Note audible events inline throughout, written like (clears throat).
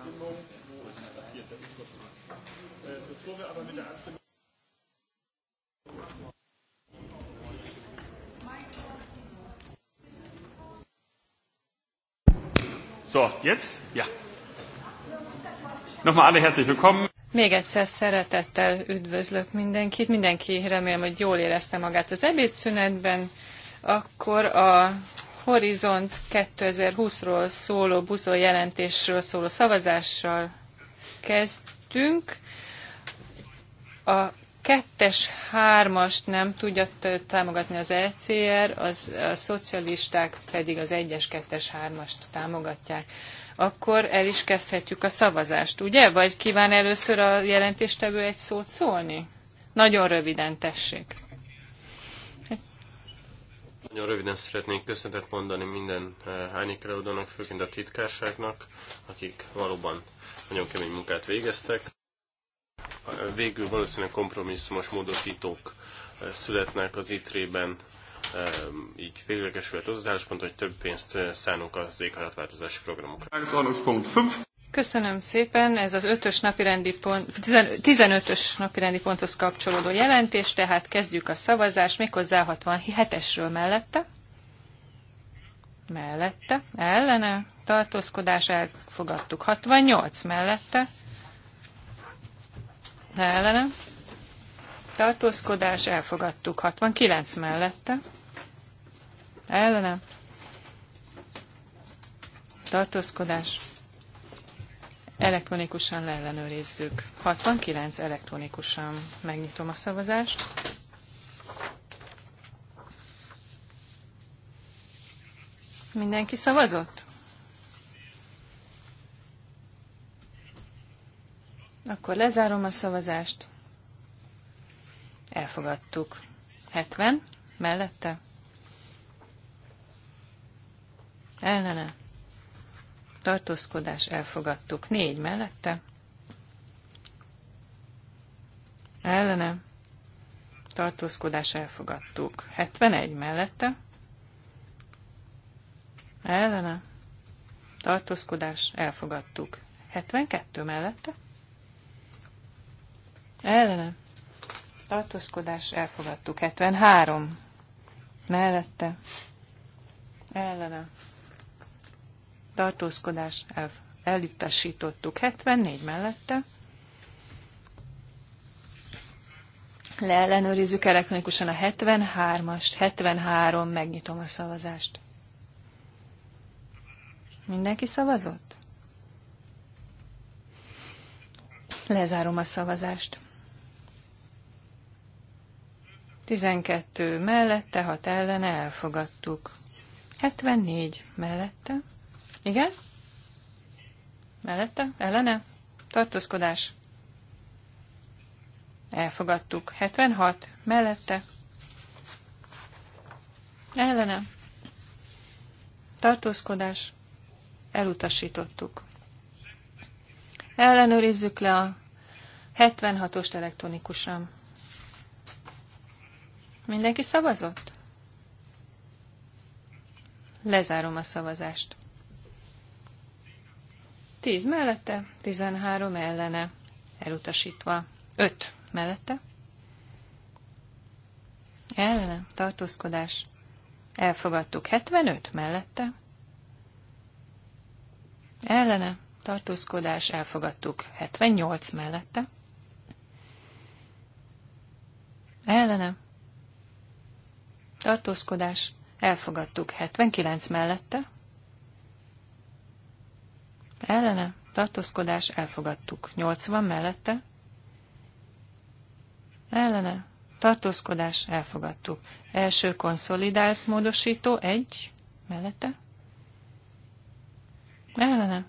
Abstimmung. Wo ist hier der Bevor wir aber mit der Abstimmung. So, jetzt? Ja. Nochmal alle herzlich willkommen. Még egyszer szeretettel üdvözlök mindenkit. Mindenki remélem, hogy jól érezte magát az ebédszünetben. Akkor a Horizont 2020-ról szóló buszó jelentésről szóló szavazással kezdtünk. A kettes, hármast nem tudja támogatni az ECR, az, a szocialisták pedig az egyes, kettes, hármast támogatják. Akkor el is kezdhetjük a szavazást, ugye? Vagy kíván először a jelentéstevő egy szót szólni? Nagyon röviden tessék. Nagyon röviden szeretnék köszönetet mondani minden hányik eh, előadónak, főként a titkárságnak, akik valóban nagyon kemény munkát végeztek. Végül valószínűleg kompromisszumos módosítók eh, születnek az ITRE-ben, eh, így véglegesülhet az az álláspont, hogy több pénzt szánunk az éghajlatváltozási programokra. Köszönöm szépen. Ez az ötös napirendi pont, 15-ös napirendi ponthoz kapcsolódó jelentés, tehát kezdjük a szavazást, méghozzá 67-esről mellette. Mellette, ellene, tartózkodás, elfogadtuk. 68 mellette, ellene, tartózkodás, elfogadtuk. 69 mellette, ellene, tartózkodás, Elektronikusan leellenőrizzük. 69 elektronikusan megnyitom a szavazást. Mindenki szavazott? Akkor lezárom a szavazást. Elfogadtuk. 70 mellette? Ellene tartózkodás elfogadtuk. Négy mellette, ellene, tartózkodás elfogadtuk. 71 mellette, ellene, tartózkodás elfogadtuk. 72 mellette, ellene, tartózkodás elfogadtuk. 73 mellette, ellene, tartózkodás el, elutasítottuk 74 mellette. Leellenőrizzük elektronikusan a 73-ast, 73, megnyitom a szavazást. Mindenki szavazott? Lezárom a szavazást. 12 mellette, 6 ellene elfogadtuk. 74 mellette igen? Mellette? Ellene? Tartózkodás? Elfogadtuk. 76. Mellette? Ellene? Tartózkodás? Elutasítottuk. Ellenőrizzük le a 76-ost elektronikusan. Mindenki szavazott? Lezárom a szavazást. 10 mellette, 13 ellene, elutasítva. 5 mellette, ellene, tartózkodás, elfogadtuk. 75 mellette, ellene, tartózkodás, elfogadtuk. 78 mellette, ellene, tartózkodás, elfogadtuk. 79 mellette, ellene, tartózkodás, elfogadtuk. 80 mellette, ellene, tartózkodás, elfogadtuk. Első konszolidált módosító, 1 mellette, ellene,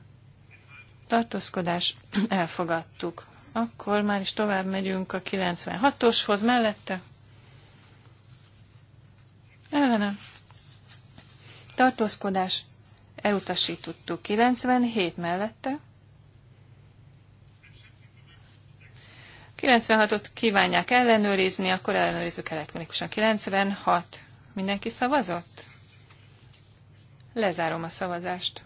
tartózkodás, (clears throat) elfogadtuk. Akkor már is tovább megyünk a 96-oshoz mellette. Ellene. Tartózkodás elutasítottuk 97 mellette. 96-ot kívánják ellenőrizni, akkor ellenőrizzük elektronikusan. 96. Mindenki szavazott? Lezárom a szavazást.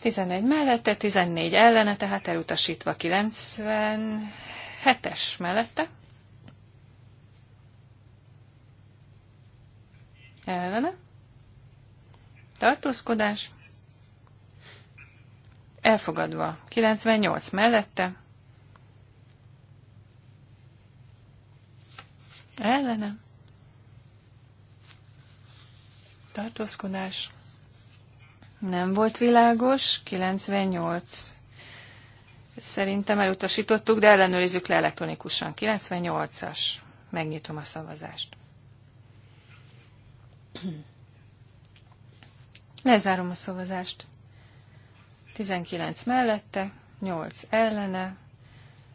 11 mellette, 14 ellene, tehát elutasítva 97-es mellette. Ellene tartózkodás, elfogadva 98 mellette, ellene, tartózkodás, nem volt világos, 98. Szerintem elutasítottuk, de ellenőrizzük le elektronikusan. 98-as. Megnyitom a szavazást. Lezárom a szavazást. 19 mellette, 8 ellene,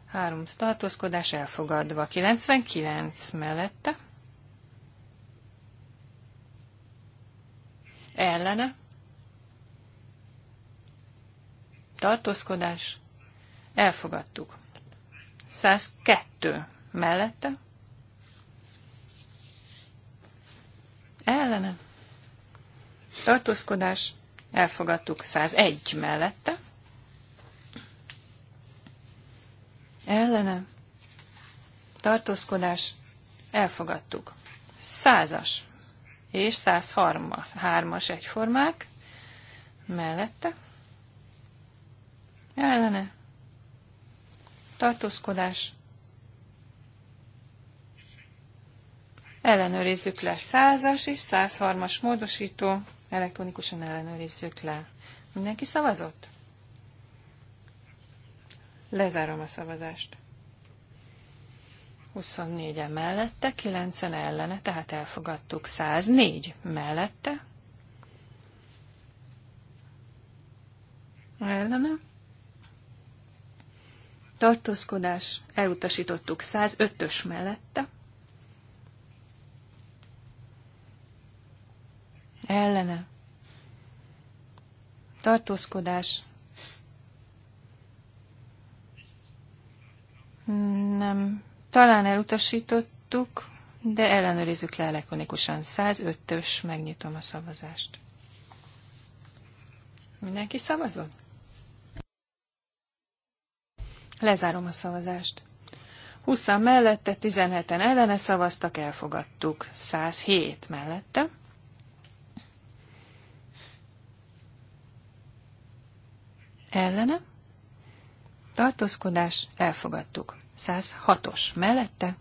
3 tartózkodás elfogadva. 99 mellette. Ellene. Tartózkodás. Elfogadtuk. 102 mellette. Ellene tartózkodás, elfogadtuk 101 mellette, ellene, tartózkodás, elfogadtuk. Százas és 103-as egyformák mellette, ellene, tartózkodás, ellenőrizzük le 100-as és 103-as módosító, Elektronikusan ellenőrizzük le. Mindenki szavazott? Lezárom a szavazást. 24 mellette, 9-en ellene, tehát elfogadtuk 104 mellette. Ellene. Tartózkodás, elutasítottuk 105-ös mellette. ellene, tartózkodás, nem, talán elutasítottuk, de ellenőrizzük le elektronikusan. 105-ös, megnyitom a szavazást. Mindenki szavazott? Lezárom a szavazást. 20 mellette, 17-en ellene szavaztak, elfogadtuk. 107 mellette, ellene, tartózkodás, elfogadtuk. 106-os mellette,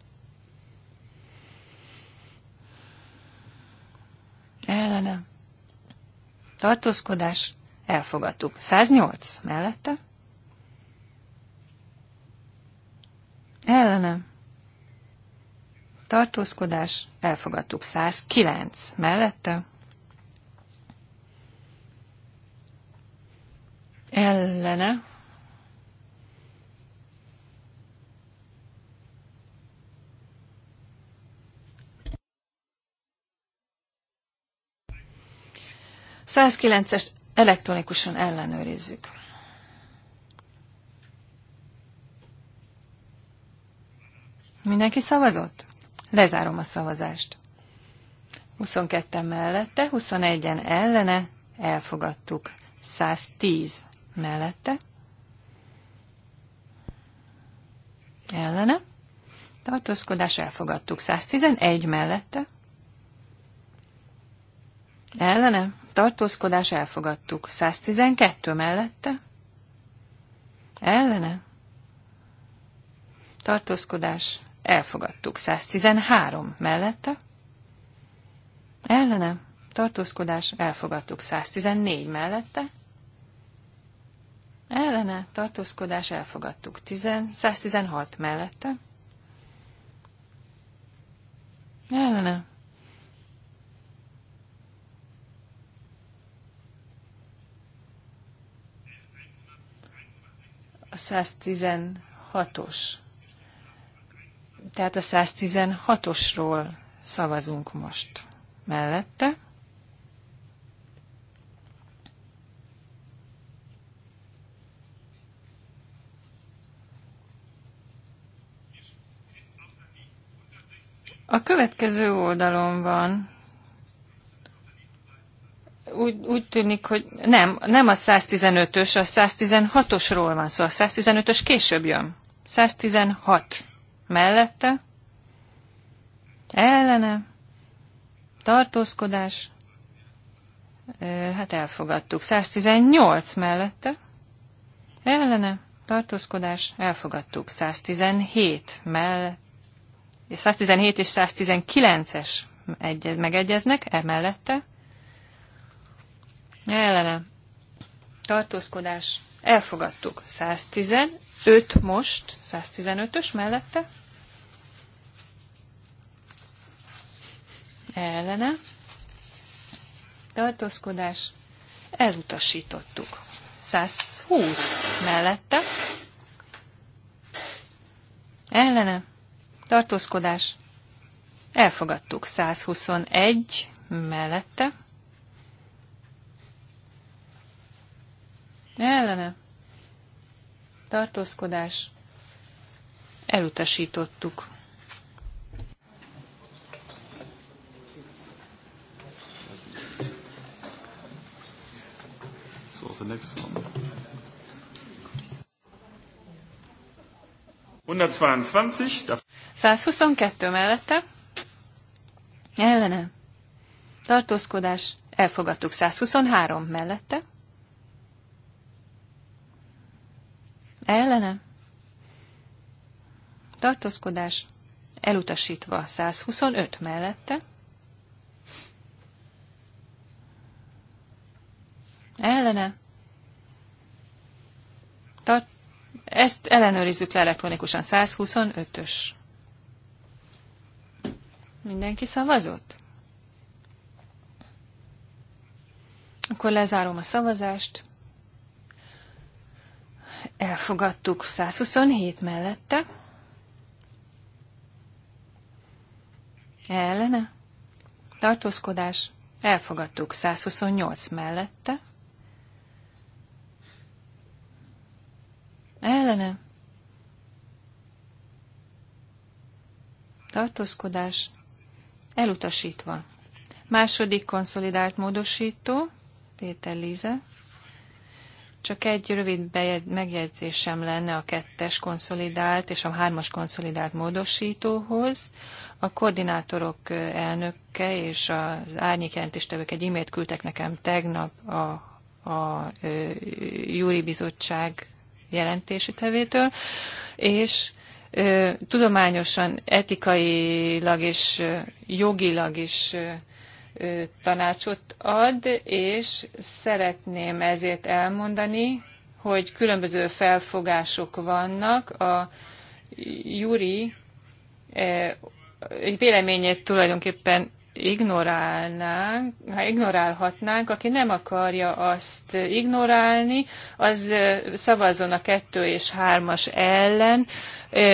ellene, tartózkodás, elfogadtuk. 108 mellette, ellene, tartózkodás, elfogadtuk. 109 mellette, ellene Százkilencest elektronikusan ellenőrizzük. Mindenki szavazott? Lezárom a szavazást. 22-en mellette, 21-en ellene, elfogadtuk. 110 mellette, ellene, tartózkodás elfogadtuk 111 mellette, ellene, tartózkodás elfogadtuk 112 mellette, ellene, tartózkodás elfogadtuk 113 mellette, ellene, tartózkodás elfogadtuk 114 mellette, ellene tartózkodás elfogadtuk. 10, 116 mellette ellene a 116-os. Tehát a 116-osról szavazunk most. Mellette A következő oldalon van. Úgy, úgy tűnik, hogy nem, nem a 115-ös, a 116-osról van szó. A 115-ös később jön. 116 mellette, ellene, tartózkodás, hát elfogadtuk. 118 mellette, ellene, tartózkodás, elfogadtuk. 117 mellette. 117 és 119-es megegyeznek, emellette. Ellene. Tartózkodás. Elfogadtuk. 115 most, 115-ös mellette. Ellene. Tartózkodás. Elutasítottuk. 120 mellette. Ellene tartózkodás, elfogadtuk 121 mellette, ellene, tartózkodás, elutasítottuk. So the next one. 122. 122 mellette, ellene, tartózkodás, elfogadtuk 123 mellette, ellene, tartózkodás, elutasítva 125 mellette, ellene, tart, ezt ellenőrizzük le elektronikusan 125-ös. Mindenki szavazott? Akkor lezárom a szavazást. Elfogadtuk 127 mellette. Ellene. Tartózkodás. Elfogadtuk 128 mellette. Ellene. Tartózkodás. Elutasítva. Második konszolidált módosító, Péter Líze. Csak egy rövid megjegyzésem lenne a kettes konszolidált és a hármas konszolidált módosítóhoz. A koordinátorok elnöke és az jelentéstevők egy e-mailt küldtek nekem tegnap a, a Júri Bizottság jelentési tevétől, és tudományosan, etikailag és jogilag is tanácsot ad, és szeretném ezért elmondani, hogy különböző felfogások vannak. A Juri véleményét tulajdonképpen ignorálnánk, ha ignorálhatnánk, aki nem akarja azt ignorálni, az szavazzon a 2 és 3-as ellen,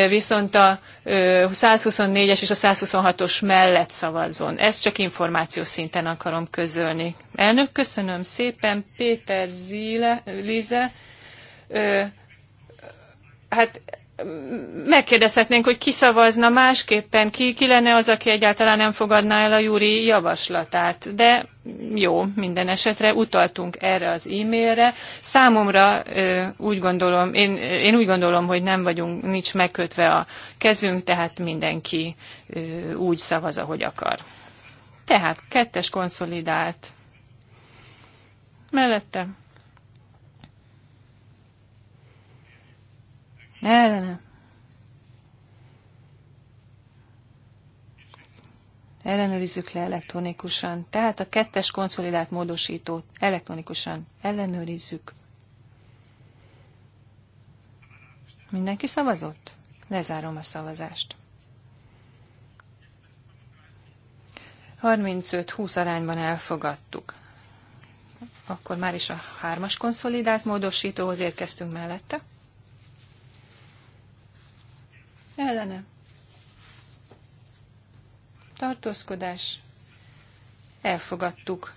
viszont a 124-es és a 126-os mellett szavazzon. Ezt csak információ szinten akarom közölni. Elnök, köszönöm szépen, Péter Zile, Lize, hát megkérdezhetnénk, hogy ki szavazna másképpen, ki, ki lenne az, aki egyáltalán nem fogadná el a júri javaslatát. De jó, minden esetre utaltunk erre az e-mailre. Számomra úgy gondolom, én, én úgy gondolom, hogy nem vagyunk, nincs megkötve a kezünk, tehát mindenki úgy szavaz, ahogy akar. Tehát kettes konszolidált. Mellette. ne. ellenőrizzük le elektronikusan. Tehát a kettes konszolidált módosítót elektronikusan ellenőrizzük. Mindenki szavazott? Lezárom a szavazást. 35-20 arányban elfogadtuk. Akkor már is a hármas konszolidált módosítóhoz érkeztünk mellette ellene tartózkodás elfogadtuk.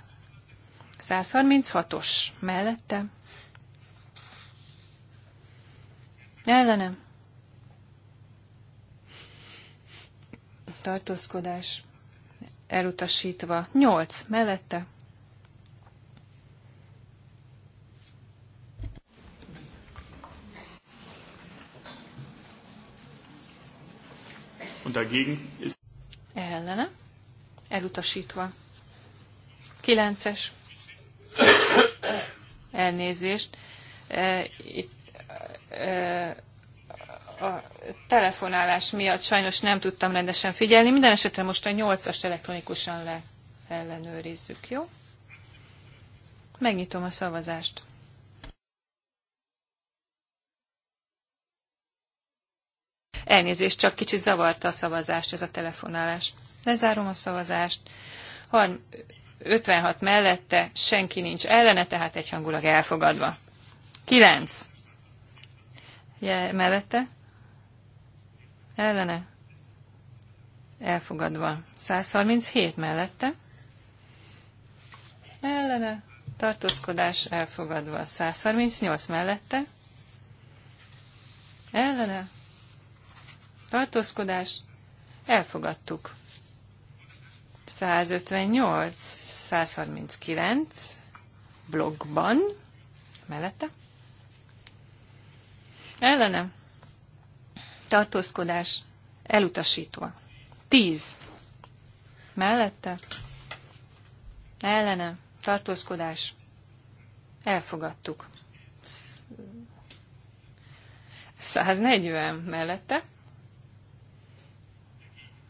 136-os mellette ellene tartózkodás elutasítva. 8 mellette und dagegen ist ellene, elutasítva. Kilences. Elnézést. E, itt e, a telefonálás miatt sajnos nem tudtam rendesen figyelni. Minden esetre most a 8-ast elektronikusan le jó? Megnyitom a szavazást. Elnézést, csak kicsit zavarta a szavazást ez a telefonálás. Lezárom a szavazást. 56 mellette, senki nincs ellene, tehát egyhangulag elfogadva. 9. Je, mellette? Ellene? Elfogadva. 137 mellette? Ellene? Tartózkodás elfogadva. 138 mellette? Ellene? tartózkodás, elfogadtuk. 158, 139 blogban, mellette, ellenem, tartózkodás, elutasítva. 10 mellette, Ellenem. tartózkodás, elfogadtuk. 140 mellette,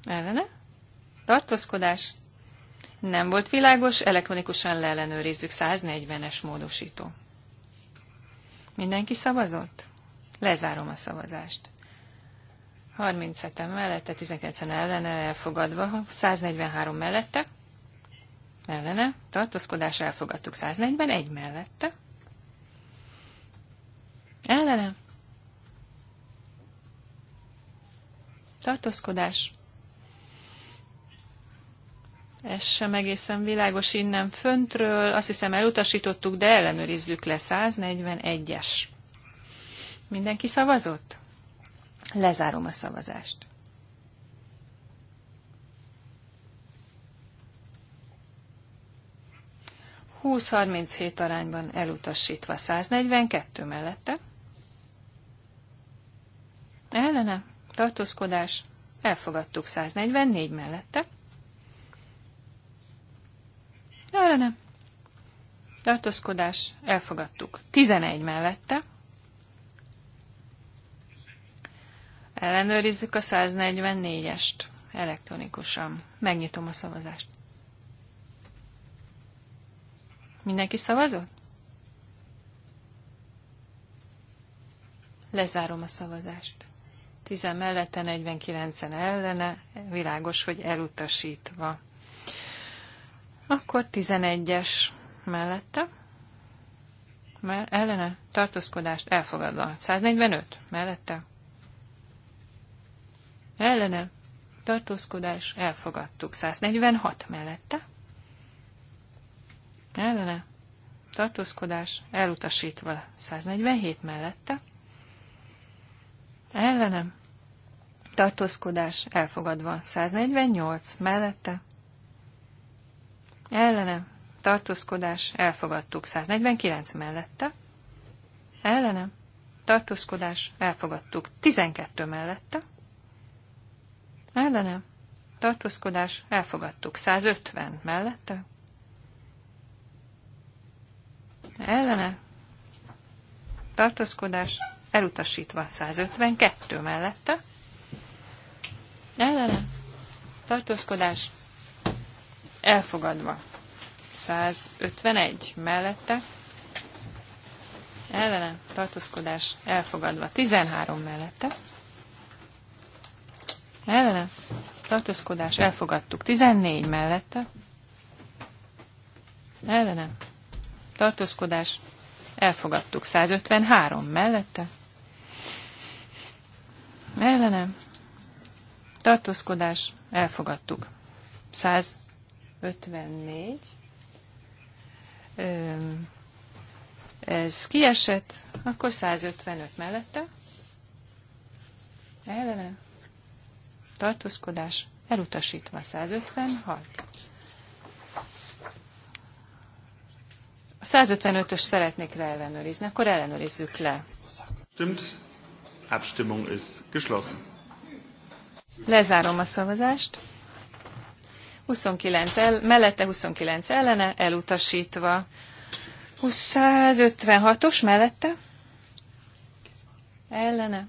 Ellene? Tartózkodás? Nem volt világos, elektronikusan leellenőrizzük 140-es módosító. Mindenki szavazott? Lezárom a szavazást. 37 mellette, 19-en ellene elfogadva, 143 mellette, ellene, tartózkodás elfogadtuk 141 mellette, ellene, tartózkodás, ez sem egészen világos innen föntről. Azt hiszem elutasítottuk, de ellenőrizzük le 141-es. Mindenki szavazott? Lezárom a szavazást. Húsz hét arányban elutasítva 142 mellette. Ellene, tartózkodás, elfogadtuk 144 mellette nem, tartózkodás, elfogadtuk. 11 mellette, ellenőrizzük a 144-est elektronikusan. Megnyitom a szavazást. Mindenki szavazott? Lezárom a szavazást. 10 mellette, 49-en ellene, világos, hogy elutasítva. Akkor 11-es mellette. Mell ellene tartózkodást elfogadva. 145 mellette. Ellene tartózkodás elfogadtuk. 146 mellette. Ellene tartózkodás elutasítva. 147 mellette. Ellene tartózkodás elfogadva. 148 mellette ellene, tartózkodás, elfogadtuk. 149 mellette, ellene, tartózkodás, elfogadtuk. 12 mellette, ellene, tartózkodás, elfogadtuk. 150 mellette, ellene, tartózkodás, elutasítva 152 mellette, ellene, tartózkodás, Elfogadva. 151 mellette. Ellene tartózkodás elfogadva. 13 mellette. Ellene tartózkodás elfogadtuk. 14 mellette. Ellene tartózkodás elfogadtuk. 153 mellette. Ellene tartózkodás elfogadtuk. 100 54. Ez kiesett, akkor 155 mellette. Ellene. Tartózkodás elutasítva 156. A 155-ös szeretnék leellenőrizni, akkor ellenőrizzük le. Stimmt. Abstimmung ist geschlossen. Lezárom a szavazást. 29 el, mellette 29 ellene, elutasítva. 156-os mellette, ellene,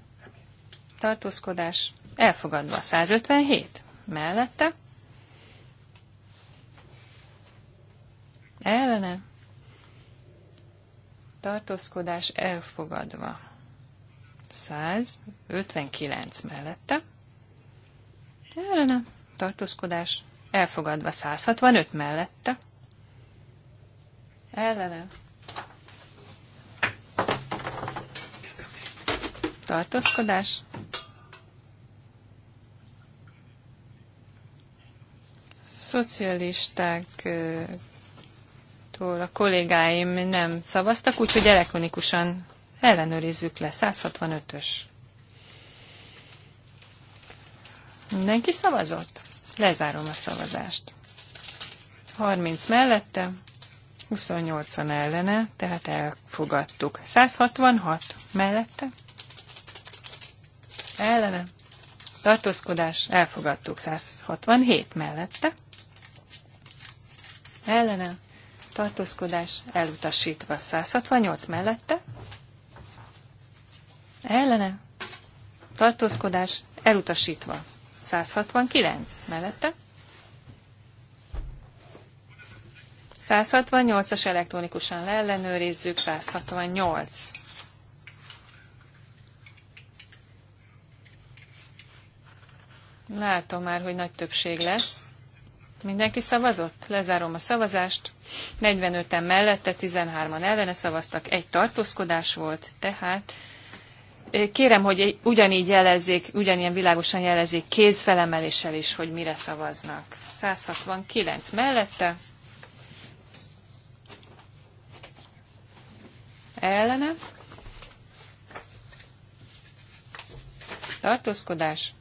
tartózkodás, elfogadva. 157 mellette, ellene, tartózkodás, elfogadva. 159 mellette, ellene, tartózkodás, elfogadva 165 mellette. Ellene. Tartózkodás. Szocialistáktól a kollégáim nem szavaztak, úgyhogy elektronikusan ellenőrizzük le. 165-ös. Mindenki szavazott? Lezárom a szavazást. 30 mellette, 28-an ellene, tehát elfogadtuk. 166 mellette, ellene, tartózkodás, elfogadtuk. 167 mellette, ellene, tartózkodás, elutasítva. 168 mellette, ellene, tartózkodás, elutasítva. 169 mellette. 168-as elektronikusan leellenőrizzük, 168. Látom már, hogy nagy többség lesz. Mindenki szavazott? Lezárom a szavazást. 45-en mellette, 13-an ellene szavaztak, egy tartózkodás volt, tehát Kérem, hogy ugyanígy jelezzék, ugyanilyen világosan jelezzék kézfelemeléssel is, hogy mire szavaznak. 169 mellette. Ellene. Tartózkodás.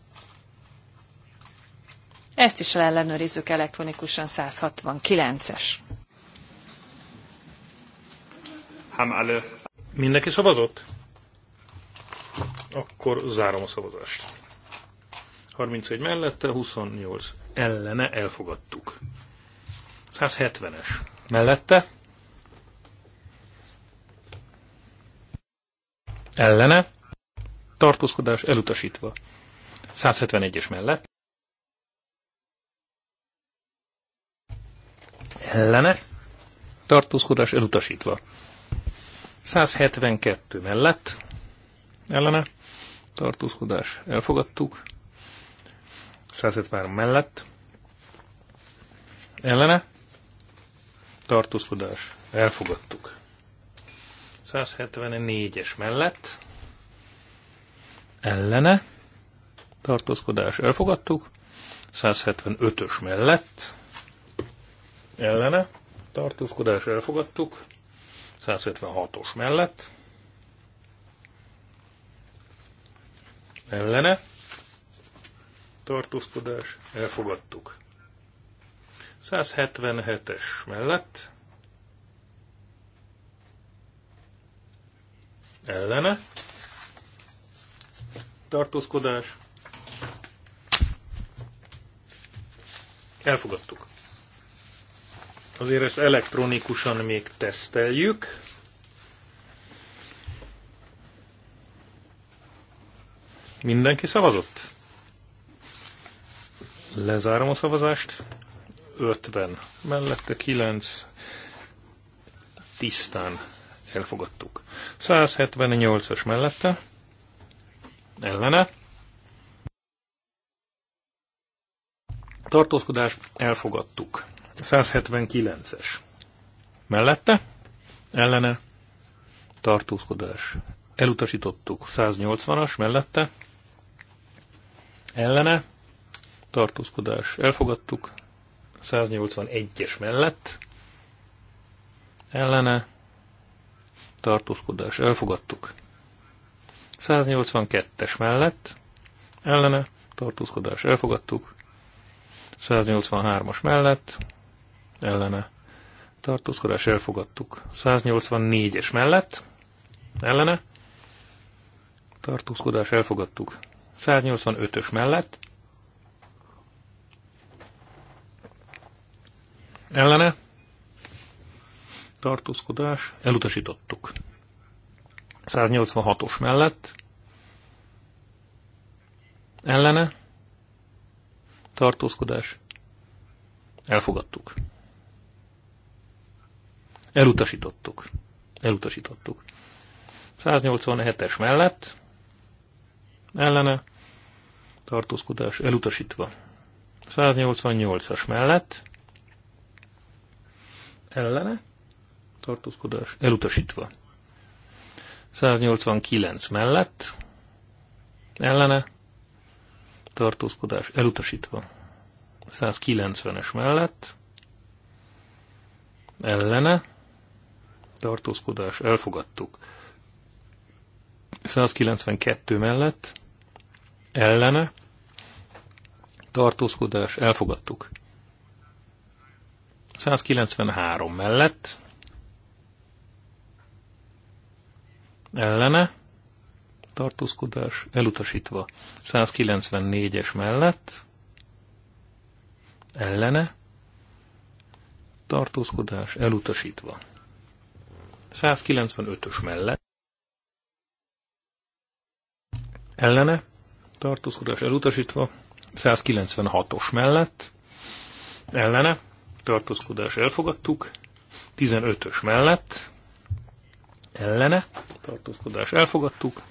Ezt is ellenőrizzük elektronikusan 169-es. Mindenki szavazott? Akkor zárom a szavazást. 31 mellette, 28 ellene elfogadtuk. 170-es mellette. Ellene. Tartózkodás elutasítva. 171-es mellett. Ellene. Tartózkodás elutasítva. 172 mellett. Ellene tartózkodás elfogadtuk. 173 mellett ellene tartózkodás elfogadtuk. 174-es mellett ellene tartózkodás elfogadtuk. 175-ös mellett ellene tartózkodás elfogadtuk. 176-os mellett ellene, tartózkodás, elfogadtuk. 177-es mellett, ellene, tartózkodás, elfogadtuk. Azért ezt elektronikusan még teszteljük. Mindenki szavazott? Lezárom a szavazást. 50 mellette 9 tisztán elfogadtuk. 178-as mellette ellene tartózkodás elfogadtuk. 179-es mellette ellene tartózkodás elutasítottuk. 180-as mellette ellene, tartózkodás elfogadtuk, 181-es mellett, ellene, tartózkodás elfogadtuk, 182-es mellett, ellene, tartózkodás elfogadtuk, 183-as mellett, ellene, tartózkodás elfogadtuk, 184-es mellett, ellene, tartózkodás elfogadtuk, 185-ös mellett. Ellene. Tartózkodás. Elutasítottuk. 186-os mellett. Ellene. Tartózkodás. Elfogadtuk. Elutasítottuk. Elutasítottuk. 187-es mellett. Ellene tartózkodás elutasítva. 188-as mellett ellene tartózkodás elutasítva. 189 mellett ellene tartózkodás elutasítva. 190-es mellett ellene tartózkodás elfogadtuk. 192 mellett ellene tartózkodás, elfogadtuk. 193 mellett, ellene, tartózkodás, elutasítva. 194-es mellett, ellene, tartózkodás, elutasítva. 195-ös mellett, ellene, tartózkodás elutasítva, 196-os mellett ellene, tartózkodás elfogadtuk, 15-ös mellett ellene, tartózkodás elfogadtuk,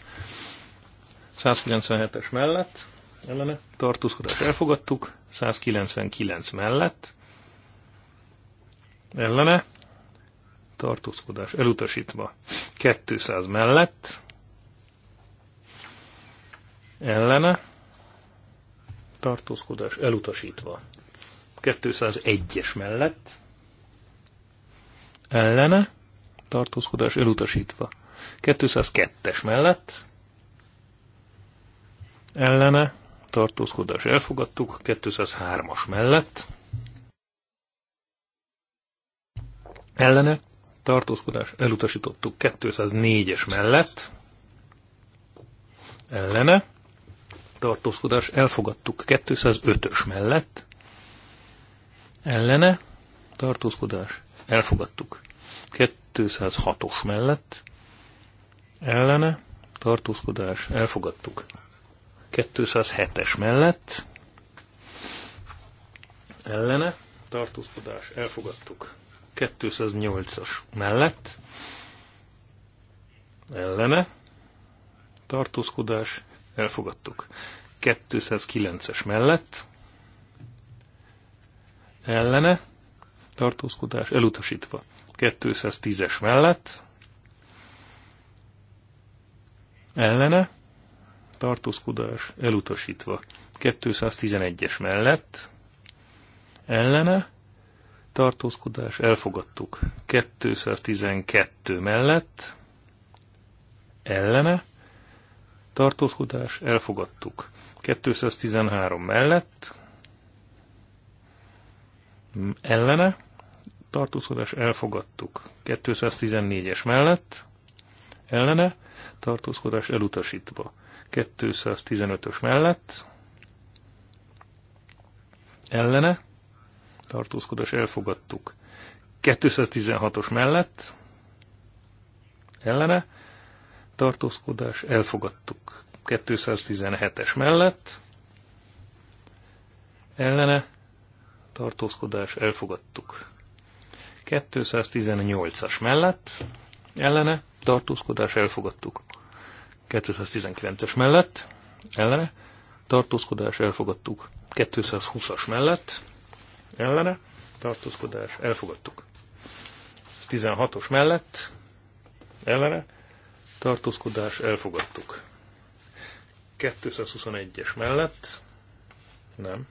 197-es mellett ellene, tartózkodás elfogadtuk, 199 mellett ellene, tartózkodás elutasítva, 200 mellett ellene, tartózkodás elutasítva. 201-es mellett ellene tartózkodás elutasítva. 202-es mellett ellene tartózkodás elfogadtuk, 203-as mellett ellene tartózkodás elutasítottuk 204-es mellett ellene tartózkodás elfogadtuk 205-ös mellett, ellene tartózkodás elfogadtuk 206-os mellett, ellene tartózkodás elfogadtuk 207-es mellett, ellene tartózkodás elfogadtuk 208-as mellett, ellene tartózkodás, elfogadtuk. 209-es mellett, ellene, tartózkodás, elutasítva. 210-es mellett, ellene, tartózkodás, elutasítva. 211-es mellett, ellene, tartózkodás, elfogadtuk. 212 mellett, ellene, tartózkodás, elfogadtuk. 213 mellett, ellene, tartózkodás, elfogadtuk. 214-es mellett, ellene, tartózkodás elutasítva. 215-ös mellett, ellene, tartózkodás elfogadtuk. 216-os mellett, ellene, tartózkodás, elfogadtuk 217-es mellett, ellene, tartózkodás, elfogadtuk 218-as mellett, ellene, tartózkodás, elfogadtuk 219-es mellett, ellene, tartózkodás, elfogadtuk 220-as mellett, ellene, tartózkodás, elfogadtuk 16-os mellett, ellene, tartózkodás elfogadtuk. 221-es mellett nem.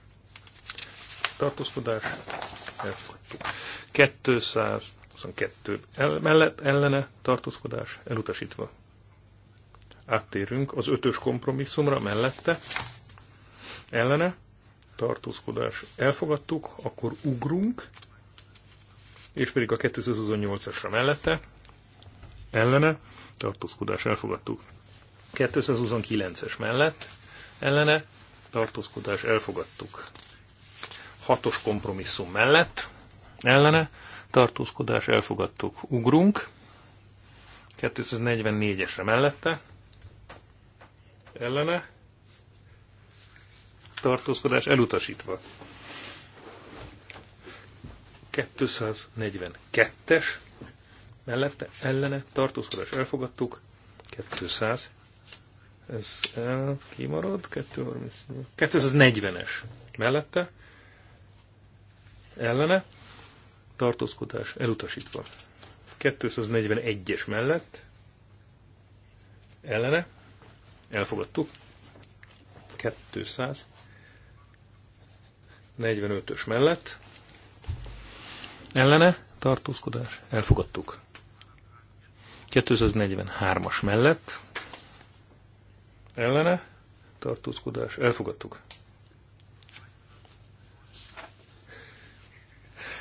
Tartózkodás elfogadtuk. 222 el, mellett ellene tartózkodás elutasítva. Áttérünk az ötös kompromisszumra mellette ellene tartózkodás elfogadtuk, akkor ugrunk, és pedig a 228-asra mellette ellene tartózkodás elfogadtuk. 229-es mellett ellene tartózkodás elfogadtuk. 6-os kompromisszum mellett ellene tartózkodás elfogadtuk. Ugrunk 244-esre mellette ellene tartózkodás elutasítva. 242-es mellette ellene tartózkodás elfogadtuk, 200, ez el, kimarad, 240-es mellette ellene tartózkodás elutasítva. 241-es mellett ellene elfogadtuk, 45 ös mellett ellene tartózkodás elfogadtuk. 243-as mellett ellene tartózkodás. Elfogadtuk.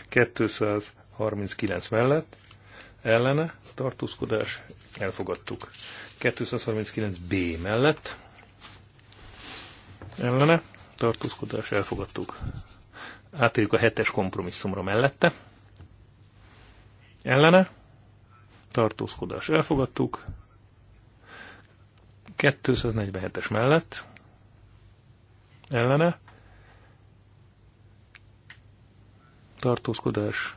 239 mellett ellene tartózkodás. Elfogadtuk. 239b mellett ellene tartózkodás. Elfogadtuk. Átérjük a hetes kompromisszumra mellette. Ellene tartózkodás elfogadtuk. 247-es mellett ellene tartózkodás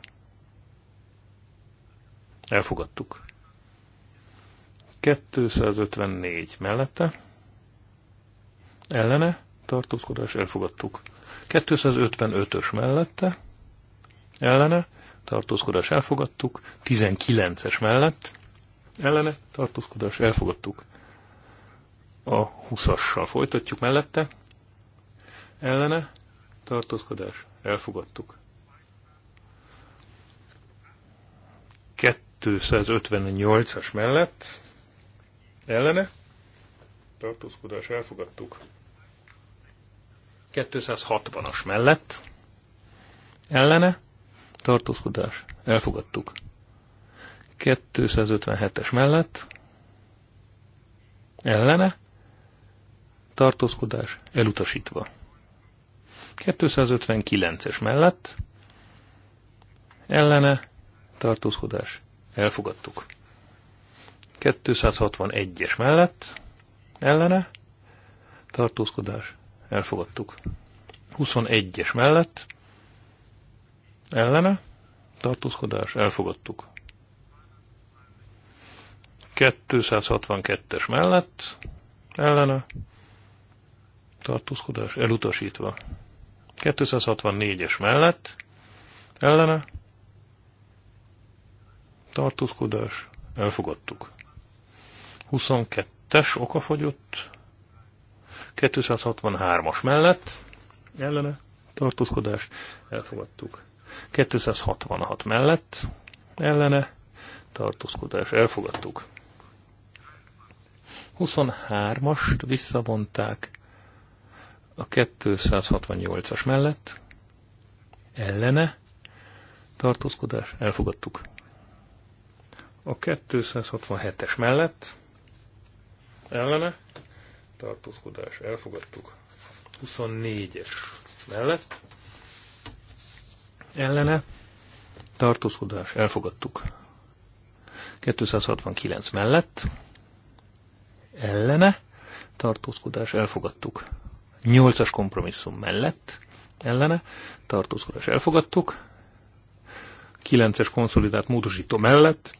elfogadtuk. 254 mellette ellene tartózkodás elfogadtuk. 255-ös mellette ellene tartózkodás elfogadtuk, 19-es mellett ellene tartózkodás elfogadtuk. A 20-assal folytatjuk mellette, ellene tartózkodás elfogadtuk. 258-as mellett ellene tartózkodás elfogadtuk. 260-as mellett ellene tartózkodás, elfogadtuk. 257-es mellett, ellene, tartózkodás, elutasítva. 259-es mellett, ellene, tartózkodás, elfogadtuk. 261-es mellett, ellene, tartózkodás, elfogadtuk. 21-es mellett, Ellene? Tartózkodás? Elfogadtuk. 262-es mellett? Ellene? Tartózkodás? Elutasítva. 264-es mellett? Ellene? Tartózkodás? Elfogadtuk. 22-es okafogyott, 263-as mellett ellene tartózkodás, elfogadtuk. 266 mellett ellene tartózkodás elfogadtuk. 23-ast visszavonták a 268-as mellett ellene tartózkodás elfogadtuk. A 267-es mellett ellene tartózkodás elfogadtuk. 24-es mellett ellene, tartózkodás, elfogadtuk. 269 mellett, ellene, tartózkodás, elfogadtuk. 8-as kompromisszum mellett, ellene, tartózkodás, elfogadtuk. 9-es konszolidált módosító mellett,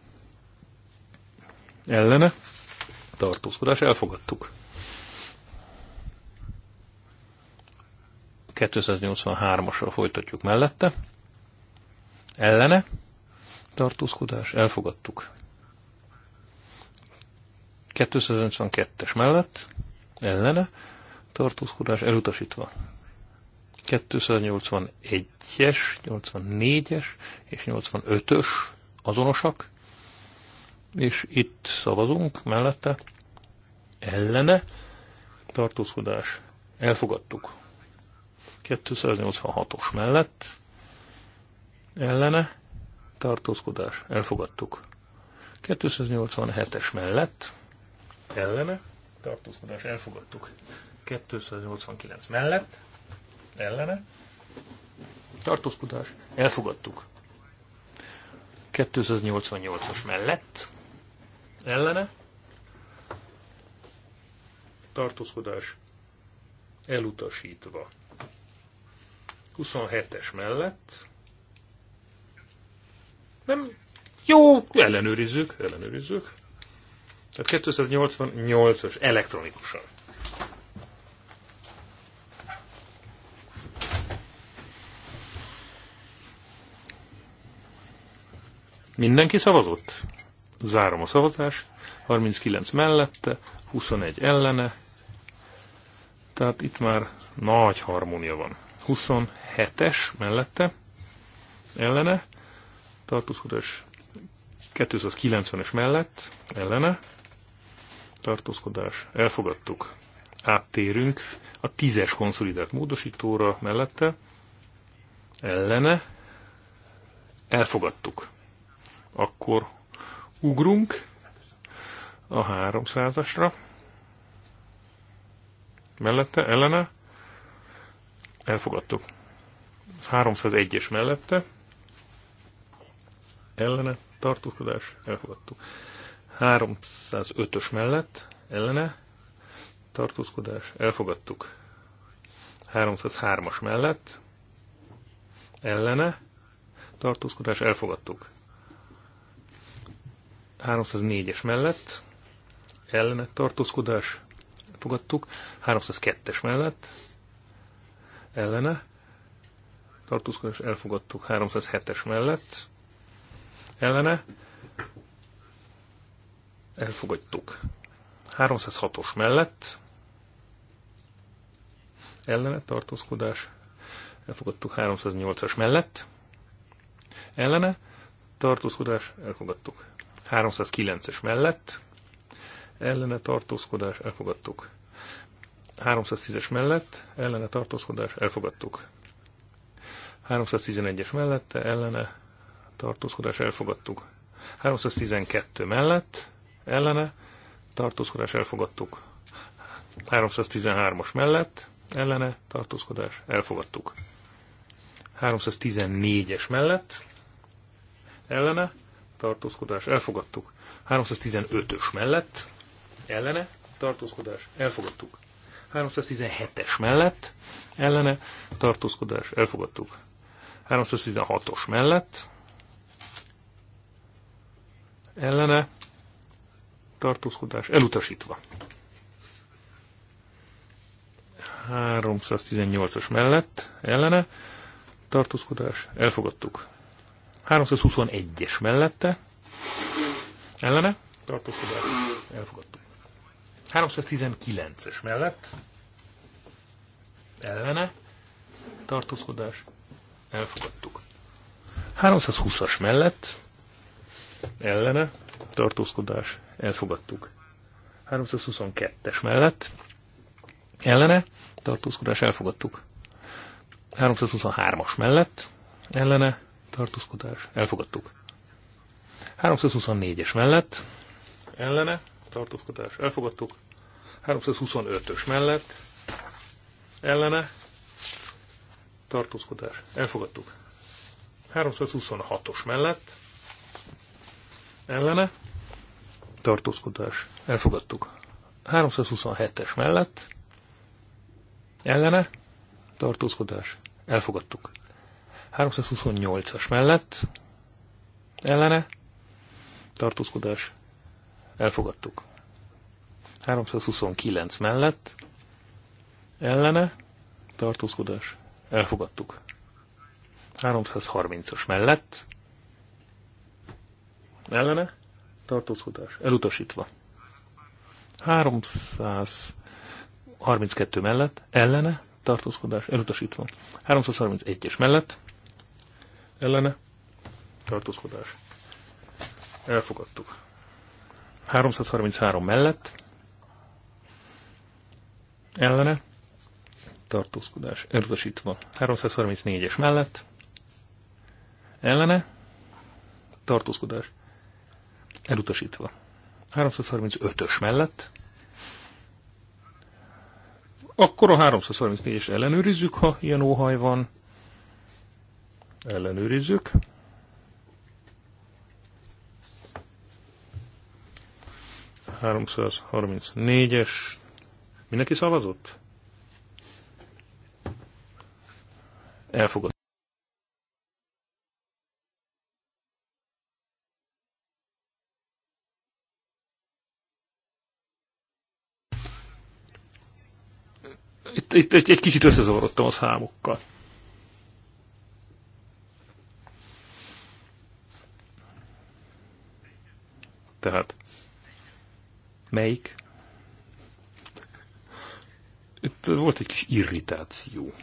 ellene, tartózkodás, elfogadtuk. 283-asra folytatjuk mellette, Ellene? Tartózkodás. Elfogadtuk. 252-es mellett. Ellene? Tartózkodás elutasítva. 281-es, 84-es és 85-ös azonosak. És itt szavazunk mellette. Ellene? Tartózkodás. Elfogadtuk. 286-os mellett ellene, tartózkodás, elfogadtuk. 287-es mellett, ellene, tartózkodás, elfogadtuk. 289 mellett, ellene, tartózkodás, elfogadtuk. 288-as mellett, ellene, tartózkodás, elutasítva. 27-es mellett, nem? Jó, ellenőrizzük, ellenőrizzük. Tehát 288-as elektronikusan. Mindenki szavazott? Zárom a szavazás. 39 mellette, 21 ellene. Tehát itt már nagy harmónia van. 27-es mellette, ellene tartózkodás 290-es mellett, ellene, tartózkodás, elfogadtuk. Áttérünk a 10-es konszolidált módosítóra mellette, ellene, elfogadtuk. Akkor ugrunk a 300-asra, mellette, ellene, elfogadtuk. Ez 301-es mellette, ellene tartózkodás elfogadtuk. 305-ös mellett ellene tartózkodás elfogadtuk. 303-as mellett ellene tartózkodás elfogadtuk. 304-es mellett ellene tartózkodás elfogadtuk. 302-es mellett ellene tartózkodás elfogadtuk 307-es mellett, ellene elfogadtuk. 306-os mellett ellene tartózkodás, elfogadtuk 308-as mellett, ellene tartózkodás, elfogadtuk 309-es mellett, ellene tartózkodás, elfogadtuk 310-es mellett, ellene tartózkodás, elfogadtuk 311-es mellette, ellene tartózkodás elfogadtuk. 312 mellett, ellene, tartózkodás elfogadtuk. 313-as mellett, ellene, tartózkodás elfogadtuk. 314-es mellett, ellene, tartózkodás elfogadtuk. 315-ös mellett, ellene, tartózkodás elfogadtuk. 317-es mellett, ellene, tartózkodás elfogadtuk. 316-os mellett, ellene tartózkodás elutasítva. 318-as mellett ellene tartózkodás elfogadtuk. 321-es mellette ellene tartózkodás elfogadtuk. 319-es mellett ellene tartózkodás elfogadtuk. 320-as mellett ellene, tartózkodás, elfogadtuk. 322-es mellett, ellene, tartózkodás, elfogadtuk. 323-as mellett, ellene, tartózkodás, elfogadtuk. 324-es mellett, ellene, tartózkodás, elfogadtuk. 325-ös mellett, ellene, tartózkodás, elfogadtuk. 326-os mellett, ellene, tartózkodás, elfogadtuk. 327-es mellett, ellene, tartózkodás, elfogadtuk. 328-as mellett, ellene, tartózkodás, elfogadtuk. 329 mellett, ellene, tartózkodás, elfogadtuk. 330-as mellett, Ellene? Tartózkodás. Elutasítva. 332 mellett. Ellene? Tartózkodás. Elutasítva. 331-es mellett. Ellene? Tartózkodás. Elfogadtuk. 333 mellett. Ellene? Tartózkodás. Elutasítva. 334-es mellett. Ellene? Tartózkodás Elutasítva. 335-ös mellett. Akkor a 334-es ellenőrizzük, ha ilyen óhaj van. Ellenőrizzük. ...334-es. Mindenki szavazott? Elfogadott. itt, itt, egy kicsit összezavarodtam a számokkal. Tehát melyik? Itt volt egy kis irritáció.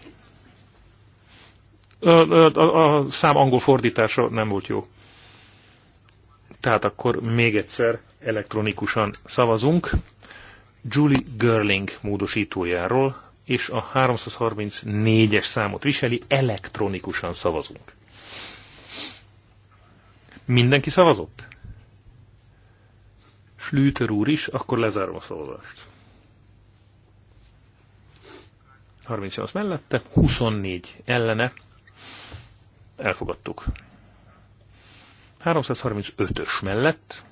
A, a, a, a szám angol fordítása nem volt jó. Tehát akkor még egyszer elektronikusan szavazunk. Julie Görling módosítójáról és a 334-es számot viseli, elektronikusan szavazunk. Mindenki szavazott? Slüter úr is, akkor lezárom a szavazást. 38 mellette, 24 ellene. Elfogadtuk. 335-ös mellett.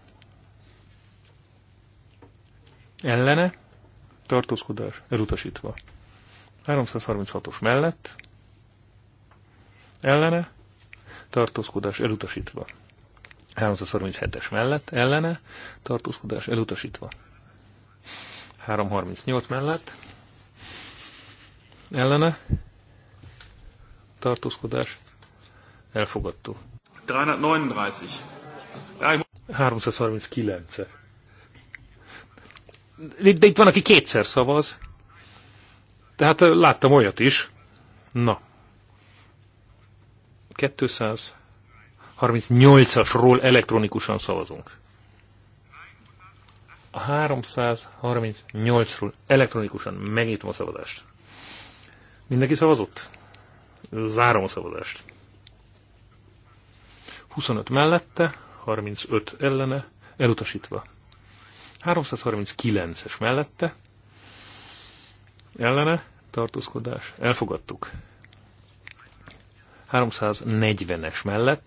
Ellene. Tartózkodás elutasítva. 336-os mellett ellene, tartózkodás elutasítva. 337-es mellett ellene, tartózkodás elutasítva. 338 mellett ellene, tartózkodás elfogadtó. 339. 339 -e. De itt van, aki kétszer szavaz. Tehát láttam olyat is. Na. 238-asról elektronikusan szavazunk. A 338-ról elektronikusan megnyitom a szavazást. Mindenki szavazott? Zárom a szavazást. 25 mellette, 35 ellene, elutasítva. 339-es mellette, ellene tartózkodás elfogadtuk. 340-es mellett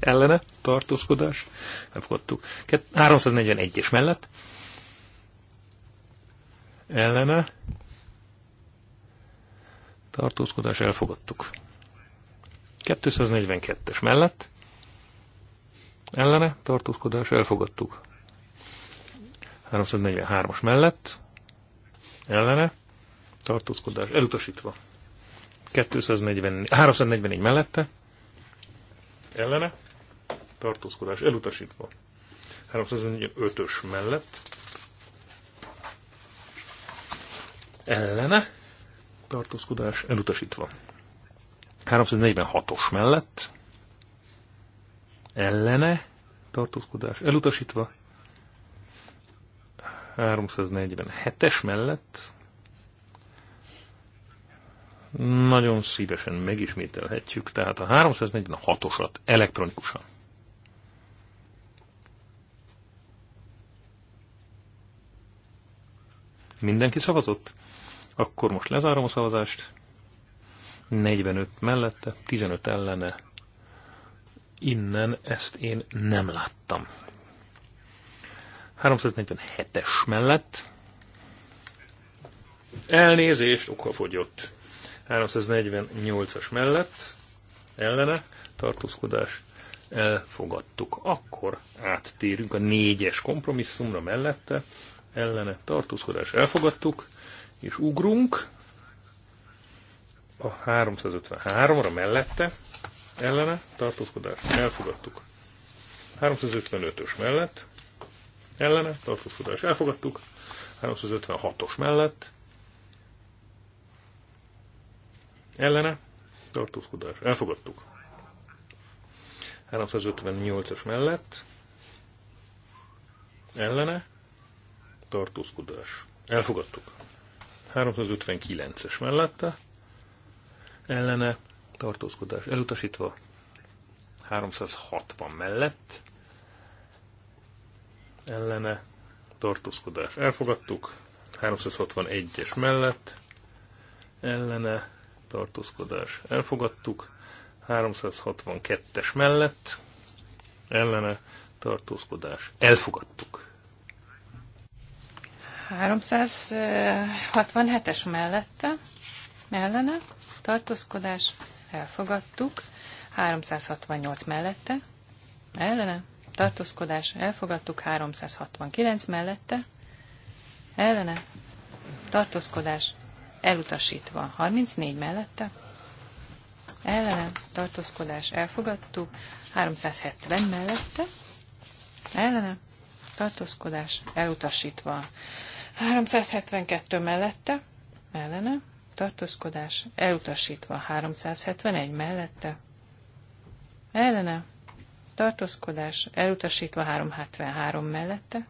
ellene tartózkodás elfogadtuk. 341-es mellett ellene tartózkodás elfogadtuk. 242-es mellett ellene tartózkodás elfogadtuk. 343-as mellett, ellene, tartózkodás elutasítva. 244, 344 mellette, ellene, tartózkodás elutasítva. 345-ös mellett, ellene, tartózkodás elutasítva. 346-os mellett, ellene, tartózkodás elutasítva, 347-es mellett nagyon szívesen megismételhetjük, tehát a 346-osat elektronikusan. Mindenki szavazott? Akkor most lezárom a szavazást. 45 mellette, 15 ellene. Innen ezt én nem láttam. 347-es mellett. Elnézést, fogyott. 348-as mellett ellene tartózkodás elfogadtuk. Akkor áttérünk a négyes kompromisszumra mellette, ellene tartózkodás elfogadtuk, és ugrunk a 353-ra mellette, ellene tartózkodás elfogadtuk. 355-ös mellett ellene, tartózkodás elfogadtuk, 356-os mellett, ellene, tartózkodás elfogadtuk, 358-as mellett, ellene, tartózkodás elfogadtuk, 359-es mellette, ellene, tartózkodás elutasítva, 360 mellett, ellene tartózkodás elfogadtuk, 361-es mellett ellene tartózkodás elfogadtuk, 362-es mellett ellene tartózkodás elfogadtuk. 367-es mellette ellene tartózkodás elfogadtuk, 368 mellette ellene tartózkodás, elfogadtuk 369 mellette, ellene, tartózkodás, elutasítva 34 mellette, ellene, tartózkodás, elfogadtuk 370 mellette, ellene, tartózkodás, elutasítva 372 mellette, ellene, tartózkodás, elutasítva 371 mellette, ellene, tartózkodás elutasítva 373 mellette,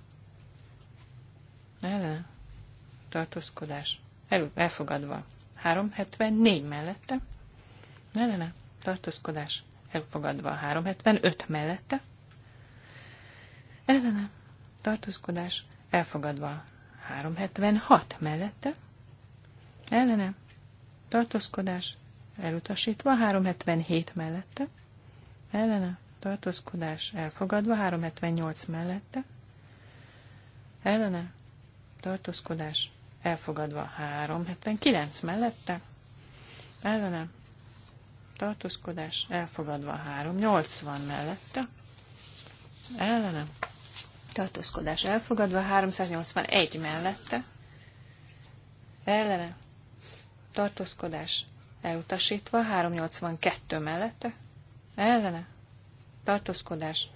ellene, tartózkodás el, elfogadva 374 mellette, ellene, tartózkodás elfogadva 375 mellette, ellene, tartózkodás elfogadva 376 mellette, ellene, tartózkodás elutasítva 377 mellette, ellene, tartózkodás elfogadva, 378 mellette, ellene, tartózkodás elfogadva, 379 mellette, ellene, tartózkodás elfogadva, 380 mellette, ellene, tartózkodás elfogadva, 381 mellette, ellene, tartózkodás elutasítva, 382 mellette, ellene, tartózkodás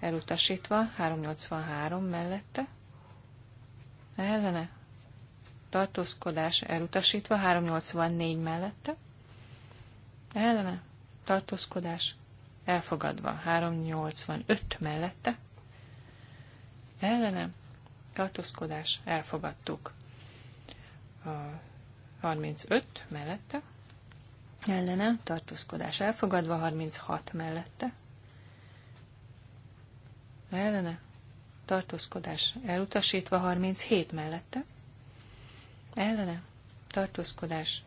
elutasítva, 383 mellette, ellene, tartózkodás elutasítva, 384 mellette, ellene, tartózkodás elfogadva, 385 mellette, ellene, tartózkodás elfogadtuk, 35 mellette, ellene, tartózkodás elfogadva, 36 mellette, ellene, tartózkodás elutasítva 37 mellette, ellene, tartózkodás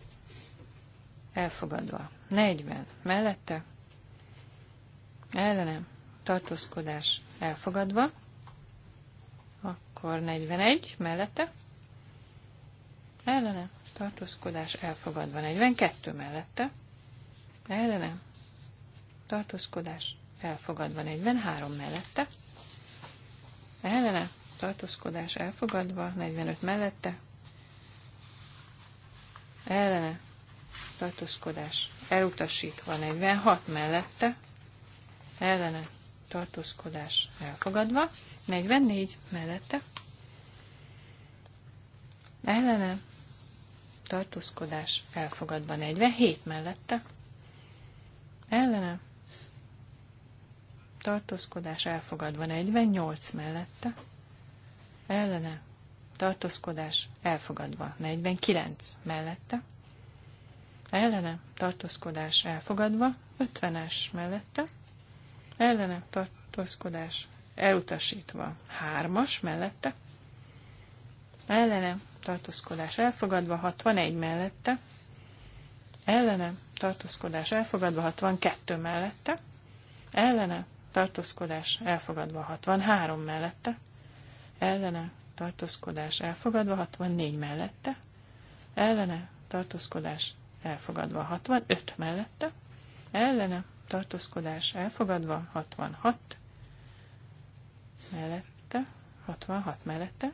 elfogadva 40 mellette, ellene, tartózkodás elfogadva, akkor 41 mellette, ellene, tartózkodás elfogadva 42 mellette, ellene, tartózkodás elfogadva 43 mellette, ellene, tartózkodás elfogadva, 45 mellette, ellene, tartózkodás elutasítva, 46 mellette, ellene, tartózkodás elfogadva, 44 mellette, ellene, tartózkodás elfogadva, 47 mellette, ellene, tartózkodás elfogadva 48 mellette, ellene tartózkodás elfogadva 49 mellette, ellene tartózkodás elfogadva 50-es mellette, ellene tartózkodás elutasítva 3-as mellette, ellene tartózkodás elfogadva 61 mellette, ellene tartózkodás elfogadva 62 mellette, ellene tartózkodás elfogadva 63 mellette, ellene tartózkodás elfogadva 64 mellette, ellene tartózkodás elfogadva 65 mellette, ellene tartózkodás elfogadva 66 mellette, 66 mellette,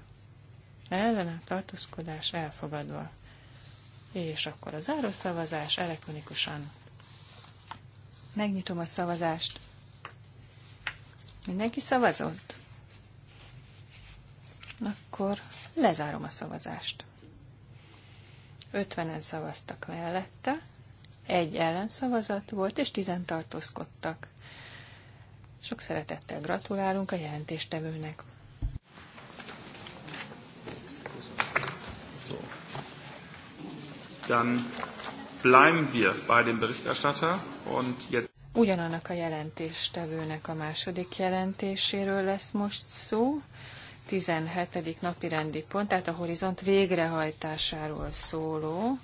ellene tartózkodás elfogadva. És akkor a zárószavazás elektronikusan. Megnyitom a szavazást. Mindenki szavazott? Akkor lezárom a szavazást. 50-en szavaztak mellette, egy ellenszavazat volt, és 10 tartózkodtak. Sok szeretettel gratulálunk a jelentéstevőnek. Dann bleiben wir bei dem Berichterstatter und jetzt Ugyanannak a jelentéstevőnek a második jelentéséről lesz most szó. 17. napi rendi pont, tehát a horizont végrehajtásáról szóló.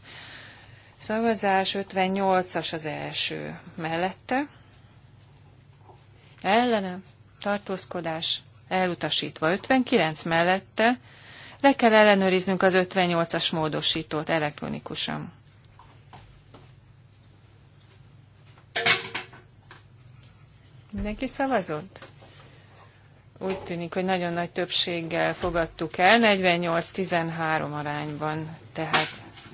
Szavazás 58-as az első mellette. Ellene, tartózkodás, elutasítva 59 mellette. Le kell ellenőriznünk az 58-as módosítót elektronikusan. Mindenki szavazott? Úgy tűnik, hogy nagyon nagy többséggel fogadtuk el, 48-13 arányban, tehát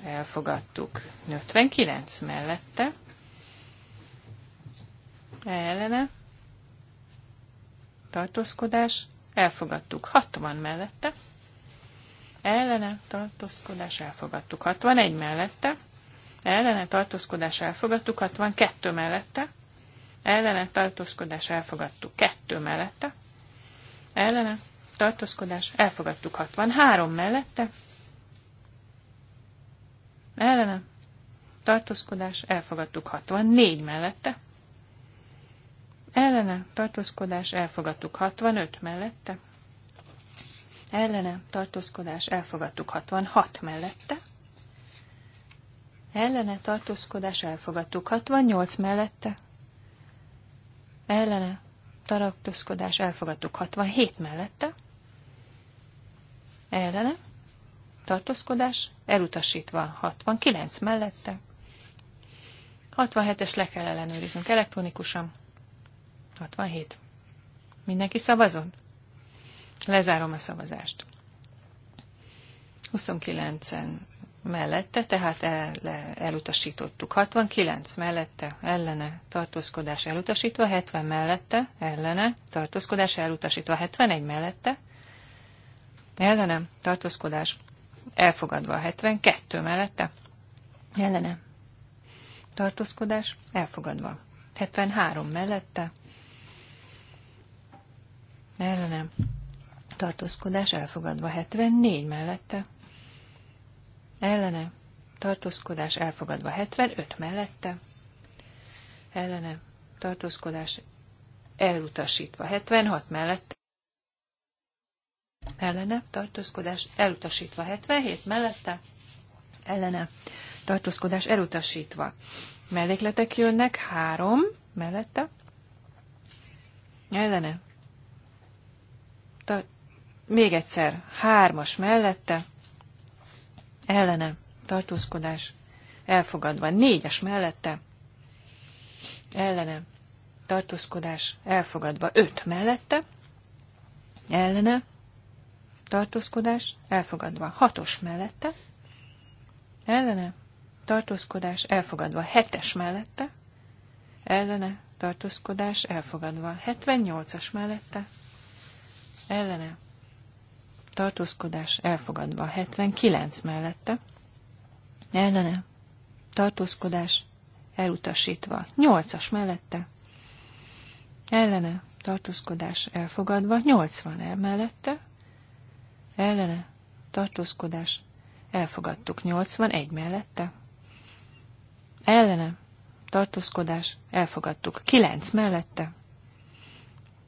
elfogadtuk. 59 mellette. Ellene. Tartózkodás. Elfogadtuk. 60 mellette. Ellene. Tartózkodás. Elfogadtuk. 61 mellette. Ellene. Tartózkodás. Elfogadtuk. 62 mellette ellene tartózkodás elfogadtuk 2 mellette, ellene tartózkodás elfogadtuk 63 mellette, ellene tartózkodás elfogadtuk 64 mellette, ellene tartózkodás elfogadtuk 65 mellette, ellene tartózkodás elfogadtuk 66 mellette, ellene tartózkodás elfogadtuk 68 mellette, ellene tartózkodás elfogadtuk 67 mellette, ellene tartózkodás elutasítva 69 mellette, 67-es le kell ellenőriznünk elektronikusan, 67. Mindenki szavazott? Lezárom a szavazást. 29-en mellette, tehát el, elutasítottuk. 69 mellette, ellene, tartózkodás elutasítva, 70 mellette, ellene, tartózkodás elutasítva, 71 mellette, ellene, tartózkodás elfogadva, 72 mellette, ellene, tartózkodás elfogadva, 73 mellette, ellene, tartózkodás elfogadva, 74 mellette, ellene, tartózkodás elfogadva 75 mellette, ellene, tartózkodás elutasítva 76 mellette, ellene, tartózkodás elutasítva 77 mellette, ellene, tartózkodás elutasítva. Mellékletek jönnek, három mellette, ellene, Tar- még egyszer, hármas mellette, ellene, tartózkodás elfogadva. Négyes mellette, ellene, tartózkodás elfogadva. Öt mellette, ellene, tartózkodás elfogadva. Hatos mellette, ellene, tartózkodás elfogadva. Hetes mellette, ellene, tartózkodás elfogadva. 78-as mellette, ellene, tartózkodás elfogadva. 79 mellette, ellene, tartózkodás elutasítva. 8-as mellette, ellene, tartózkodás elfogadva. 80 el mellette, ellene, tartózkodás elfogadtuk. 81 mellette, ellene, tartózkodás elfogadtuk. 9 mellette,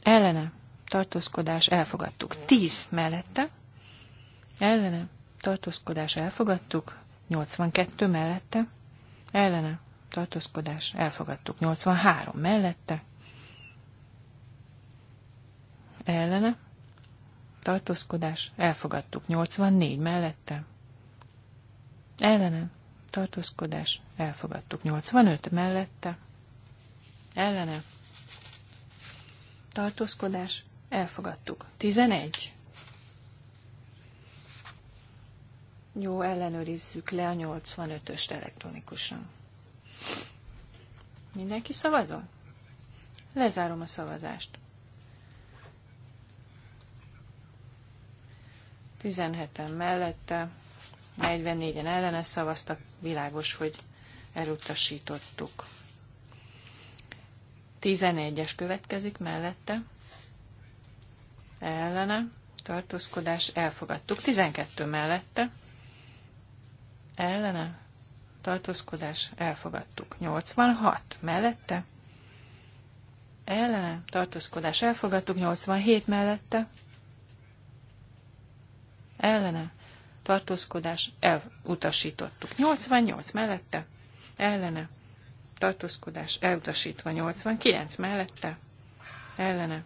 ellene, tartózkodás elfogadtuk. 10 mellette, ellene, tartózkodás elfogadtuk. 82 mellette, ellene, tartózkodás elfogadtuk. 83 mellette, ellene, tartózkodás elfogadtuk. 84 mellette, ellene, tartózkodás elfogadtuk. 85 mellette, ellene, tartózkodás Elfogadtuk. 11. Jó, ellenőrizzük le a 85-öst elektronikusan. Mindenki szavazol? Lezárom a szavazást. 17-en mellette, 44-en ellene szavaztak, világos, hogy elutasítottuk. 11-es következik mellette, ellene, tartózkodás elfogadtuk. 12 mellette, ellene, tartózkodás elfogadtuk. 86 mellette, ellene, tartózkodás elfogadtuk. 87 mellette, ellene, tartózkodás elutasítottuk. 88 mellette, ellene, tartózkodás elutasítva. 89 mellette, ellene,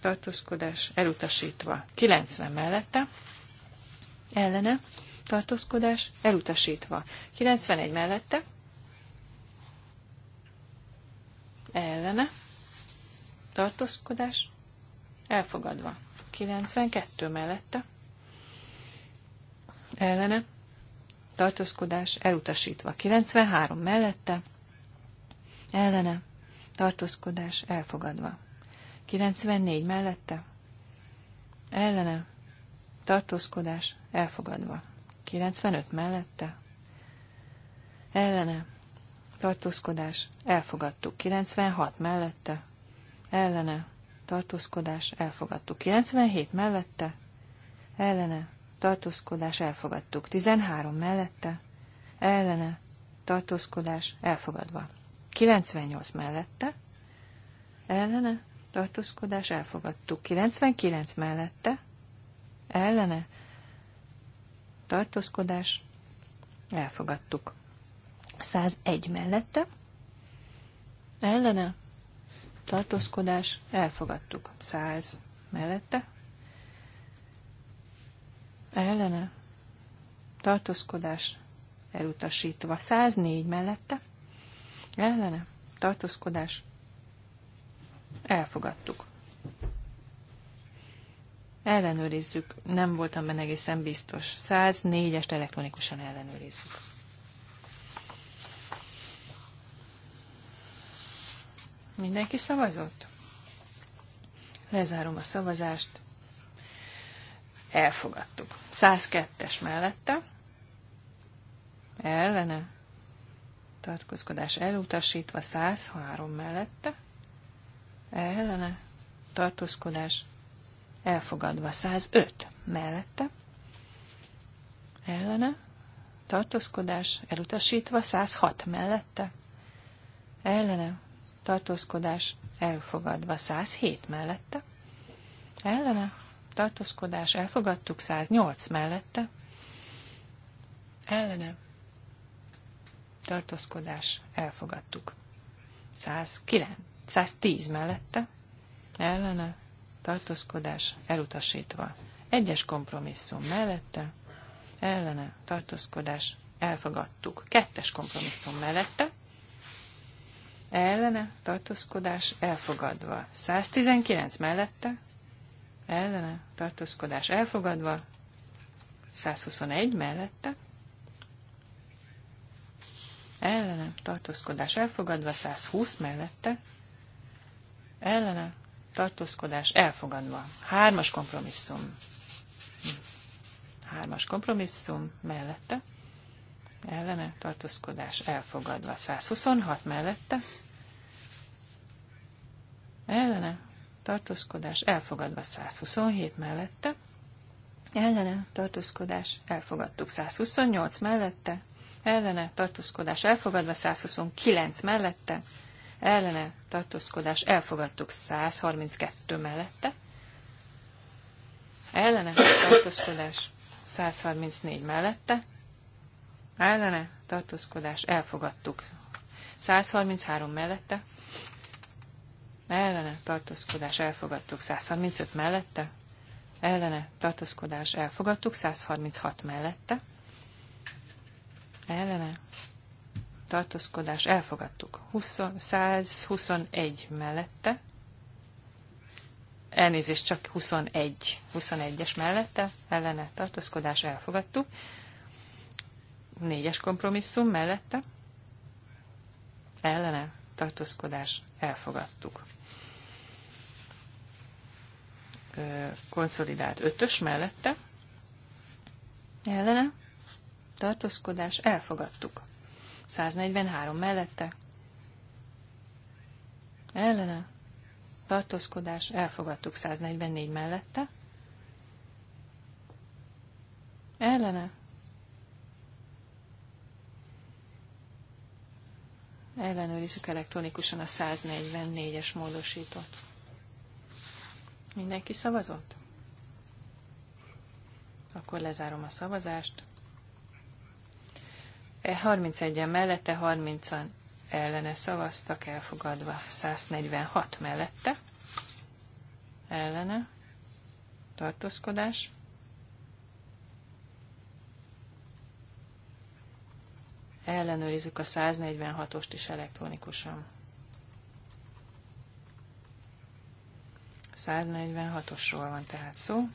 tartózkodás elutasítva. 90 mellette, ellene, tartózkodás elutasítva. 91 mellette, ellene, tartózkodás elfogadva. 92 mellette, ellene, tartózkodás elutasítva. 93 mellette, ellene, tartózkodás elfogadva. 94 mellette, ellene, tartózkodás, elfogadva. 95 mellette, ellene, tartózkodás, elfogadtuk. 96 mellette, ellene, tartózkodás, elfogadtuk. 97 mellette, ellene, tartózkodás, elfogadtuk. 13 mellette, ellene, tartózkodás, elfogadva. 98 mellette, ellene, tartózkodás elfogadtuk. 99 mellette, ellene, tartózkodás elfogadtuk. 101 mellette, ellene, tartózkodás elfogadtuk. 100 mellette, ellene, tartózkodás elutasítva. 104 mellette, ellene, tartózkodás Elfogadtuk. Ellenőrizzük. Nem voltam benne egészen biztos. 104-est elektronikusan ellenőrizzük. Mindenki szavazott? Lezárom a szavazást. Elfogadtuk. 102-es mellette. Ellene. Tartkozkodás elutasítva. 103 mellette ellene tartózkodás elfogadva 105 mellette, ellene tartózkodás elutasítva 106 mellette, ellene tartózkodás elfogadva 107 mellette, ellene tartózkodás elfogadtuk 108 mellette, ellene tartózkodás elfogadtuk 109 110 mellette, ellene, tartózkodás elutasítva. Egyes kompromisszum mellette, ellene, tartózkodás elfogadtuk. Kettes kompromisszum mellette, ellene, tartózkodás elfogadva. 119 mellette, ellene, tartózkodás elfogadva. 121 mellette, ellene, tartózkodás elfogadva. 120 mellette, ellene tartózkodás elfogadva. Hármas kompromisszum. Hármas kompromisszum mellette ellene tartózkodás elfogadva. 126 mellette ellene tartózkodás elfogadva. 127 mellette ellene tartózkodás elfogadtuk. 128 mellette ellene tartózkodás elfogadva. 129 mellette ellene tartózkodás elfogadtuk 132 mellette, ellene tartózkodás 134 mellette, ellene tartózkodás elfogadtuk 133 mellette, ellene tartózkodás elfogadtuk 135 mellette, ellene tartózkodás elfogadtuk 136 mellette, ellene tartózkodás elfogadtuk. 20, 121 mellette. Elnézést, csak 21. 21-es mellette, ellene tartózkodás elfogadtuk. 4-es kompromisszum mellette. Ellene tartózkodás elfogadtuk. Konszolidált 5-ös mellette. Ellene tartózkodás elfogadtuk. 143 mellette. Ellene. Tartózkodás. Elfogadtuk 144 mellette. Ellene. Ellenőrizzük elektronikusan a 144-es módosítót. Mindenki szavazott? Akkor lezárom a szavazást. 31-en e, mellette, 30-an ellene szavaztak, elfogadva 146 mellette, ellene, tartózkodás. Ellenőrizzük a 146-ost is elektronikusan. 146-osról van tehát szó.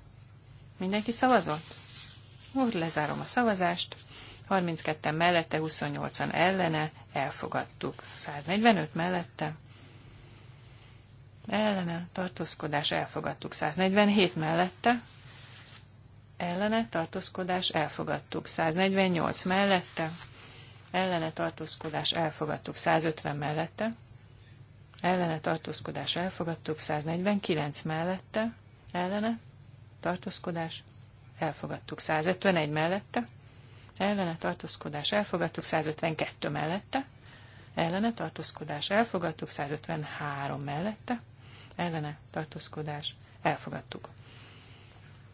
Mindenki szavazott? Úr, lezárom a szavazást. 32-en mellette, 28-an ellene, elfogadtuk. 145 mellette, ellene, tartózkodás, elfogadtuk. 147 mellette, ellene, tartózkodás, elfogadtuk. 148 mellette, ellene, tartózkodás, elfogadtuk. 150 mellette, ellene, tartózkodás, elfogadtuk. 149 mellette, ellene, tartózkodás, elfogadtuk. 151 mellette, ellene tartózkodás elfogadtuk, 152 mellette, ellene tartózkodás elfogadtuk, 153 mellette, ellene tartózkodás elfogadtuk.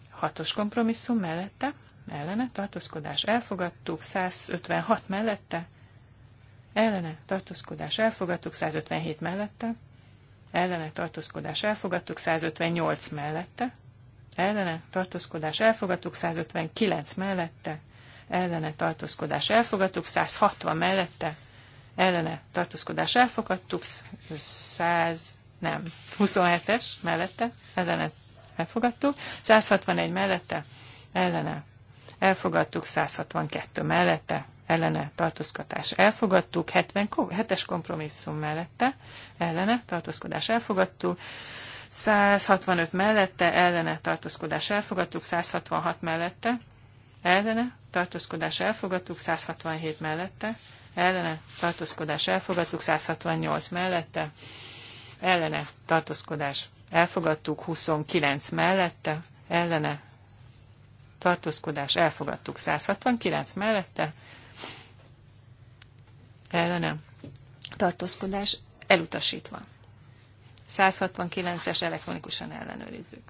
Hatos kompromisszum mellette, ellene tartózkodás elfogadtuk, 156 mellette, ellene tartózkodás elfogadtuk, 157 mellette, ellene tartózkodás elfogadtuk, 158 mellette, ellene tartózkodás elfogadtuk, 159 mellette, ellene tartózkodás elfogadtuk, 160 mellette ellene tartózkodás elfogadtuk, 100, nem, 27-es mellette ellene elfogadtuk, 161 mellette ellene elfogadtuk, 162 mellette ellene tartózkodás elfogadtuk, 77-es kompromisszum mellette ellene tartózkodás elfogadtuk, 165 mellette ellene tartózkodás elfogadtuk, 166 mellette ellene, tartózkodás elfogadtuk, 167 mellette, ellene, tartózkodás elfogadtuk, 168 mellette, ellene, tartózkodás elfogadtuk, 29 mellette, ellene, tartózkodás elfogadtuk, 169 mellette, ellene, tartózkodás elutasítva. 169-es elektronikusan ellenőrizzük.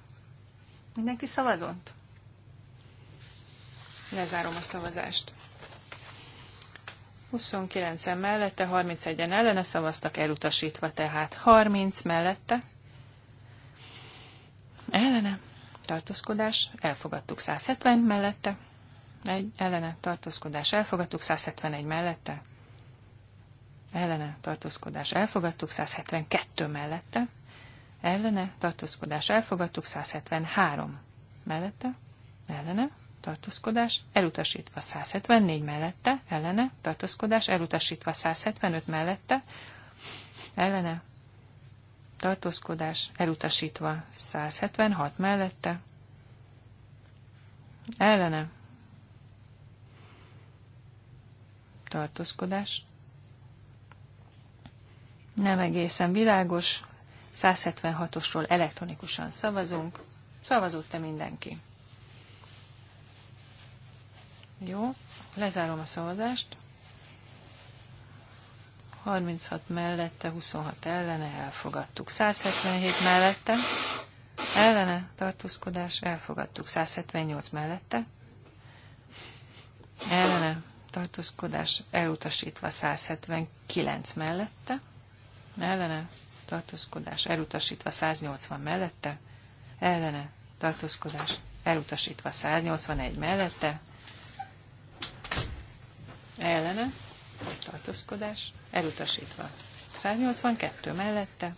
Mindenki szavazott? Lezárom a szavazást. 29 mellette, 31-en ellene szavaztak, elutasítva tehát. 30 mellette, ellene, tartózkodás, elfogadtuk 170 mellette, egy ellene, tartózkodás, elfogadtuk 171 mellette, ellene, tartózkodás, elfogadtuk 172 mellette, ellene, tartózkodás, elfogadtuk 173 mellette, ellene, tartózkodás, elutasítva 174 mellette, ellene, tartózkodás, elutasítva 175 mellette, ellene, tartózkodás, elutasítva 176 mellette, ellene, tartózkodás, nem egészen világos, 176-osról elektronikusan szavazunk, szavazott-e mindenki? Jó, lezárom a szavazást. 36 mellette, 26 ellene, elfogadtuk. 177 mellette, ellene, tartózkodás, elfogadtuk. 178 mellette, ellene, tartózkodás, elutasítva. 179 mellette, ellene, tartózkodás, elutasítva. 180 mellette, ellene, tartózkodás, elutasítva. 181 mellette, ellene, tartózkodás, elutasítva. 182 mellette,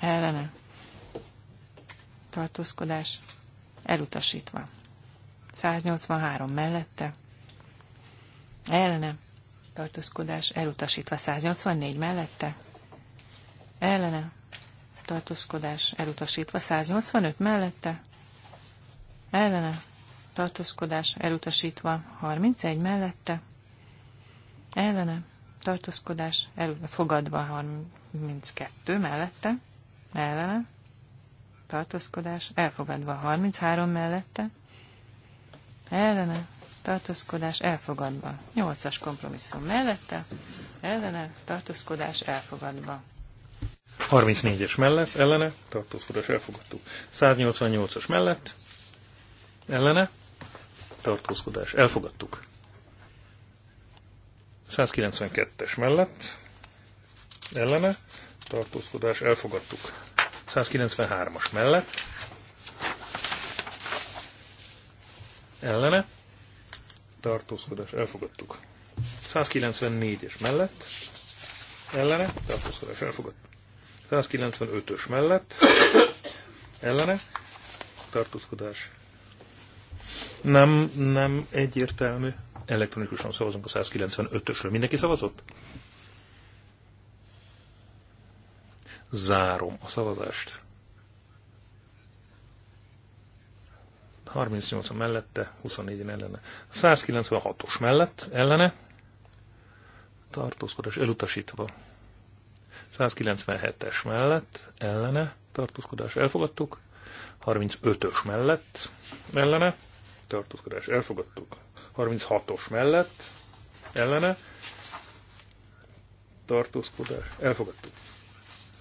ellene, tartózkodás, elutasítva. 183 mellette, ellene, tartózkodás, elutasítva. 184 mellette, ellene, tartózkodás, elutasítva. 185 mellette, ellene, tartózkodás elutasítva, 31 mellette, ellene, tartózkodás fogadva 32 mellette, ellene, tartózkodás elfogadva, 33 mellette, ellene, tartózkodás elfogadva, 8-as kompromisszum mellette, ellene, tartózkodás elfogadva. 34-es mellett, ellene, tartózkodás elfogadtuk. 188-as mellett, ellene, tartózkodás elfogadtuk. 192-es mellett ellene tartózkodás elfogadtuk. 193-as mellett ellene tartózkodás elfogadtuk. 194-es mellett ellene tartózkodás elfogadtuk. 195-ös mellett ellene tartózkodás nem, nem egyértelmű. Elektronikusan szavazunk a 195-ösről. Mindenki szavazott? Zárom a szavazást. 38 mellette, 24 ellene. 196-os mellett, ellene, tartózkodás elutasítva. 197-es mellett, ellene, tartózkodás elfogadtuk. 35-ös mellett, ellene, tartózkodás elfogadtuk. 36-os mellett ellene tartózkodás elfogadtuk.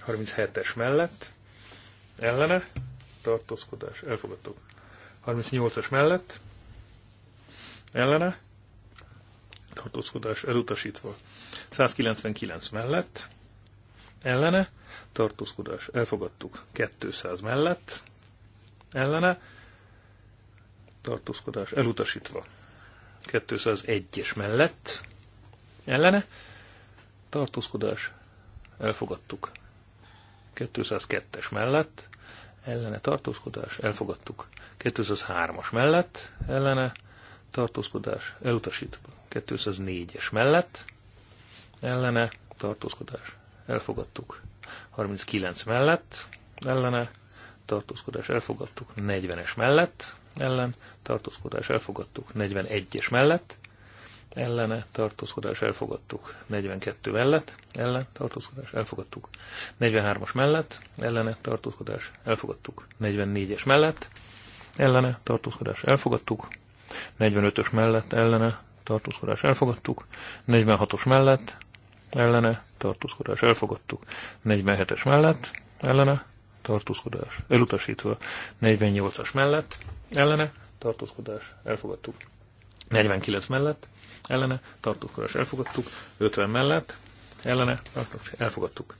37-es mellett ellene tartózkodás elfogadtuk. 38-as mellett ellene tartózkodás elutasítva. 199 mellett ellene tartózkodás elfogadtuk. 200 mellett ellene tartózkodás elutasítva. 201-es mellett ellene tartózkodás elfogadtuk. 202-es mellett ellene tartózkodás elfogadtuk. 203-as mellett ellene tartózkodás elutasítva. 204-es mellett ellene tartózkodás elfogadtuk. 39 mellett ellene tartózkodás elfogadtuk 40-es mellett, ellen tartózkodás elfogadtuk 41-es mellett, ellene tartózkodás elfogadtuk 42 mellett, ellen tartózkodás elfogadtuk 43-as mellett, ellene tartózkodás elfogadtuk 44-es mellett, ellene tartózkodás elfogadtuk 45-ös mellett, ellene tartózkodás elfogadtuk 46-os mellett, ellene tartózkodás elfogadtuk 47-es mellett, ellene tartózkodás elutasítva, 48-as mellett, ellene, tartózkodás elfogadtuk. 49 mellett, ellene, tartózkodás elfogadtuk, 50 mellett, ellene, tartózkodás elfogadtuk.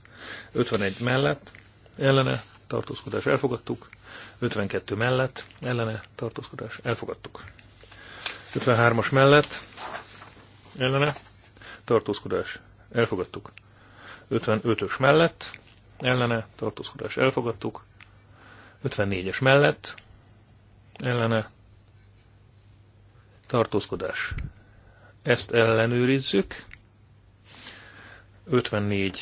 51 mellett, ellene, tartózkodás elfogadtuk, 52 mellett, ellene, tartózkodás elfogadtuk. 53-as mellett, ellene, tartózkodás elfogadtuk. 55-ös mellett, ellene tartózkodás elfogadtuk, 54-es mellett ellene tartózkodás. Ezt ellenőrizzük. 54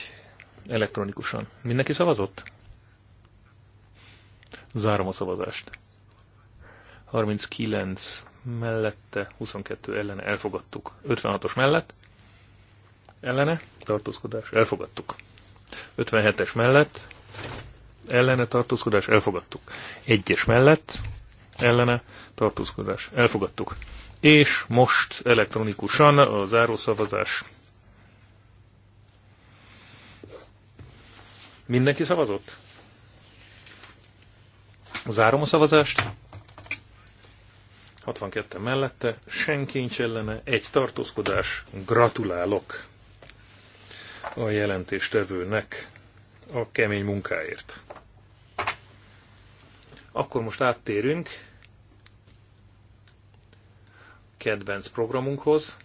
elektronikusan. Mindenki szavazott? Zárom a szavazást. 39 mellette, 22 ellene elfogadtuk. 56-os mellett ellene tartózkodás elfogadtuk. 57-es mellett ellene tartózkodás elfogadtuk. Egyes mellett ellene tartózkodás elfogadtuk. És most elektronikusan a zárószavazás. Mindenki szavazott? Zárom a szavazást. 62 mellette, senki nincs ellene, egy tartózkodás. Gratulálok! a jelentéstevőnek a kemény munkáért. Akkor most áttérünk kedvenc programunkhoz,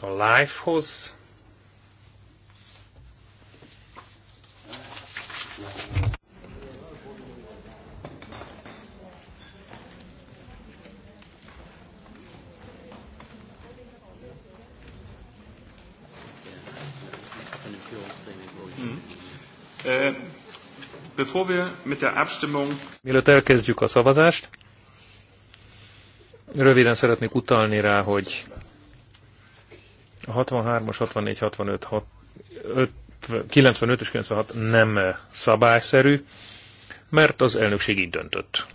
a Life-hoz, Äh, bevor wir mit der Abstimmung... Mielőtt elkezdjük a szavazást, röviden szeretnék utalni rá, hogy a 63-as, 64, 65, 6, 5, 95 és 96 nem szabályszerű, mert az elnökség így döntött.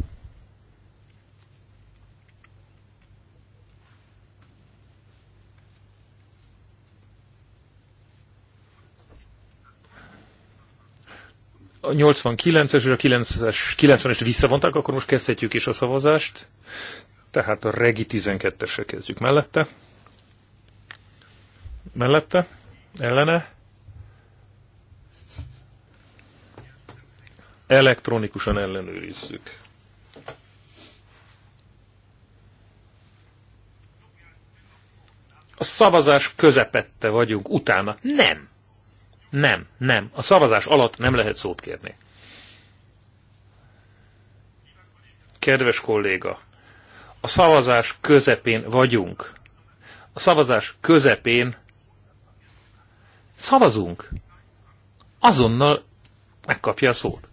a 89-es és a 90-es, 90 visszavonták, akkor most kezdhetjük is a szavazást. Tehát a Regi 12-esre kezdjük mellette. Mellette? Ellene? Elektronikusan ellenőrizzük. A szavazás közepette vagyunk, utána nem. Nem, nem. A szavazás alatt nem lehet szót kérni. Kedves kolléga, a szavazás közepén vagyunk. A szavazás közepén szavazunk. Azonnal megkapja a szót.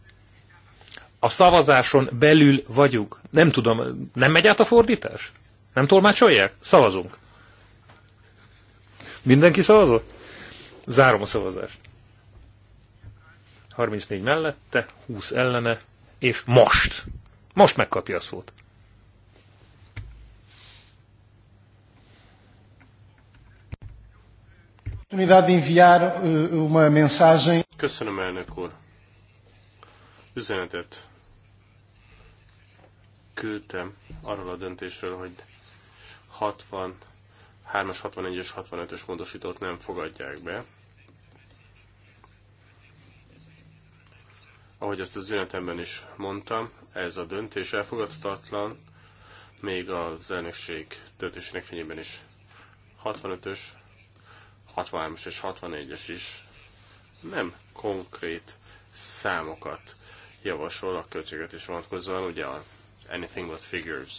A szavazáson belül vagyunk. Nem tudom, nem megy át a fordítás? Nem tolmácsolják? Szavazunk. Mindenki szavazott? Zárom a szavazást. 34 mellette, 20 ellene, és most, most megkapja a szót. Köszönöm, elnök úr. Üzenetet küldtem arról a döntésről, hogy 63-as, 61-es, 65-ös módosítót nem fogadják be. Ahogy azt az üzenetemben is mondtam, ez a döntés elfogadhatatlan, még az elnökség döntésének fényében is 65-ös, 63-as és 64-es is nem konkrét számokat javasol a is vonatkozóan, ugye a Anything But Figures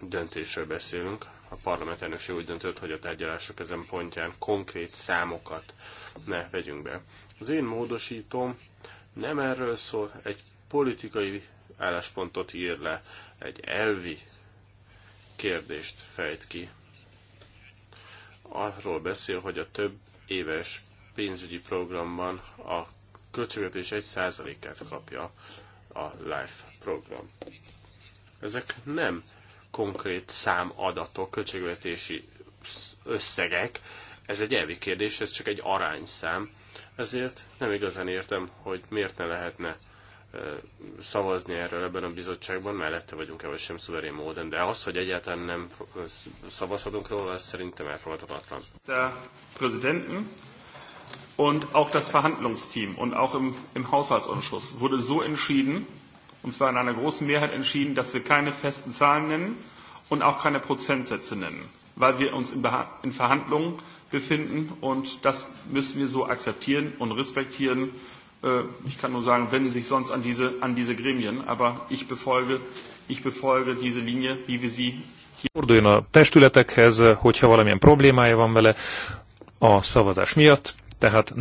döntésről beszélünk. A parlament elnökség úgy döntött, hogy a tárgyalások ezen pontján konkrét számokat ne vegyünk be. Az én módosítom nem erről szól, egy politikai álláspontot ír le, egy elvi kérdést fejt ki. Arról beszél, hogy a több éves pénzügyi programban a költségvetés egy százalékát kapja a LIFE program. Ezek nem konkrét számadatok, költségvetési összegek, ez egy elvi kérdés, ez csak egy arányszám, ezért nem igazán értem, hogy miért ne lehetne szavazni erről ebben a bizottságban, mellette vagyunk-e vagy sem szuverén módon, de az, hogy egyáltalán nem szavazhatunk róla, ez szerintem elfogadhatatlan. Der Präsidenten und auch das Verhandlungsteam und auch im, im Haushaltsausschuss wurde so entschieden, und zwar in einer großen Mehrheit entschieden, dass wir keine festen Zahlen nennen und auch keine Prozentsätze nennen weil wir uns in, in Verhandlungen befinden. Und das müssen wir so akzeptieren und respektieren. Äh, ich kann nur sagen, wenden Sie sich sonst an diese, an diese Gremien. Aber ich befolge, ich befolge diese Linie, wie wir sie Forduljon a testületekhez, hogyha valamilyen problémája van vele a szavazás miatt, tehát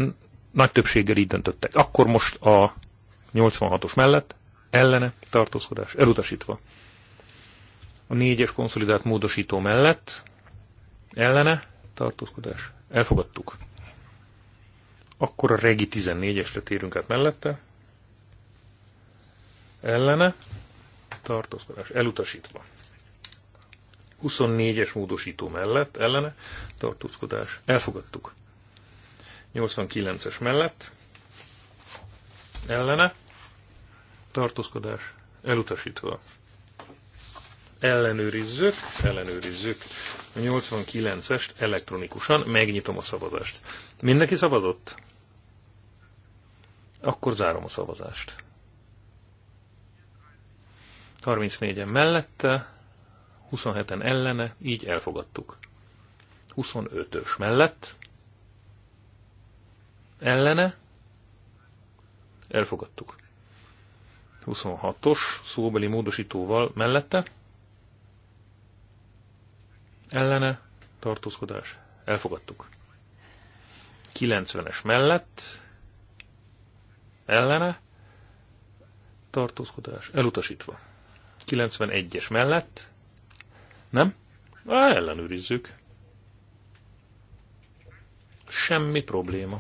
nagy többséggel így döntöttek. Akkor most a 86-os mellett ellene tartózkodás elutasítva. A négyes konszolidált módosító mellett ellene tartózkodás elfogadtuk. Akkor a regi 14-esre térünk át mellette, ellene tartózkodás elutasítva. 24-es módosító mellett ellene tartózkodás elfogadtuk. 89-es mellett ellene tartózkodás elutasítva ellenőrizzük, ellenőrizzük a 89-est elektronikusan, megnyitom a szavazást. Mindenki szavazott? Akkor zárom a szavazást. 34-en mellette, 27-en ellene, így elfogadtuk. 25-ös mellett, ellene, elfogadtuk. 26-os szóbeli módosítóval mellette, ellene tartózkodás elfogadtuk. 90-es mellett ellene tartózkodás elutasítva. 91-es mellett nem? Á, ellenőrizzük. Semmi probléma.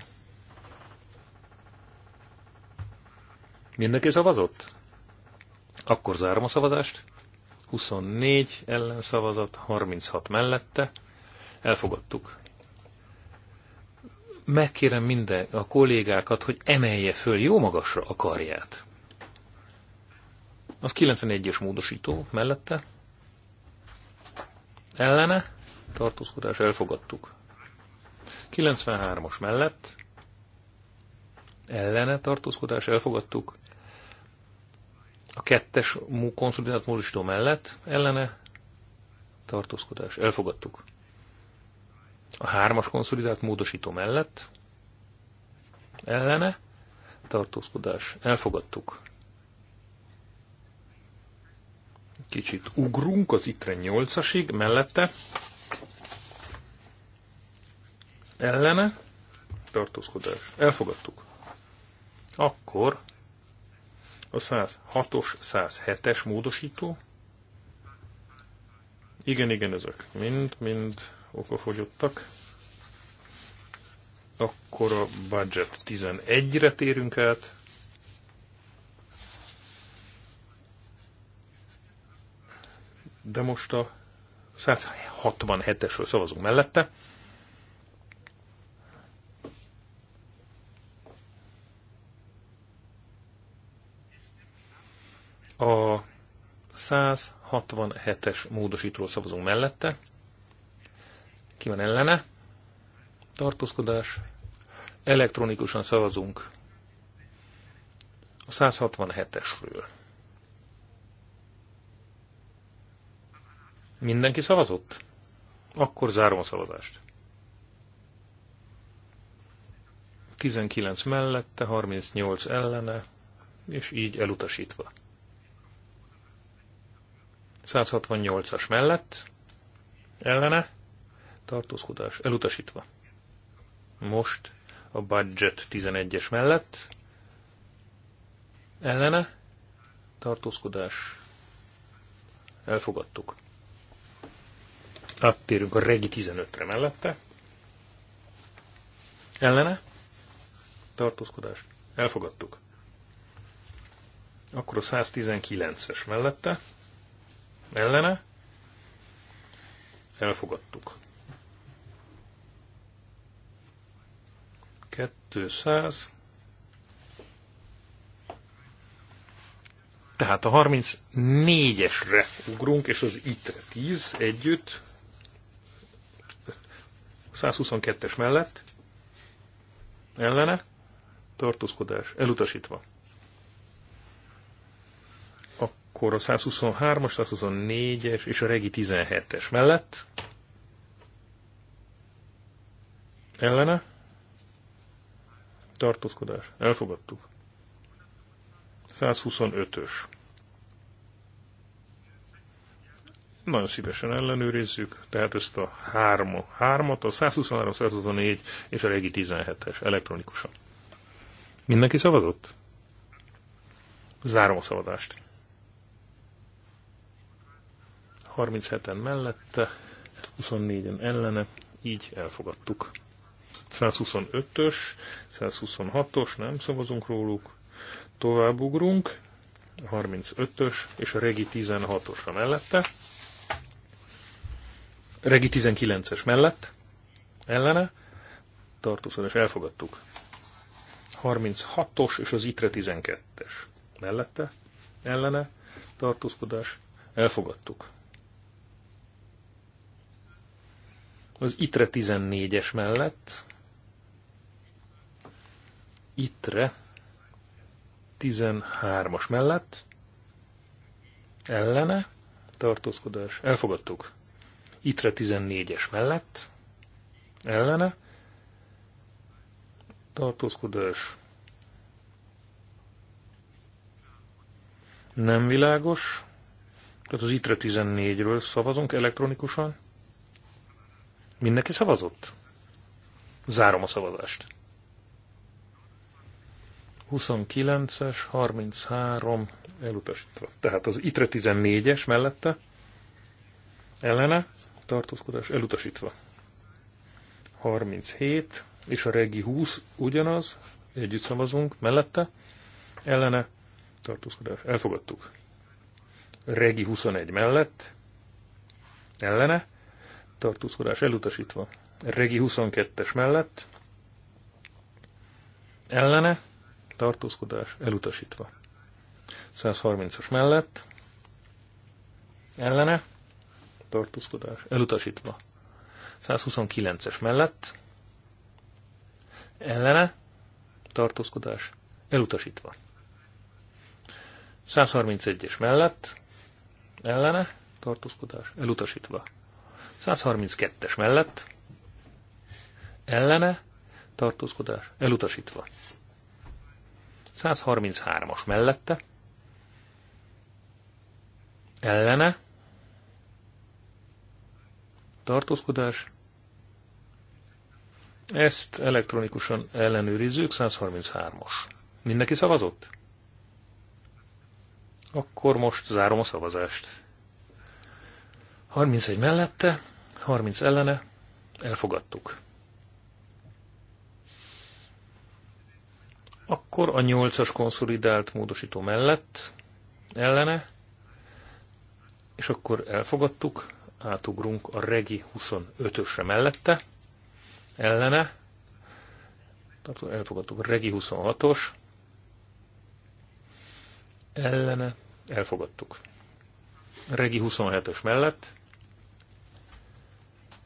Mindenki szavazott? Akkor zárom a szavazást. 24 ellenszavazat, 36 mellette. Elfogadtuk. Megkérem minden a kollégákat, hogy emelje föl jó magasra a karját. Az 91-es módosító mellette. Ellene. Tartózkodás elfogadtuk. 93-as mellett. Ellene tartózkodás elfogadtuk a kettes konszolidált módosító mellett ellene tartózkodás. Elfogadtuk. A hármas konszolidált módosító mellett ellene tartózkodás. Elfogadtuk. Kicsit ugrunk az itre 8-asig mellette. Ellene tartózkodás. Elfogadtuk. Akkor a 106-os, 107-es módosító. Igen, igen, ezek mind, mind okafogyottak. Akkor a budget 11-re térünk át. De most a 167-esről szavazunk mellette. A 167-es módosítról szavazunk mellette. Ki van ellene? Tartózkodás. Elektronikusan szavazunk a 167-esről. Mindenki szavazott? Akkor zárom a szavazást. 19 mellette, 38 ellene, és így elutasítva. 168-as mellett, ellene, tartózkodás elutasítva. Most a budget 11-es mellett, ellene, tartózkodás elfogadtuk. Áttérünk a regi 15-re mellette. Ellene? Tartózkodás. Elfogadtuk. Akkor a 119-es mellette ellene, elfogadtuk. 200, tehát a 34-esre ugrunk, és az itt 10 együtt, 122-es mellett, ellene, tartózkodás, elutasítva akkor a 123-as, 124-es és a regi 17-es mellett. Ellene? Tartózkodás. Elfogadtuk. 125-ös. Nagyon szívesen ellenőrizzük, tehát ezt a 3-at, a 123, 124 és a regi 17-es elektronikusan. Mindenki szavazott? Zárom a szavazást. 37-en mellette, 24-en ellene, így elfogadtuk. 125-ös, 126-os, nem szavazunk róluk. Továbbugrunk, 35-ös és a Regi 16 os a mellette. Regi 19-es mellett, ellene, tartózkodás elfogadtuk. 36-os és az ITRE 12-es mellette, ellene, tartózkodás elfogadtuk. az ITRE 14-es mellett, ITRE 13-as mellett, ellene, tartózkodás, elfogadtuk. ITRE 14-es mellett, ellene, tartózkodás, nem világos, tehát az ITRE 14-ről szavazunk elektronikusan, Mindenki szavazott? Zárom a szavazást. 29-es, 33 elutasítva. Tehát az ITRE 14-es mellette ellene tartózkodás elutasítva. 37 és a regi 20 ugyanaz, együtt szavazunk mellette, ellene tartózkodás elfogadtuk. Regi 21 mellett ellene tartózkodás elutasítva. Regi 22-es mellett ellene tartózkodás elutasítva. 130-as mellett ellene tartózkodás elutasítva. 129-es mellett ellene tartózkodás elutasítva. 131-es mellett ellene tartózkodás elutasítva. 132-es mellett ellene tartózkodás elutasítva. 133-as mellette ellene tartózkodás ezt elektronikusan ellenőrizzük, 133-as. Mindenki szavazott? Akkor most zárom a szavazást. 31 mellette, 30 ellene, elfogadtuk. Akkor a 8-as konszolidált módosító mellett, ellene, és akkor elfogadtuk, átugrunk a Regi 25-ösre mellette, ellene, elfogadtuk Regi 26-os, ellene, elfogadtuk. Regi 27-ös mellett,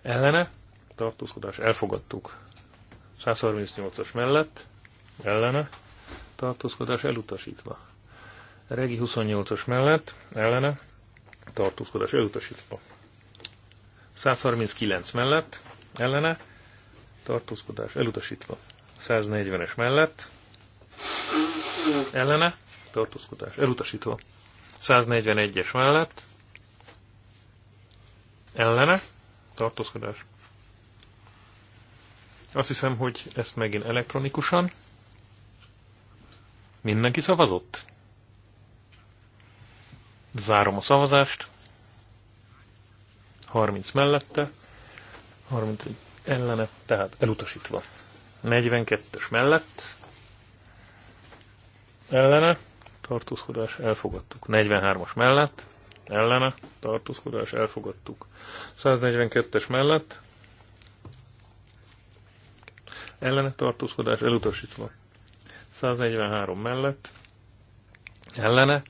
ellene, tartózkodás elfogadtuk. 138-as mellett, ellene, tartózkodás elutasítva. Regi 28-as mellett, ellene, tartózkodás elutasítva. 139 mellett, ellene, tartózkodás elutasítva. 140-es mellett, ellene, tartózkodás elutasítva. 141-es mellett, ellene, tartózkodás. Azt hiszem, hogy ezt megint elektronikusan. Mindenki szavazott? Zárom a szavazást. 30 mellette, 31 ellene, tehát elutasítva. 42-es mellett, ellene, tartózkodás, elfogadtuk. 43-as mellett, ellene tartózkodás elfogadtuk. 142-es mellett ellene tartózkodás elutasítva. 143 mellett ellene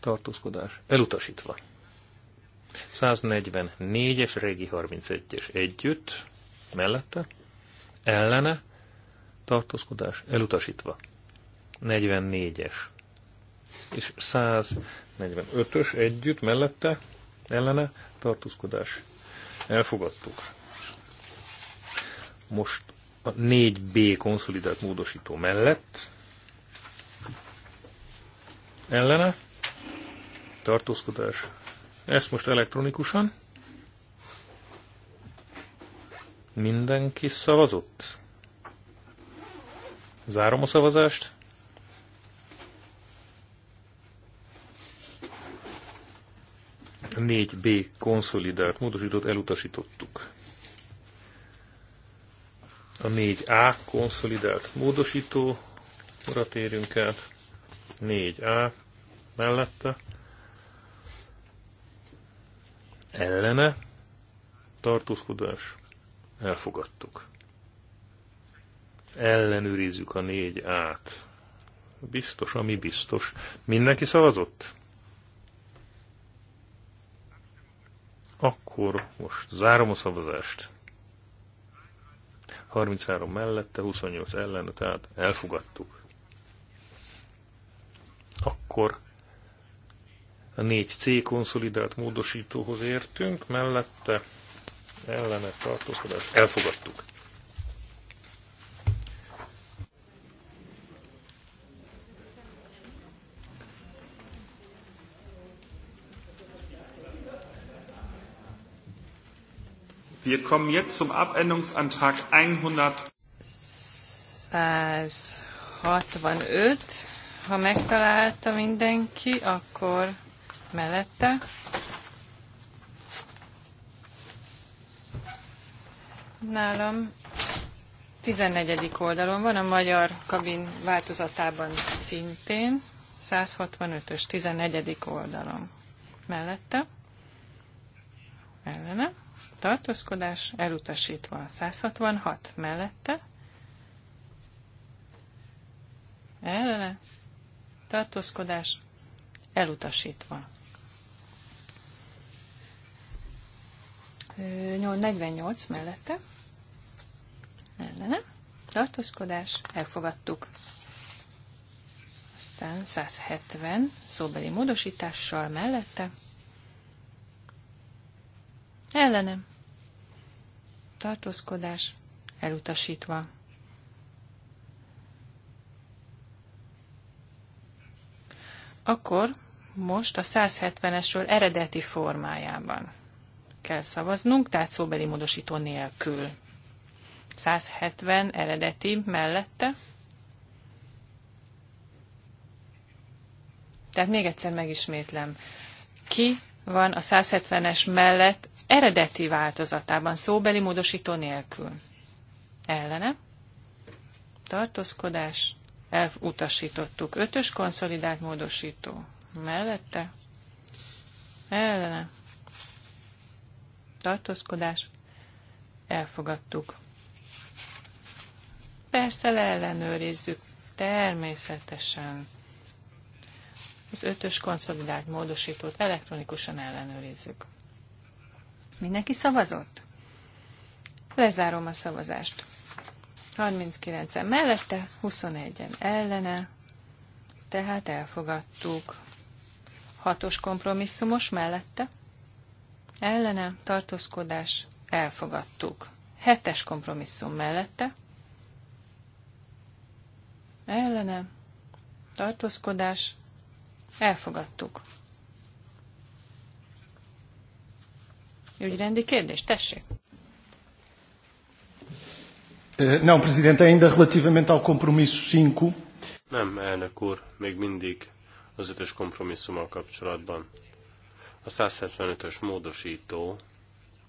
tartózkodás elutasítva. 144-es, régi 31-es együtt, mellette, ellene, tartózkodás elutasítva. 44-es és 100 45-ös együtt, mellette, ellene, tartózkodás. Elfogadtuk. Most a 4B konszolidált módosító mellett, ellene, tartózkodás. Ezt most elektronikusan. Mindenki szavazott? Zárom a szavazást. 4B konszolidált módosított elutasítottuk. A 4A konszolidált módosító uratérünk el, 4A mellette. Ellene tartózkodás. Elfogadtuk. Ellenőrizzük a 4A-t. Biztos, ami biztos. Mindenki szavazott? Akkor most zárom a szavazást. 33 mellette, 28 ellen, tehát elfogadtuk. Akkor a 4C konszolidált módosítóhoz értünk, mellette ellene tartózkodás elfogadtuk. Wir kommen jetzt zum Abänderungsantrag 165. Ha megtalálta mindenki, akkor mellette. Nálam 14. oldalon van, a magyar kabin változatában szintén, 165-ös, 14. oldalon. Mellette, ellene, tartózkodás elutasítva 166 mellette, ellene, tartózkodás elutasítva. 48 mellette, ellene, tartózkodás, elfogadtuk. Aztán 170 szóbeli módosítással mellette, ellenem, tartózkodás elutasítva. Akkor most a 170-esről eredeti formájában kell szavaznunk, tehát szóbeli módosító nélkül. 170 eredeti mellette. Tehát még egyszer megismétlem. Ki van a 170-es mellett eredeti változatában, szóbeli módosító nélkül. Ellene. Tartózkodás. Elutasítottuk. Ötös konszolidált módosító. Mellette. Ellene. Tartózkodás. Elfogadtuk. Persze leellenőrizzük. Természetesen. Az ötös konszolidált módosítót elektronikusan ellenőrizzük. Mindenki szavazott? Lezárom a szavazást. 39-en mellette, 21-en ellene, tehát elfogadtuk. Hatos kompromisszumos mellette, ellene, tartózkodás, elfogadtuk. Hetes kompromisszum mellette, ellene, tartózkodás, elfogadtuk. ügyrendi kérdés. Tessék! Eh, não, Presidente, ainda relativamente ao compromisso 5. Nem, elnök úr, még mindig az ötös kompromisszummal kapcsolatban. A 175-ös módosító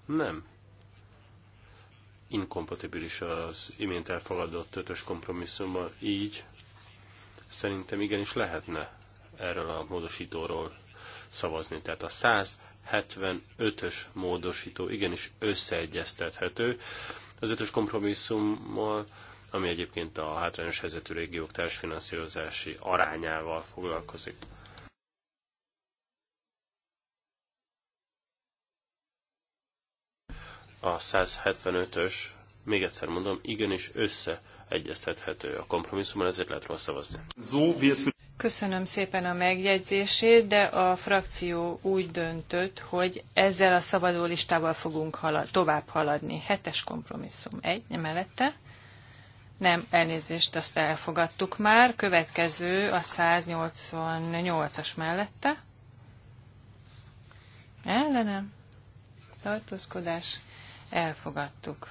nem inkompatibilis az imént elfogadott ötös kompromisszummal, így szerintem igenis lehetne erről a módosítóról szavazni. Tehát a 75-ös módosító igenis összeegyeztethető. Az ötös kompromisszummal, ami egyébként a hátrányos helyzetű régiók társfinanszírozási arányával foglalkozik. A 175-ös, még egyszer mondom, igenis összeegyeztethető a kompromisszummal, ezért lehet róla szavazni. Köszönöm szépen a megjegyzését, de a frakció úgy döntött, hogy ezzel a szabadó listával fogunk halad, tovább haladni. Hetes kompromisszum. Egy, mellette. Nem, elnézést, azt elfogadtuk már. Következő a 188-as mellette. Ellenem. Tartózkodás. Elfogadtuk.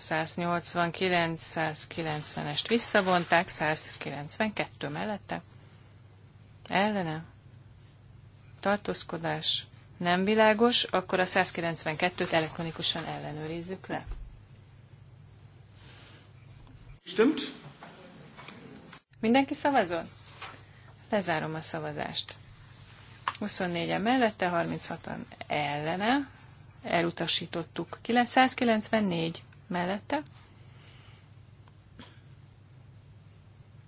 189, 190-est visszavonták, 192 mellette ellene, tartózkodás nem világos, akkor a 192-t elektronikusan ellenőrizzük le. Stimmt? Mindenki szavazol? Lezárom a szavazást. 24-en mellette, 36-an ellene. Elutasítottuk. 194 mellette.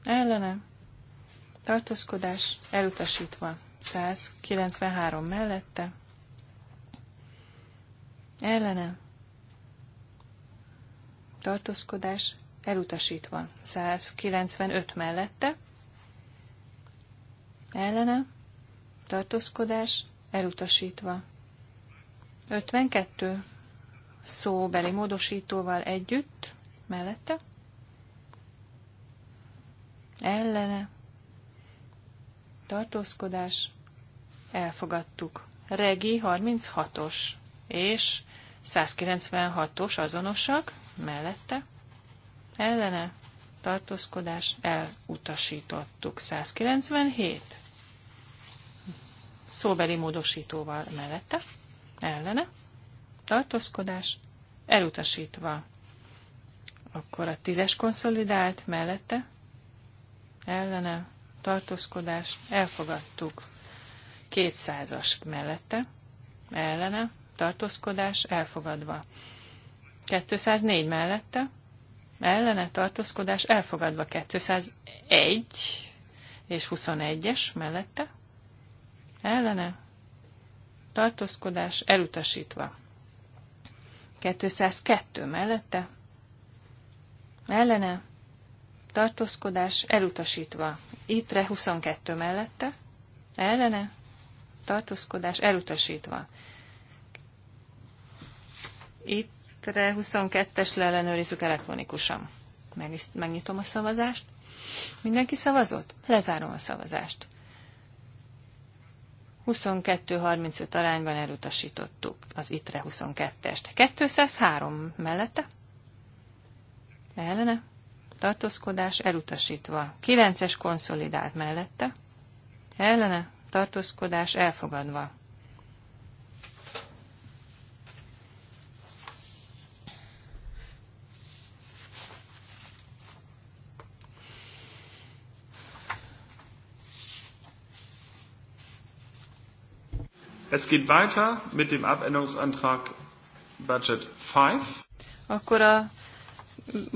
Ellene tartózkodás elutasítva. 193 mellette, ellene, tartózkodás elutasítva. 195 mellette, ellene, tartózkodás elutasítva. 52 szóbeli módosítóval együtt, mellette, ellene, tartózkodás, elfogadtuk. Regi 36-os és 196-os azonosak, mellette, ellene, tartózkodás, elutasítottuk. 197 szóbeli módosítóval mellette, ellene, tartózkodás, elutasítva. Akkor a tízes konszolidált mellette, ellene, tartózkodás, elfogadtuk. 200-as mellette, ellene, tartózkodás, elfogadva. 204 mellette, ellene, tartózkodás, elfogadva. 201 és 21-es mellette, ellene, tartózkodás, elutasítva. 202 mellette, ellene, tartózkodás elutasítva. Ittre 22 mellette, ellene, tartózkodás elutasítva. Ittre 22-es leellenőrizzük elektronikusan. Megnyitom a szavazást. Mindenki szavazott? Lezárom a szavazást. 22-35 arányban elutasítottuk az ITRE 22-est. 203 mellette? Ellene? tartózkodás elutasítva. 9-es konszolidált mellette, ellene tartózkodás elfogadva. Es geht weiter mit dem Abänderungsantrag Budget 5. Akkor a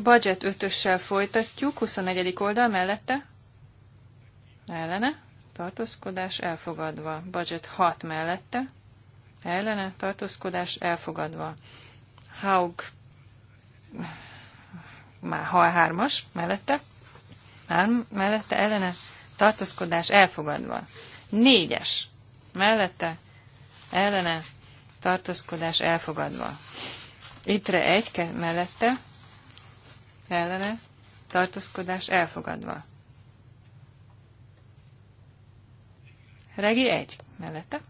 budget 5-össel folytatjuk, 21. oldal mellette. Ellene, tartózkodás elfogadva. Budget 6 mellette. Ellene, tartózkodás elfogadva. Haug már hal hármas mellette. Három mellette ellene, tartózkodás elfogadva. Négyes mellette, ellene, tartózkodás elfogadva. Itre egy mellette, ellene, tartózkodás elfogadva. Regi 1 mellette.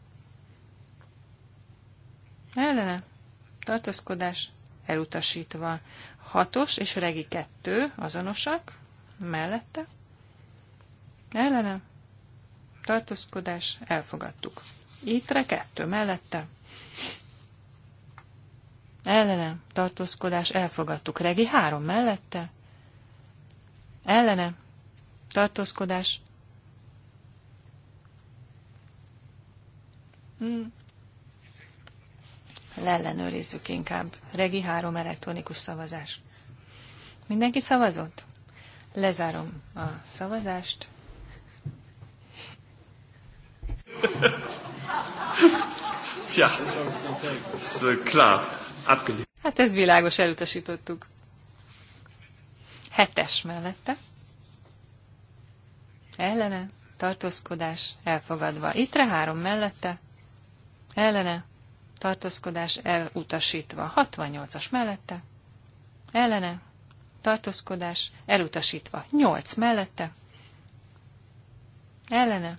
Ellene, tartózkodás elutasítva. 6-os és Regi 2 azonosak mellette. Ellene, tartózkodás elfogadtuk. Ittre 2 mellette ellene, tartózkodás, elfogadtuk. Regi három mellette, ellene, tartózkodás. Hmm. Leellenőrizzük inkább. Regi három elektronikus szavazás. Mindenki szavazott? Lezárom a szavazást. Tja, c'est clair. Abgelehnt. Hát ez világos, elutasítottuk. Hetes mellette. Ellene, tartózkodás, elfogadva. Ittre három mellette. Ellene, tartózkodás, elutasítva. 68-as mellette. Ellene, tartózkodás, elutasítva. 8 mellette. Ellene,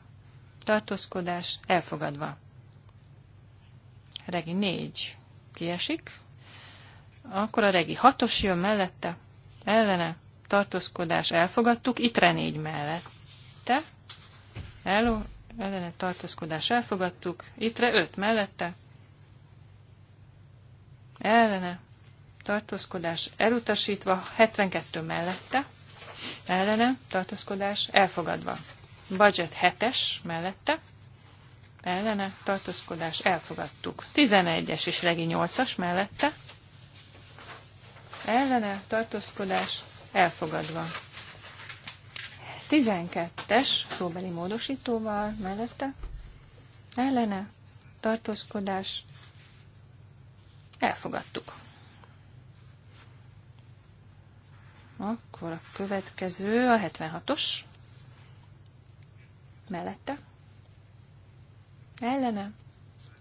tartózkodás, elfogadva. Regi 4 kiesik, akkor a regi hatos jön mellette, ellene, tartózkodás, elfogadtuk, itre négy mellette, Hello, ellene, tartózkodás, elfogadtuk, itre öt mellette, ellene, tartózkodás, elutasítva, 72 mellette, ellene, tartózkodás, elfogadva. Budget 7-es mellette, ellene tartózkodás elfogadtuk. 11-es és regi 8-as mellette ellene tartózkodás elfogadva. 12-es szóbeli módosítóval mellette ellene tartózkodás elfogadtuk. Akkor a következő a 76-os mellette ellene,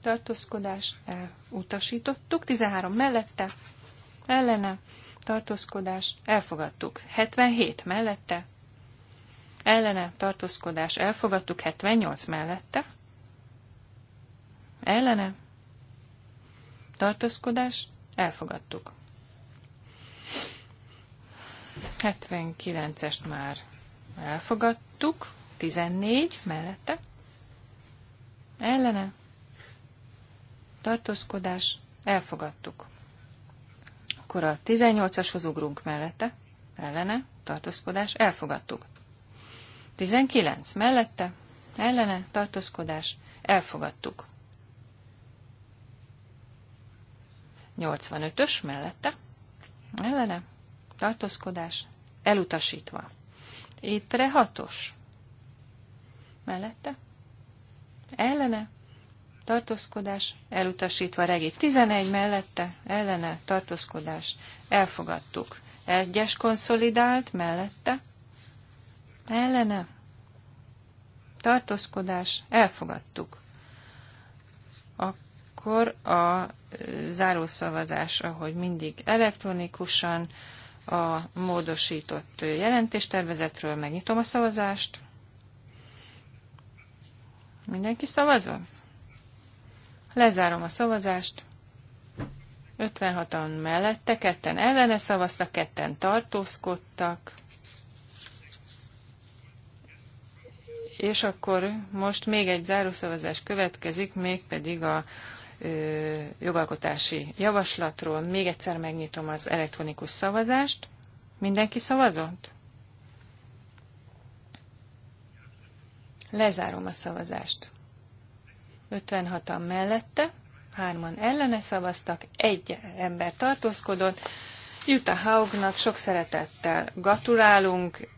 tartózkodás, elutasítottuk. 13 mellette, ellene, tartózkodás, elfogadtuk. 77 mellette, ellene, tartózkodás, elfogadtuk. 78 mellette, ellene, tartózkodás, elfogadtuk. 79-est már elfogadtuk, 14 mellette, ellene, tartózkodás, elfogadtuk. Akkor a 18-ashoz ugrunk mellette, ellene, tartózkodás, elfogadtuk. 19 mellette, ellene, tartózkodás, elfogadtuk. 85-ös mellette, ellene, tartózkodás, elutasítva. Étre hatos. Mellette, ellene, tartózkodás, elutasítva regi 11 mellette, ellene, tartózkodás, elfogadtuk. Egyes konszolidált mellette, ellene, tartózkodás, elfogadtuk. Akkor a zárószavazás, ahogy mindig elektronikusan, a módosított jelentéstervezetről megnyitom a szavazást. Mindenki szavazott? Lezárom a szavazást. 56-an mellette, ketten ellene szavaztak, ketten tartózkodtak. És akkor most még egy zárószavazás következik, mégpedig a ö, jogalkotási javaslatról. Még egyszer megnyitom az elektronikus szavazást. Mindenki szavazott? Lezárom a szavazást. 56-an mellette, hárman ellene szavaztak, egy ember tartózkodott. Jutta Haugnak sok szeretettel gratulálunk,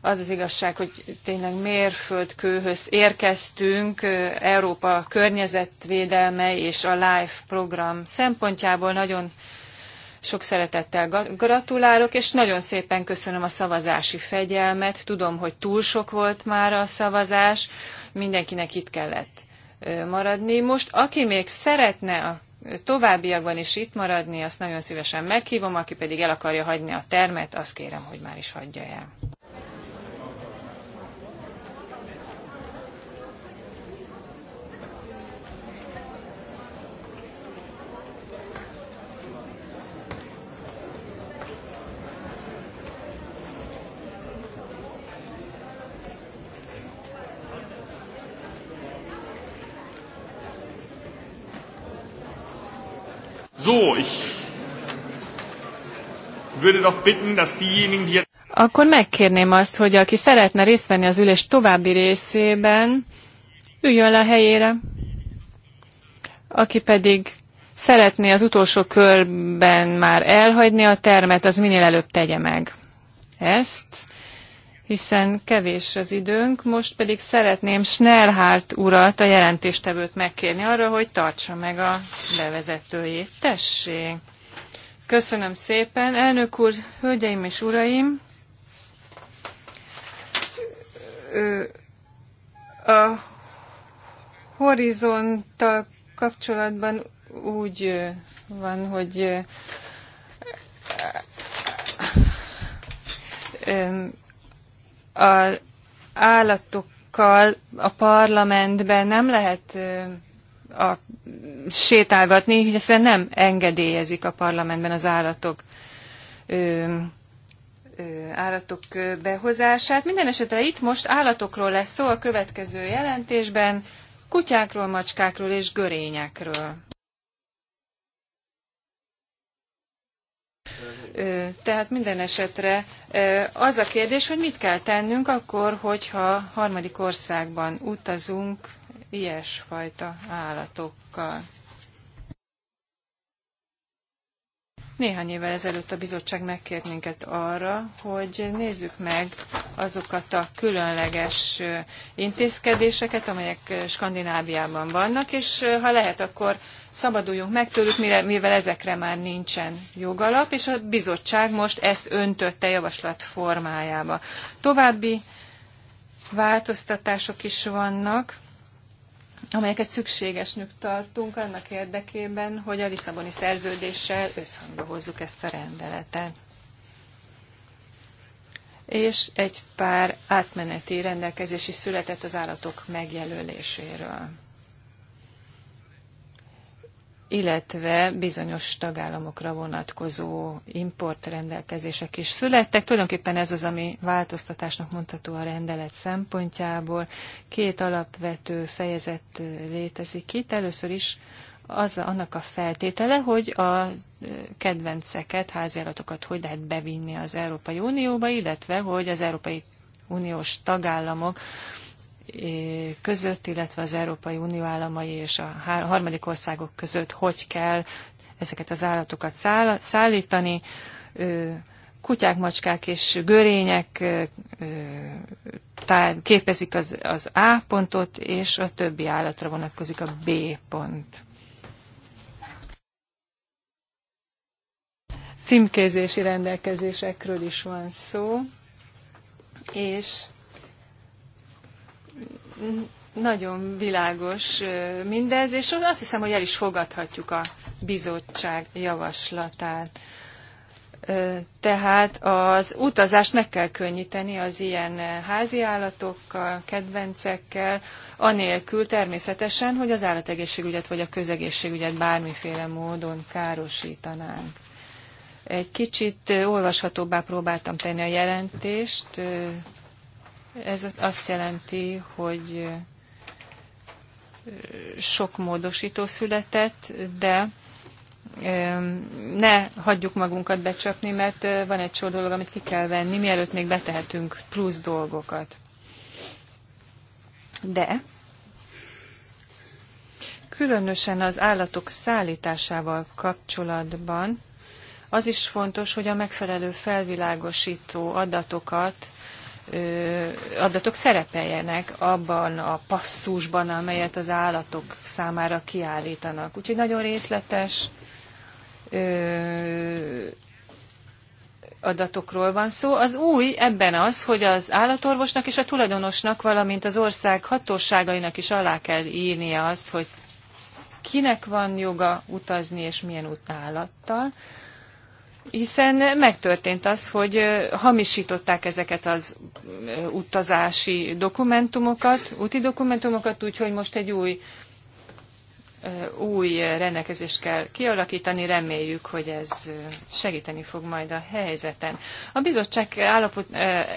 az az igazság, hogy tényleg mérföldkőhöz érkeztünk Európa környezetvédelme és a LIFE program szempontjából nagyon sok szeretettel gratulálok, és nagyon szépen köszönöm a szavazási fegyelmet. Tudom, hogy túl sok volt már a szavazás, mindenkinek itt kellett maradni. Most, aki még szeretne a továbbiakban is itt maradni, azt nagyon szívesen meghívom, aki pedig el akarja hagyni a termet, azt kérem, hogy már is hagyja el. So, ich würde doch bitten, dass diejenigen, die akkor megkérném azt, hogy aki szeretne részt venni az ülés további részében, üljön le a helyére. Aki pedig szeretné az utolsó körben már elhagyni a termet, az minél előbb tegye meg ezt hiszen kevés az időnk. Most pedig szeretném Schnellhardt urat, a jelentéstevőt megkérni arra, hogy tartsa meg a bevezetőjét. Tessék! Köszönöm szépen. Elnök úr, hölgyeim és uraim! A horizonttal kapcsolatban úgy van, hogy az állatokkal a parlamentben nem lehet a, sétálgatni, hiszen nem engedélyezik a parlamentben az állatok ö, ö, állatok behozását. Minden esetre itt most állatokról lesz szó a következő jelentésben, kutyákról, macskákról és görényekről. Tehát minden esetre az a kérdés, hogy mit kell tennünk akkor, hogyha harmadik országban utazunk ilyesfajta állatokkal. Néhány évvel ezelőtt a bizottság megkért minket arra, hogy nézzük meg azokat a különleges intézkedéseket, amelyek Skandináviában vannak, és ha lehet, akkor szabaduljunk meg tőlük, mivel ezekre már nincsen jogalap, és a bizottság most ezt öntötte javaslat formájába. További változtatások is vannak, amelyeket szükségesnek tartunk annak érdekében, hogy a Lisszaboni szerződéssel összhangba hozzuk ezt a rendeletet. És egy pár átmeneti rendelkezési született az állatok megjelöléséről illetve bizonyos tagállamokra vonatkozó importrendelkezések is születtek. Tulajdonképpen ez az, ami változtatásnak mondható a rendelet szempontjából. Két alapvető fejezet létezik itt. Először is az annak a feltétele, hogy a kedvenceket, háziállatokat hogy lehet bevinni az Európai Unióba, illetve hogy az Európai Uniós tagállamok között, illetve az Európai Unió államai és a harmadik országok között hogy kell ezeket az állatokat szállítani. Kutyák, macskák és görények képezik az, az A pontot, és a többi állatra vonatkozik a B pont. Címkézési rendelkezésekről is van szó, és nagyon világos mindez, és azt hiszem, hogy el is fogadhatjuk a bizottság javaslatát. Tehát az utazást meg kell könnyíteni az ilyen háziállatokkal, kedvencekkel, anélkül természetesen, hogy az állategészségügyet vagy a közegészségügyet bármiféle módon károsítanánk. Egy kicsit olvashatóbbá próbáltam tenni a jelentést, ez azt jelenti, hogy sok módosító született, de ne hagyjuk magunkat becsapni, mert van egy sor dolog, amit ki kell venni, mielőtt még betehetünk plusz dolgokat. De különösen az állatok szállításával kapcsolatban az is fontos, hogy a megfelelő felvilágosító adatokat adatok szerepeljenek abban a passzusban, amelyet az állatok számára kiállítanak. Úgyhogy nagyon részletes adatokról van szó. Az új ebben az, hogy az állatorvosnak és a tulajdonosnak, valamint az ország hatóságainak is alá kell írnia azt, hogy kinek van joga utazni és milyen utálattal hiszen megtörtént az, hogy hamisították ezeket az utazási dokumentumokat, úti dokumentumokat, úgyhogy most egy új új rendelkezést kell kialakítani, reméljük, hogy ez segíteni fog majd a helyzeten. A bizottság állapot,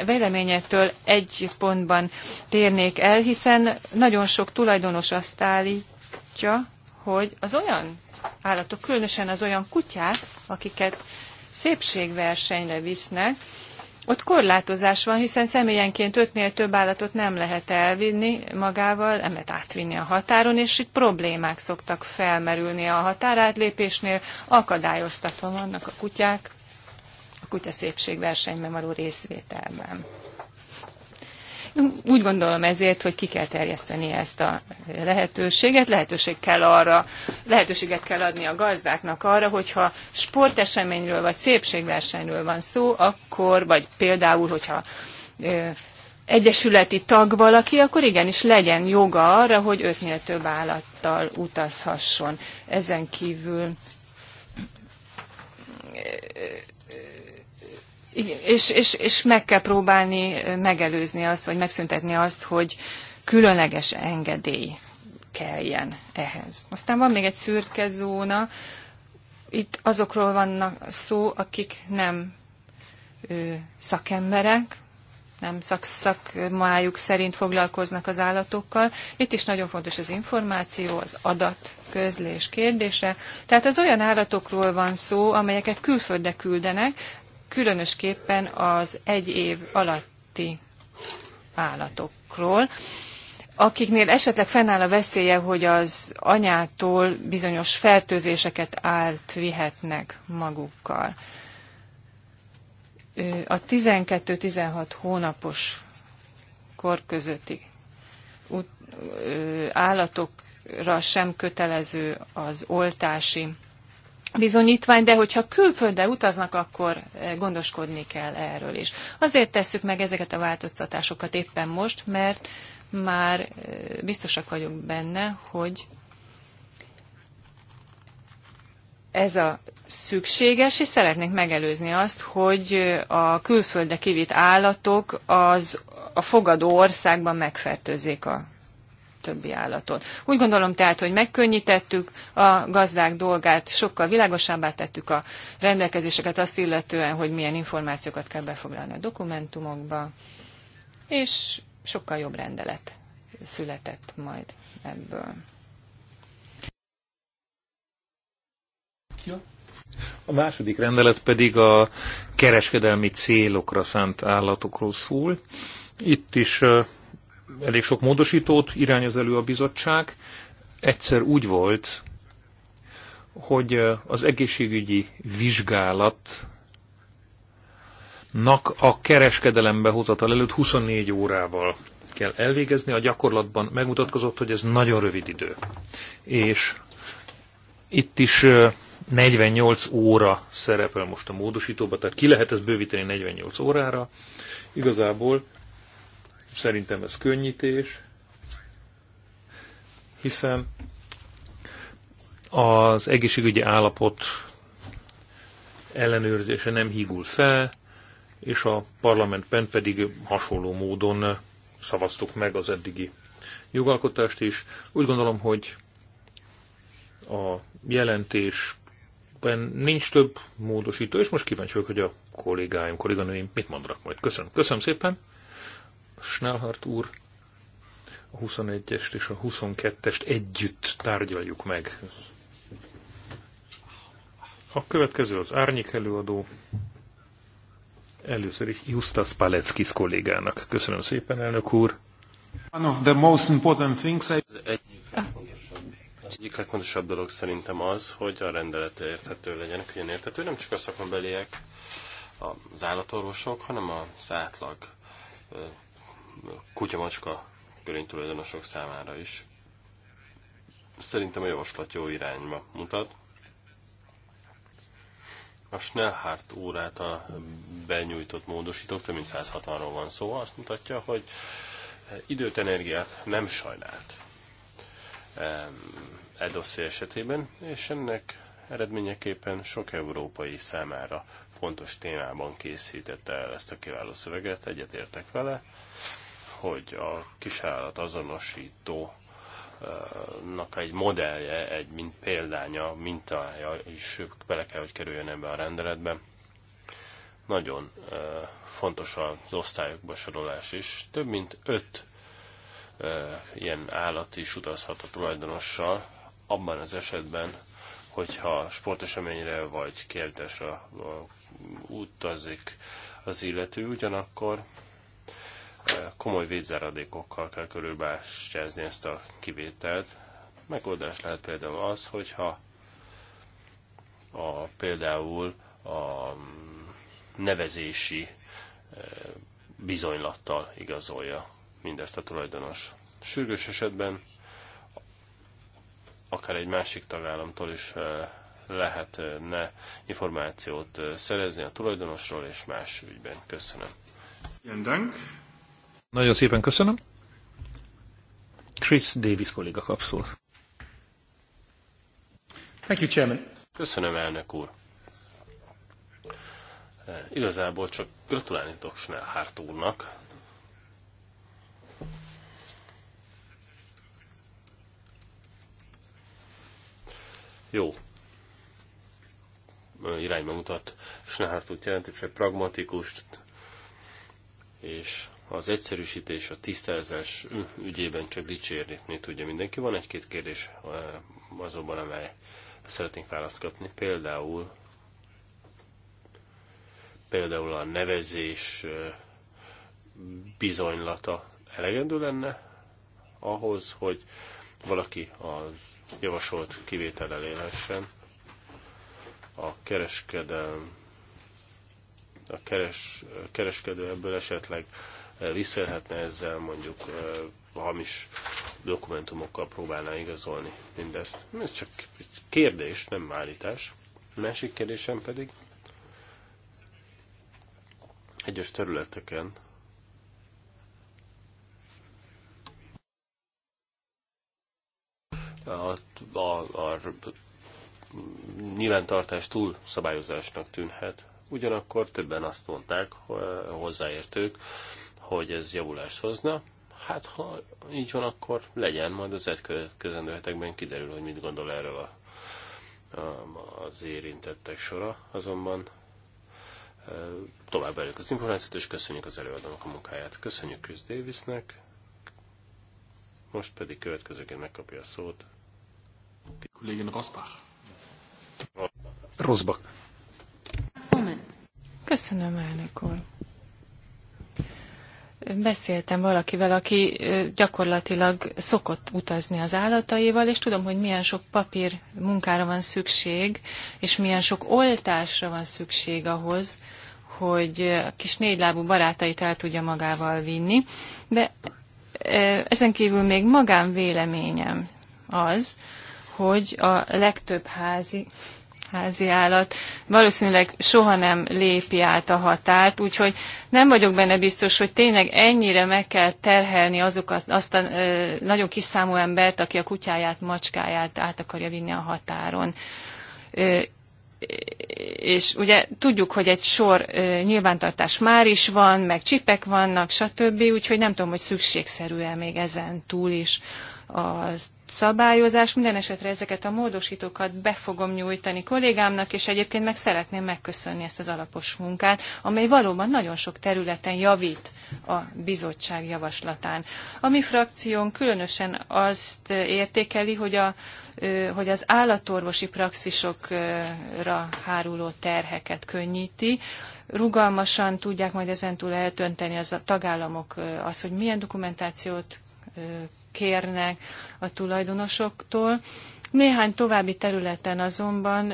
véleményétől egy pontban térnék el, hiszen nagyon sok tulajdonos azt állítja, hogy az olyan állatok, különösen az olyan kutyák, akiket szépségversenyre visznek, ott korlátozás van, hiszen személyenként ötnél több állatot nem lehet elvinni magával, nem lehet átvinni a határon, és itt problémák szoktak felmerülni a határátlépésnél, akadályoztatva vannak a kutyák a kutya szépségversenyben való részvételben. Úgy gondolom ezért, hogy ki kell terjeszteni ezt a lehetőséget. Lehetőség kell arra, lehetőséget kell adni a gazdáknak arra, hogyha sporteseményről vagy szépségversenyről van szó, akkor, vagy például, hogyha egyesületi tag valaki, akkor igenis legyen joga arra, hogy ötnél több állattal utazhasson. Ezen kívül és, és, és meg kell próbálni megelőzni azt, vagy megszüntetni azt, hogy különleges engedély kelljen ehhez. Aztán van még egy szürke zóna, itt azokról vannak szó, akik nem ő, szakemberek, nem szak, szerint foglalkoznak az állatokkal. Itt is nagyon fontos az információ, az adat közlés, kérdése. Tehát az olyan állatokról van szó, amelyeket külföldre küldenek, különösképpen az egy év alatti állatokról, akiknél esetleg fennáll a veszélye, hogy az anyától bizonyos fertőzéseket átvihetnek vihetnek magukkal. A 12-16 hónapos kor közötti állatokra sem kötelező az oltási bizonyítvány, de hogyha külföldre utaznak, akkor eh, gondoskodni kell erről is. Azért tesszük meg ezeket a változtatásokat éppen most, mert már eh, biztosak vagyunk benne, hogy ez a szükséges, és szeretnénk megelőzni azt, hogy eh, a külföldre kivitt állatok az a fogadó országban megfertőzzék a többi állaton. Úgy gondolom tehát, hogy megkönnyítettük a gazdák dolgát, sokkal világosabbá tettük a rendelkezéseket azt illetően, hogy milyen információkat kell befoglalni a dokumentumokba, és sokkal jobb rendelet született majd ebből. A második rendelet pedig a kereskedelmi célokra szánt állatokról szól. Itt is elég sok módosítót irányoz elő a bizottság. Egyszer úgy volt, hogy az egészségügyi vizsgálat a kereskedelembe hozatal előtt 24 órával kell elvégezni. A gyakorlatban megmutatkozott, hogy ez nagyon rövid idő. És itt is 48 óra szerepel most a módosítóban, tehát ki lehet ezt bővíteni 48 órára. Igazából Szerintem ez könnyítés, hiszen az egészségügyi állapot ellenőrzése nem hígul fel, és a parlamentben pedig hasonló módon szavaztuk meg az eddigi jogalkotást is. Úgy gondolom, hogy a jelentésben nincs több módosító, és most kíváncsi vagyok, hogy a kollégáim, kolléganőim mit mondanak majd. Köszönöm. Köszönöm szépen. Schnellhardt úr, a 21-est és a 22-est együtt tárgyaljuk meg. A következő az árnyék előadó. Először is Justas Paleckis kollégának. Köszönöm szépen, elnök úr. One of the most important things I... Az egyik legfontosabb, dolog szerintem az, hogy a rendelet érthető legyen, könnyen érthető, nem csak a szakmabeliek, az állatorvosok, hanem az átlag kutyamacska tulajdonosok számára is. Szerintem a javaslat jó irányba mutat. A Schnellhardt órát a benyújtott módosítók, több mint 160-ról van szó, azt mutatja, hogy időt, energiát nem sajnált Edosszi e esetében, és ennek eredményeképpen sok európai számára fontos témában készítette el ezt a kiváló szöveget, egyetértek vele, hogy a kisállat azonosító nak egy modellje, egy mint példánya, mintája is bele kell, hogy kerüljön ebbe a rendeletbe. Nagyon fontos az osztályokba sorolás is. Több mint öt ilyen állat is utazhat a tulajdonossal, abban az esetben, hogyha sporteseményre vagy kérdésre utazik az illető, ugyanakkor komoly védzáradékokkal kell körülbástyázni ezt a kivételt. Megoldás lehet például az, hogyha a, például a mm, nevezési e, bizonylattal igazolja mindezt a tulajdonos. Sürgős esetben akár egy másik tagállamtól is e, lehetne információt e, szerezni a tulajdonosról és más ügyben. Köszönöm. Vielen nagyon szépen köszönöm. Chris Davis kolléga kapszul. Thank you, Chairman. Köszönöm, elnök úr. E, igazából csak gratulálni tudok Schnellhárt úrnak. Jó e, irányba mutat Schnellhárt úr jelentés, pragmatikus és az egyszerűsítés, a tisztázás ügyében csak dicsérni, mint ugye mindenki. Van egy-két kérdés eh, azonban, amely szeretnénk választ kapni. Például például a nevezés eh, bizonylata elegendő lenne ahhoz, hogy valaki a javasolt kivétellel élhessen. A kereskedő a keres, kereskedő ebből esetleg visszaélhetne ezzel, mondjuk hamis dokumentumokkal próbálná igazolni mindezt. Ez csak kérdés, nem állítás. A másik kérdésem pedig, egyes területeken a, a, a nyilvántartás túl szabályozásnak tűnhet. Ugyanakkor többen azt mondták hozzáértők, hogy ez javulást hozna. Hát, ha így van, akkor legyen, majd az elkövetkezendő hetekben kiderül, hogy mit gondol erről a, a, az érintettek sora. Azonban tovább elők az információt, és köszönjük az előadónak a munkáját. Köszönjük Chris Davisnek, most pedig következőként megkapja a szót. Kollégin Rosbach. Rosbach. Köszönöm, elnök úr. Beszéltem valakivel, aki gyakorlatilag szokott utazni az állataival, és tudom, hogy milyen sok papír munkára van szükség, és milyen sok oltásra van szükség ahhoz, hogy a kis négylábú barátait el tudja magával vinni. De ezen kívül még magán véleményem az, hogy a legtöbb házi állat valószínűleg soha nem lépi át a határt, úgyhogy nem vagyok benne biztos, hogy tényleg ennyire meg kell terhelni azokat, azt a ö, nagyon kis számú embert, aki a kutyáját, macskáját át akarja vinni a határon. Ö, és ugye tudjuk, hogy egy sor nyilvántartás már is van, meg csipek vannak, stb., úgyhogy nem tudom, hogy szükségszerű-e még ezen túl is a szabályozás. Minden esetre ezeket a módosítókat be fogom nyújtani kollégámnak, és egyébként meg szeretném megköszönni ezt az alapos munkát, amely valóban nagyon sok területen javít a bizottság javaslatán. A mi frakción különösen azt értékeli, hogy, a, hogy az állatorvosi praxisokra háruló terheket könnyíti, rugalmasan tudják majd ezentúl eltönteni az a tagállamok az, hogy milyen dokumentációt kérnek a tulajdonosoktól. Néhány további területen azonban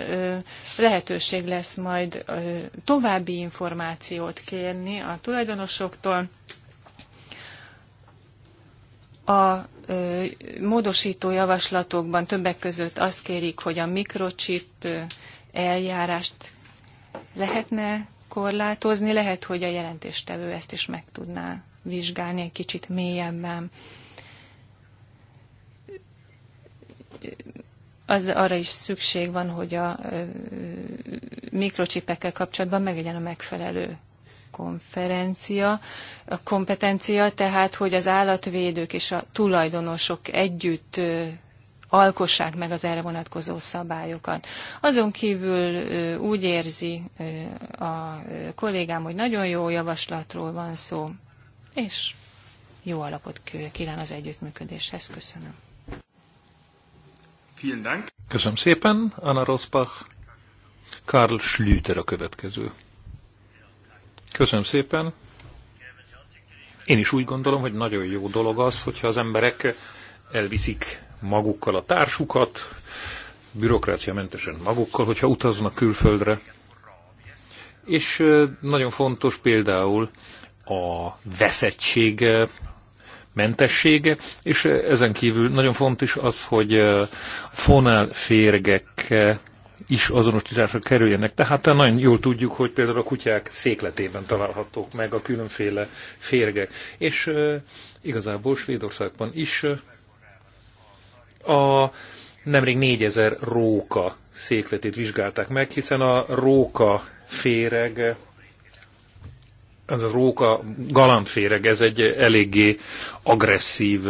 lehetőség lesz majd további információt kérni a tulajdonosoktól. A módosító javaslatokban többek között azt kérik, hogy a mikrochip eljárást lehetne korlátozni, lehet, hogy a jelentéstevő ezt is meg tudná vizsgálni egy kicsit mélyebben. az arra is szükség van, hogy a mikrocsipekkel kapcsolatban meglegyen a megfelelő konferencia, a kompetencia, tehát hogy az állatvédők és a tulajdonosok együtt alkossák meg az erre vonatkozó szabályokat. Azon kívül úgy érzi a kollégám, hogy nagyon jó javaslatról van szó, és jó alapot kíván az együttműködéshez. Köszönöm. Vielen Dank. Köszönöm szépen, Anna Rosbach. Karl Schlüter a következő. Köszönöm szépen. Én is úgy gondolom, hogy nagyon jó dolog az, hogyha az emberek elviszik magukkal a társukat, bürokráciamentesen magukkal, hogyha utaznak külföldre. És nagyon fontos például a veszettség mentessége, és ezen kívül nagyon fontos az, hogy fonálférgek is azonosításra kerüljenek. Tehát nagyon jól tudjuk, hogy például a kutyák székletében találhatók meg a különféle férgek. És igazából Svédországban is a nemrég 4000 róka székletét vizsgálták meg, hiszen a róka féreg ez a róka galantféreg, ez egy eléggé agresszív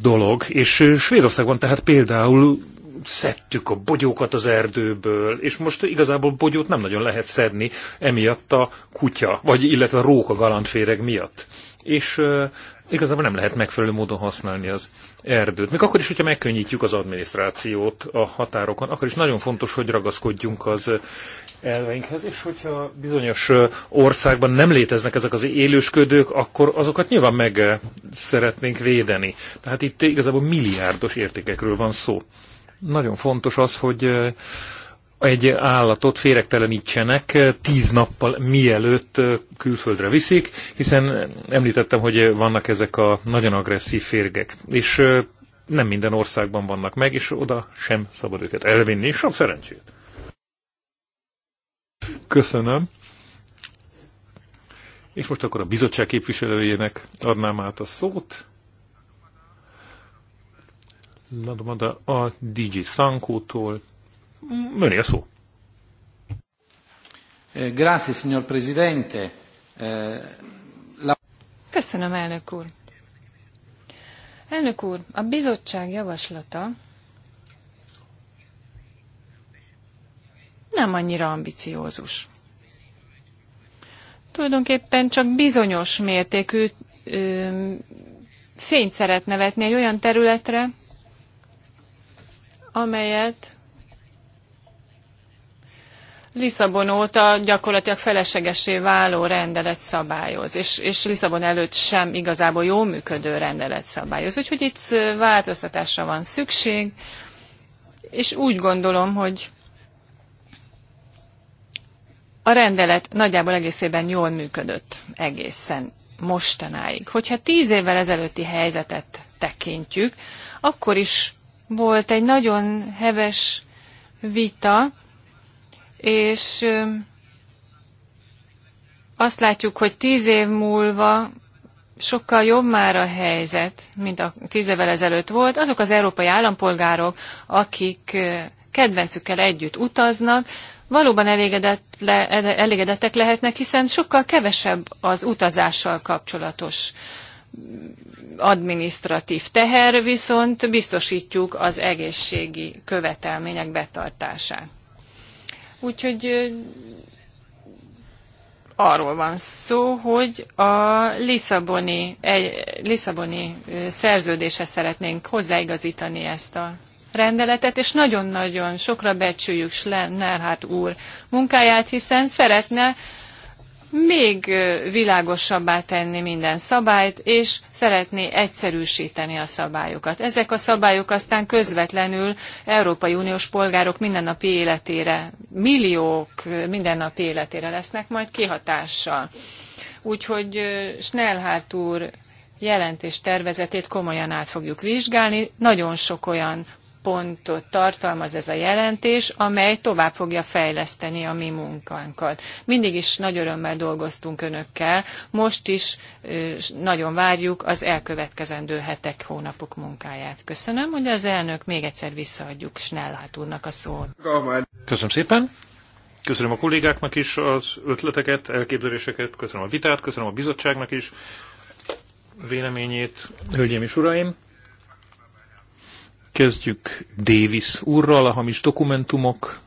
dolog, és Svédországban tehát például szedtük a bogyókat az erdőből, és most igazából bogyót nem nagyon lehet szedni, emiatt a kutya, vagy illetve a róka galantféreg miatt. És igazából nem lehet megfelelő módon használni az erdőt. Még akkor is, hogyha megkönnyítjük az adminisztrációt a határokon, akkor is nagyon fontos, hogy ragaszkodjunk az elveinkhez, és hogyha bizonyos országban nem léteznek ezek az élősködők, akkor azokat nyilván meg szeretnénk védeni. Tehát itt igazából milliárdos értékekről van szó. Nagyon fontos az, hogy egy állatot féregtelenítsenek eh, tíz nappal mielőtt eh, külföldre viszik, hiszen említettem, hogy vannak ezek a nagyon agresszív férgek, és eh, nem minden országban vannak meg, és oda sem szabad őket elvinni. Sok szerencsét! Köszönöm. És most akkor a bizottság képviselőjének adnám át a szót. Ladomada a DG Sankótól Öné a szó. Eh, eh, Köszönöm, elnök úr. Elnök úr, a bizottság javaslata nem annyira ambiciózus. Tulajdonképpen csak bizonyos mértékű ö, fényt szeretne vetni egy olyan területre, amelyet Lisszabon óta gyakorlatilag feleslegesé váló rendelet szabályoz, és, és Lisszabon előtt sem igazából jól működő rendelet szabályoz. Úgyhogy itt változtatásra van szükség, és úgy gondolom, hogy a rendelet nagyjából egészében jól működött egészen mostanáig. Hogyha tíz évvel ezelőtti helyzetet tekintjük, akkor is volt egy nagyon heves vita, és azt látjuk, hogy tíz év múlva sokkal jobb már a helyzet, mint a tíz évvel ezelőtt volt. Azok az európai állampolgárok, akik kedvencükkel együtt utaznak, valóban elégedett le, elégedettek lehetnek, hiszen sokkal kevesebb az utazással kapcsolatos adminisztratív teher, viszont biztosítjuk az egészségi követelmények betartását. Úgyhogy arról van szó, hogy a Lisszaboni, egy, Lisszaboni szerződése szeretnénk hozzáigazítani ezt a rendeletet, és nagyon-nagyon sokra becsüljük Schlennelhát úr munkáját, hiszen szeretne még világosabbá tenni minden szabályt, és szeretné egyszerűsíteni a szabályokat. Ezek a szabályok aztán közvetlenül Európai Uniós polgárok mindennapi életére, milliók mindennapi életére lesznek majd kihatással. Úgyhogy Snellhárt úr jelentés tervezetét komolyan át fogjuk vizsgálni. Nagyon sok olyan pontot tartalmaz ez a jelentés, amely tovább fogja fejleszteni a mi munkánkat. Mindig is nagy örömmel dolgoztunk önökkel, most is nagyon várjuk az elkövetkezendő hetek, hónapok munkáját. Köszönöm, hogy az elnök még egyszer visszaadjuk Snellhát úrnak a szót. Köszönöm szépen! Köszönöm a kollégáknak is az ötleteket, elképzeléseket, köszönöm a vitát, köszönöm a bizottságnak is véleményét, hölgyeim és uraim! Kezdjük Davis úrral, a hamis dokumentumok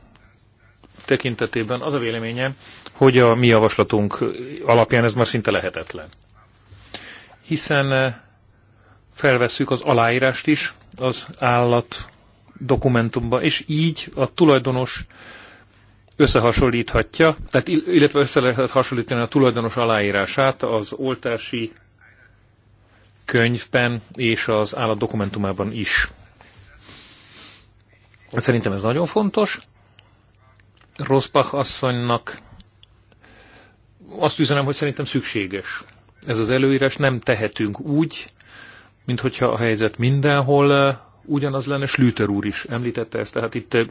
tekintetében. Az a véleményem, hogy a mi javaslatunk alapján ez már szinte lehetetlen. Hiszen eh, felvesszük az aláírást is az állat dokumentumba, és így a tulajdonos összehasonlíthatja, tehát illetve össze lehet hasonlítani a tulajdonos aláírását az oltási könyvben és az állat dokumentumában is. Szerintem ez nagyon fontos. Rosbach asszonynak azt üzenem, hogy szerintem szükséges. Ez az előírás nem tehetünk úgy, mint hogyha a helyzet mindenhol eh, ugyanaz lenne. Slüter úr is említette ezt, tehát itt eh,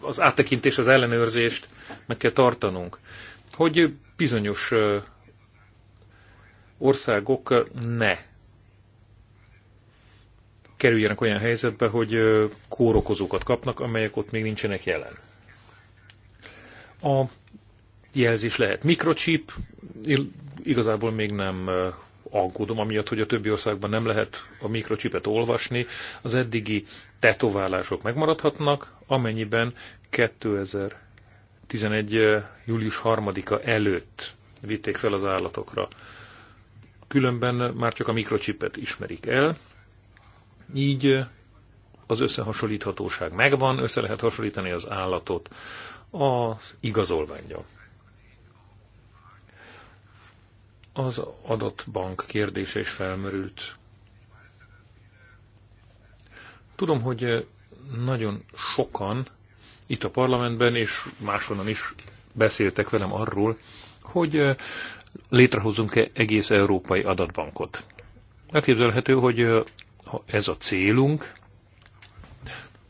az áttekintés, az ellenőrzést meg kell tartanunk. Hogy bizonyos eh, országok ne kerüljenek olyan helyzetbe, hogy kórokozókat kapnak, amelyek ott még nincsenek jelen. A jelzés lehet mikrochip, igazából még nem aggódom amiatt, hogy a többi országban nem lehet a mikrocsipet olvasni, az eddigi tetoválások megmaradhatnak, amennyiben 2011. július 3-a előtt vitték fel az állatokra. Különben már csak a mikrocsipet ismerik el, így az összehasonlíthatóság megvan, össze lehet hasonlítani az állatot az igazolványjal. Az adott bank kérdése is felmerült. Tudom, hogy nagyon sokan itt a parlamentben és máshonnan is beszéltek velem arról, hogy létrehozunk-e egész európai adatbankot. Elképzelhető, hogy ez a célunk.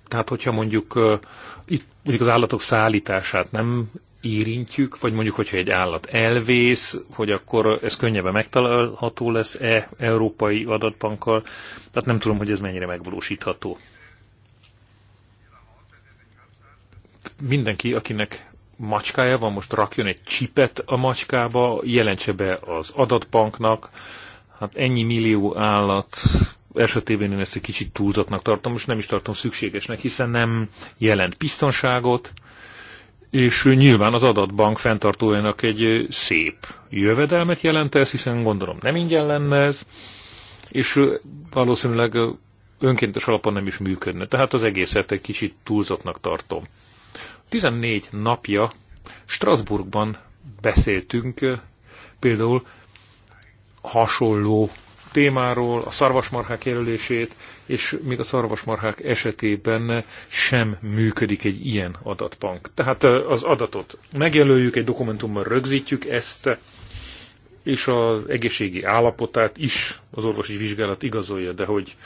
Tehát, hogyha mondjuk itt mondjuk az állatok szállítását nem érintjük, vagy mondjuk, hogyha egy állat elvész, hogy akkor ez könnyebben megtalálható lesz-e európai adatbankkal, tehát nem tudom, hogy ez mennyire megvalósítható. Mindenki, akinek macskája van, most rakjon egy csipet a macskába, jelentse be az adatbanknak, hát ennyi millió állat esetében én ezt egy kicsit túlzatnak tartom, és nem is tartom szükségesnek, hiszen nem jelent biztonságot, és nyilván az adatbank fenntartójának egy szép jövedelmet jelent ez, hiszen gondolom nem ingyen lenne ez, és valószínűleg önkéntes alapon nem is működne. Tehát az egészet egy kicsit túlzatnak tartom. 14 napja Strasbourgban beszéltünk például hasonló témáról, a szarvasmarhák jelölését, és még a szarvasmarhák esetében sem működik egy ilyen adatbank. Tehát az adatot megjelöljük, egy dokumentumban rögzítjük ezt, és az egészségi állapotát is az orvosi vizsgálat igazolja, de hogy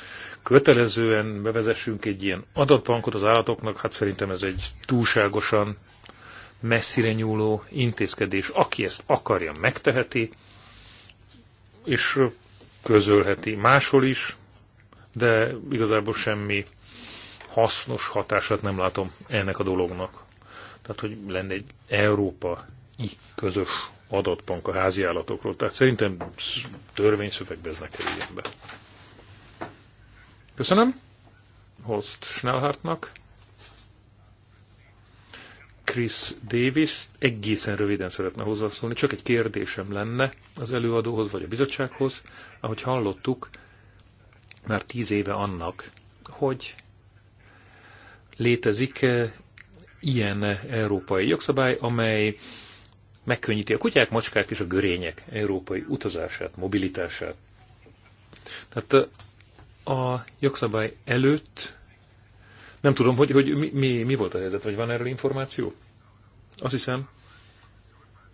kötelezően bevezessünk egy ilyen adatbankot az állatoknak, hát szerintem ez egy túlságosan messzire nyúló intézkedés. Aki ezt akarja, megteheti, és közölheti máshol is, de igazából semmi hasznos hatását nem látom ennek a dolognak. Tehát, hogy lenne egy európai közös adatbank a állatokról. Tehát szerintem törvényszövegbe ez ne kerüljön be. Köszönöm host Schnellhardtnak. Chris Davis egészen röviden szeretne hozzászólni, csak egy kérdésem lenne az előadóhoz vagy a bizottsághoz. Ahogy hallottuk, már tíz éve annak, hogy létezik eh, ilyen európai jogszabály, amely megkönnyíti a kutyák, macskák és a görények európai utazását, mobilitását. Tehát eh, a jogszabály előtt nem tudom, hogy, hogy mi, mi, mi volt a helyzet, vagy van erről információ? Azt hiszem,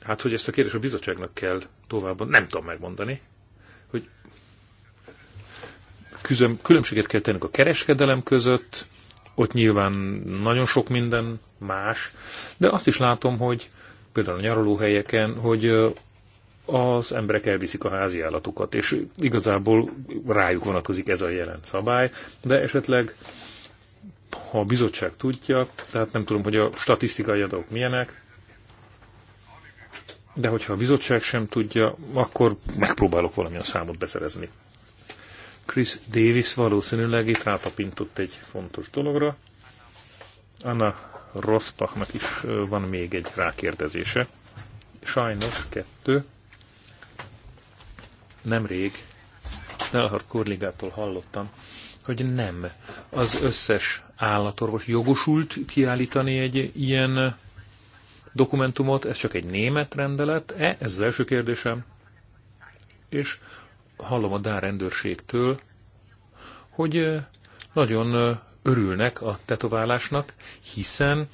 hát, hogy ezt a kérdést a bizottságnak kell tovább, nem tudom megmondani, hogy küzöm, különbséget kell tennünk a kereskedelem között, ott nyilván nagyon sok minden más, de azt is látom, hogy például a nyaralóhelyeken, hogy az emberek elviszik a házi állatukat, és igazából rájuk vonatkozik ez a jelent szabály, de esetleg ha a bizottság tudja, tehát nem tudom, hogy a statisztikai adatok milyenek, de hogyha a bizottság sem tudja, akkor megpróbálok valamilyen számot beszerezni. Chris Davis valószínűleg itt rátapintott egy fontos dologra. Anna Rosszpachnak is van még egy rákérdezése. Sajnos kettő. Nemrég Nelhard kollégáktól hallottam, hogy nem az összes állatorvos jogosult kiállítani egy ilyen dokumentumot, ez csak egy német rendelet, e, ez az első kérdésem. És hallom a Dán rendőrségtől, hogy nagyon örülnek a tetoválásnak, hiszen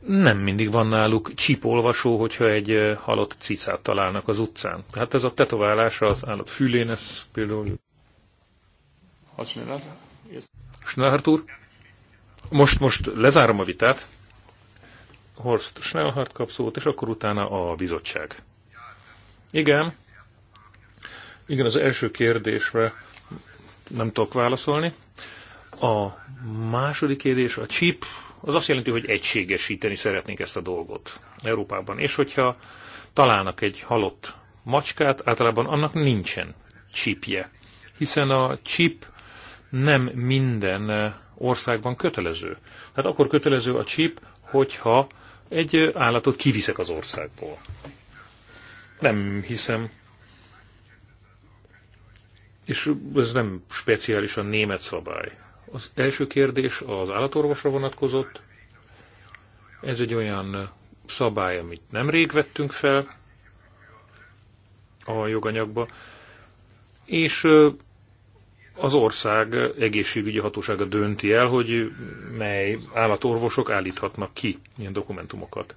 nem mindig van náluk csípolvasó, hogyha egy halott cicát találnak az utcán. Tehát ez a tetoválás az állat fülén, ez például Schnellhardt úr, most, most lezárom a vitát. Horst Schnellhardt kap szót, és akkor utána a bizottság. Igen. Igen, az első kérdésre nem tudok válaszolni. A második kérdés, a chip, az azt jelenti, hogy egységesíteni szeretnénk ezt a dolgot Európában. És hogyha találnak egy halott macskát, általában annak nincsen chipje. Hiszen a chip nem minden eh, országban kötelező. Tehát akkor kötelező a csíp, hogyha egy eh, állatot kiviszek az országból. Nem hiszem. És ez nem speciálisan német szabály. Az első kérdés az állatorvosra vonatkozott. Ez egy olyan eh, szabály, amit nemrég vettünk fel a joganyagba, és az ország egészségügyi hatósága dönti el, hogy mely állatorvosok állíthatnak ki ilyen dokumentumokat.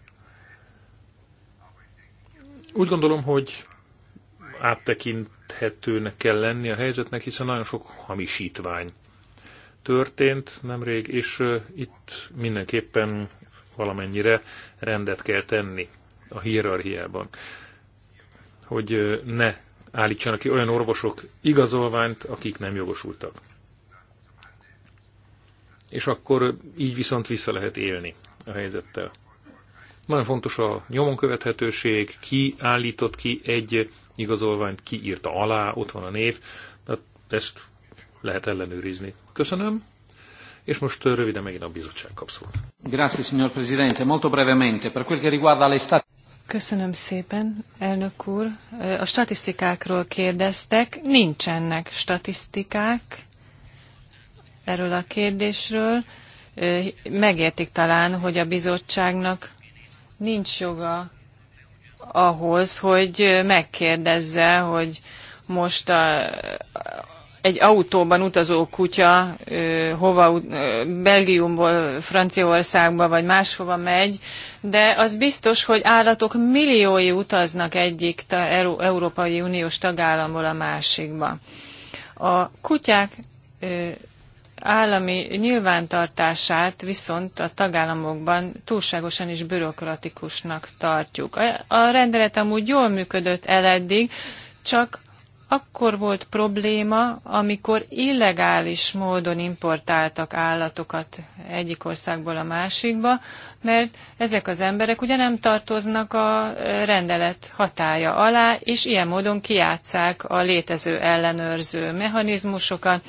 Úgy gondolom, hogy áttekinthetőnek kell lenni a helyzetnek, hiszen nagyon sok hamisítvány történt nemrég, és itt mindenképpen valamennyire rendet kell tenni a hierarchiában, hogy ne állítsanak ki olyan orvosok igazolványt, akik nem jogosultak. És akkor így viszont vissza lehet élni a helyzettel. Nagyon fontos a nyomon követhetőség, ki állított ki egy igazolványt, ki írta alá, ott van a név, de ezt lehet ellenőrizni. Köszönöm. És most röviden megint a bizottság kapszul. Grazie, signor Presidente. Molto brevemente, per quel che riguarda l'estate... Köszönöm szépen, elnök úr. A statisztikákról kérdeztek. Nincsenek statisztikák erről a kérdésről. Megértik talán, hogy a bizottságnak nincs joga ahhoz, hogy megkérdezze, hogy most a, egy autóban utazó kutya ö, hova, ö, Belgiumból, Franciaországba vagy máshova megy, de az biztos, hogy állatok milliói utaznak egyik ta, Európai Uniós tagállamból a másikba. A kutyák ö, állami nyilvántartását viszont a tagállamokban túlságosan is bürokratikusnak tartjuk. A, a rendelet amúgy jól működött el eddig, csak akkor volt probléma, amikor illegális módon importáltak állatokat egyik országból a másikba, mert ezek az emberek ugye nem tartoznak a rendelet hatája alá, és ilyen módon kiátszák a létező ellenőrző mechanizmusokat.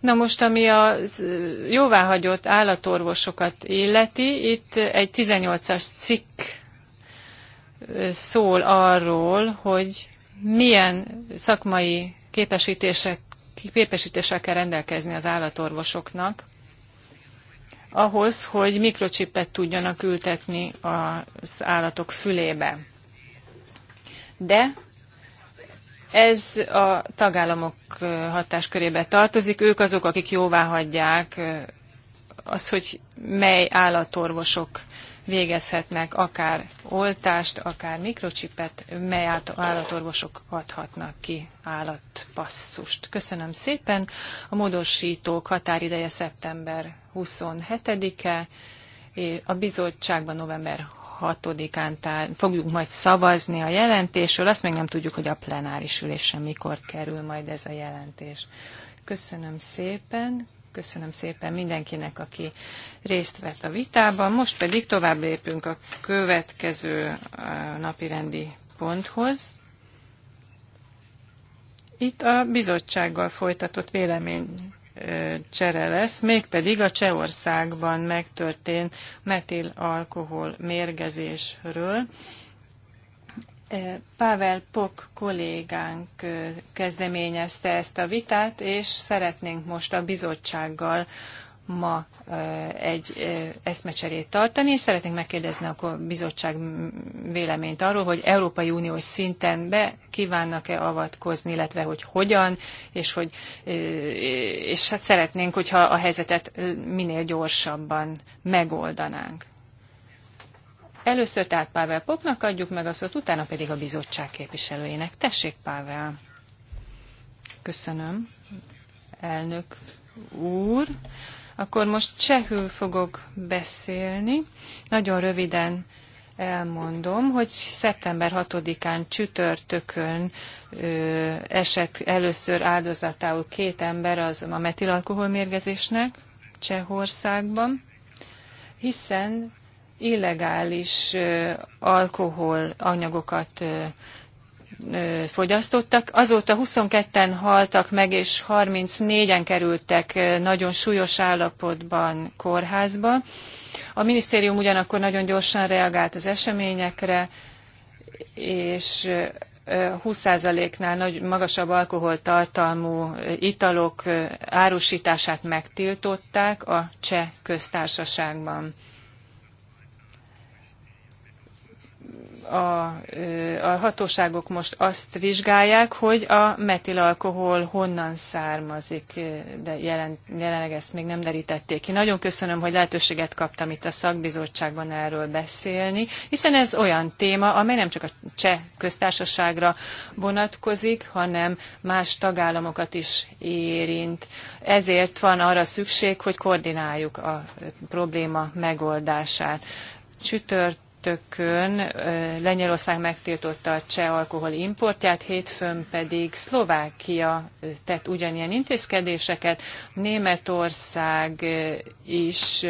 Na most, ami a jóváhagyott állatorvosokat illeti, itt egy 18-as cikk szól arról, hogy milyen szakmai képesítések, kell rendelkezni az állatorvosoknak, ahhoz, hogy mikrocsipet tudjanak ültetni az állatok fülébe. De ez a tagállamok hatáskörébe tartozik. Ők azok, akik jóvá hagyják az, hogy mely állatorvosok végezhetnek, akár oltást, akár mikrocsipet, mely állatorvosok adhatnak ki állatpasszust. Köszönöm szépen. A módosítók határideje szeptember 27-e, a bizottságban november 6-án fogjuk majd szavazni a jelentésről, azt még nem tudjuk, hogy a plenáris ülésen mikor kerül majd ez a jelentés. Köszönöm szépen. Köszönöm szépen mindenkinek, aki részt vett a vitában. Most pedig tovább lépünk a következő napirendi ponthoz. Itt a bizottsággal folytatott vélemény csere lesz, mégpedig a Csehországban megtörtént metil alkohol mérgezésről. Eh, Pável Pok kollégánk eh, kezdeményezte ezt a vitát, és szeretnénk most a bizottsággal ma eh, egy eszmecserét tartani, és szeretnénk megkérdezni a bizottság véleményt arról, hogy Európai Uniós szinten be kívánnak-e avatkozni, illetve hogy hogyan, és hogy és hát szeretnénk, hogyha a helyzetet minél gyorsabban megoldanánk. Először tehát Pável Popnak adjuk meg a szót, utána pedig a bizottság képviselőjének. Tessék, Pável! Köszönöm, elnök úr. Akkor most csehül fogok beszélni. Nagyon röviden elmondom, hogy szeptember 6-án csütörtökön ö, esett először áldozatául két ember az a metilalkoholmérgezésnek Csehországban, hiszen illegális alkohol anyagokat fogyasztottak. Azóta 22-en haltak meg, és 34-en kerültek nagyon súlyos állapotban kórházba. A minisztérium ugyanakkor nagyon gyorsan reagált az eseményekre, és 20%-nál nagy, magasabb alkoholtartalmú italok árusítását megtiltották a cseh köztársaságban. a, a hatóságok most azt vizsgálják, hogy a metilalkohol honnan származik, de jelen, jelenleg ezt még nem derítették ki. Nagyon köszönöm, hogy lehetőséget kaptam itt a szakbizottságban erről beszélni, hiszen ez olyan téma, amely nem csak a cseh köztársaságra vonatkozik, hanem más tagállamokat is érint. Ezért van arra szükség, hogy koordináljuk a probléma megoldását. Csütört csütörtökön Lengyelország megtiltotta a cseh alkohol importját, hétfőn pedig Szlovákia tett ugyanilyen intézkedéseket, Németország is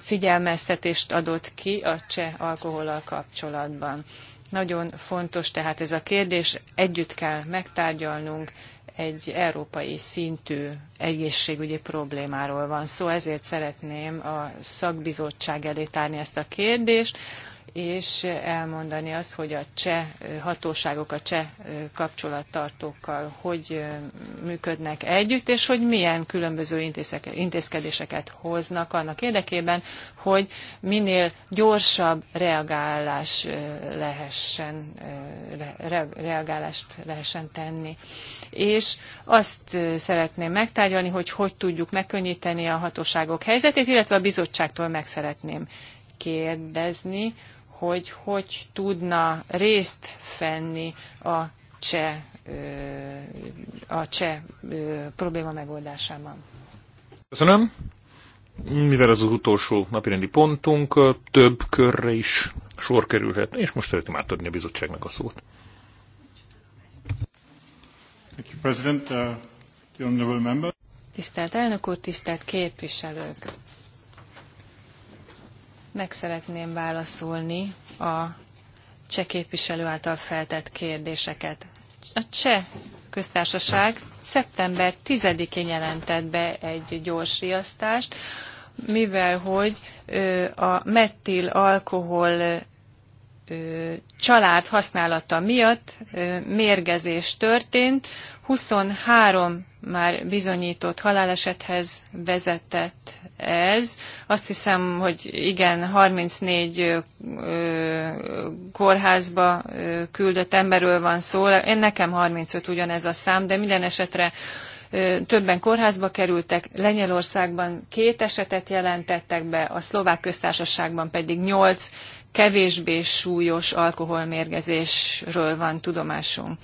figyelmeztetést adott ki a cseh alkohollal kapcsolatban. Nagyon fontos tehát ez a kérdés, együtt kell megtárgyalnunk, egy európai szintű egészségügyi problémáról van szó, ezért szeretném a szakbizottság elé tárni ezt a kérdést, és elmondani azt, hogy a cseh hatóságok, a cseh kapcsolattartókkal hogy működnek együtt, és hogy milyen különböző intézkedéseket hoznak annak érdekében, hogy minél gyorsabb reagálás lehessen, reagálást lehessen tenni. És azt szeretném megtárgyalni, hogy hogy tudjuk megkönnyíteni a hatóságok helyzetét, illetve a bizottságtól meg szeretném kérdezni, hogy hogy tudna részt fenni a cseh, a cseh probléma megoldásában. Köszönöm. Mivel ez az utolsó napirendi pontunk, több körre is sor kerülhet, és most szeretném átadni a bizottságnak a szót. Thank you, President. Uh, honorable member. Tisztelt elnök úr, tisztelt képviselők! Meg szeretném válaszolni a cseh képviselő által feltett kérdéseket. A cseh köztársaság szeptember 10-én jelentett be egy gyors riasztást, mivel hogy a metil alkohol család használata miatt mérgezés történt, 23 már bizonyított halálesethez vezetett ez. Azt hiszem, hogy igen, 34 kórházba küldött emberről van szó. Én nekem 35 ugyanez a szám, de minden esetre többen kórházba kerültek, Lengyelországban két esetet jelentettek be, a szlovák köztársaságban pedig nyolc kevésbé súlyos alkoholmérgezésről van tudomásunk.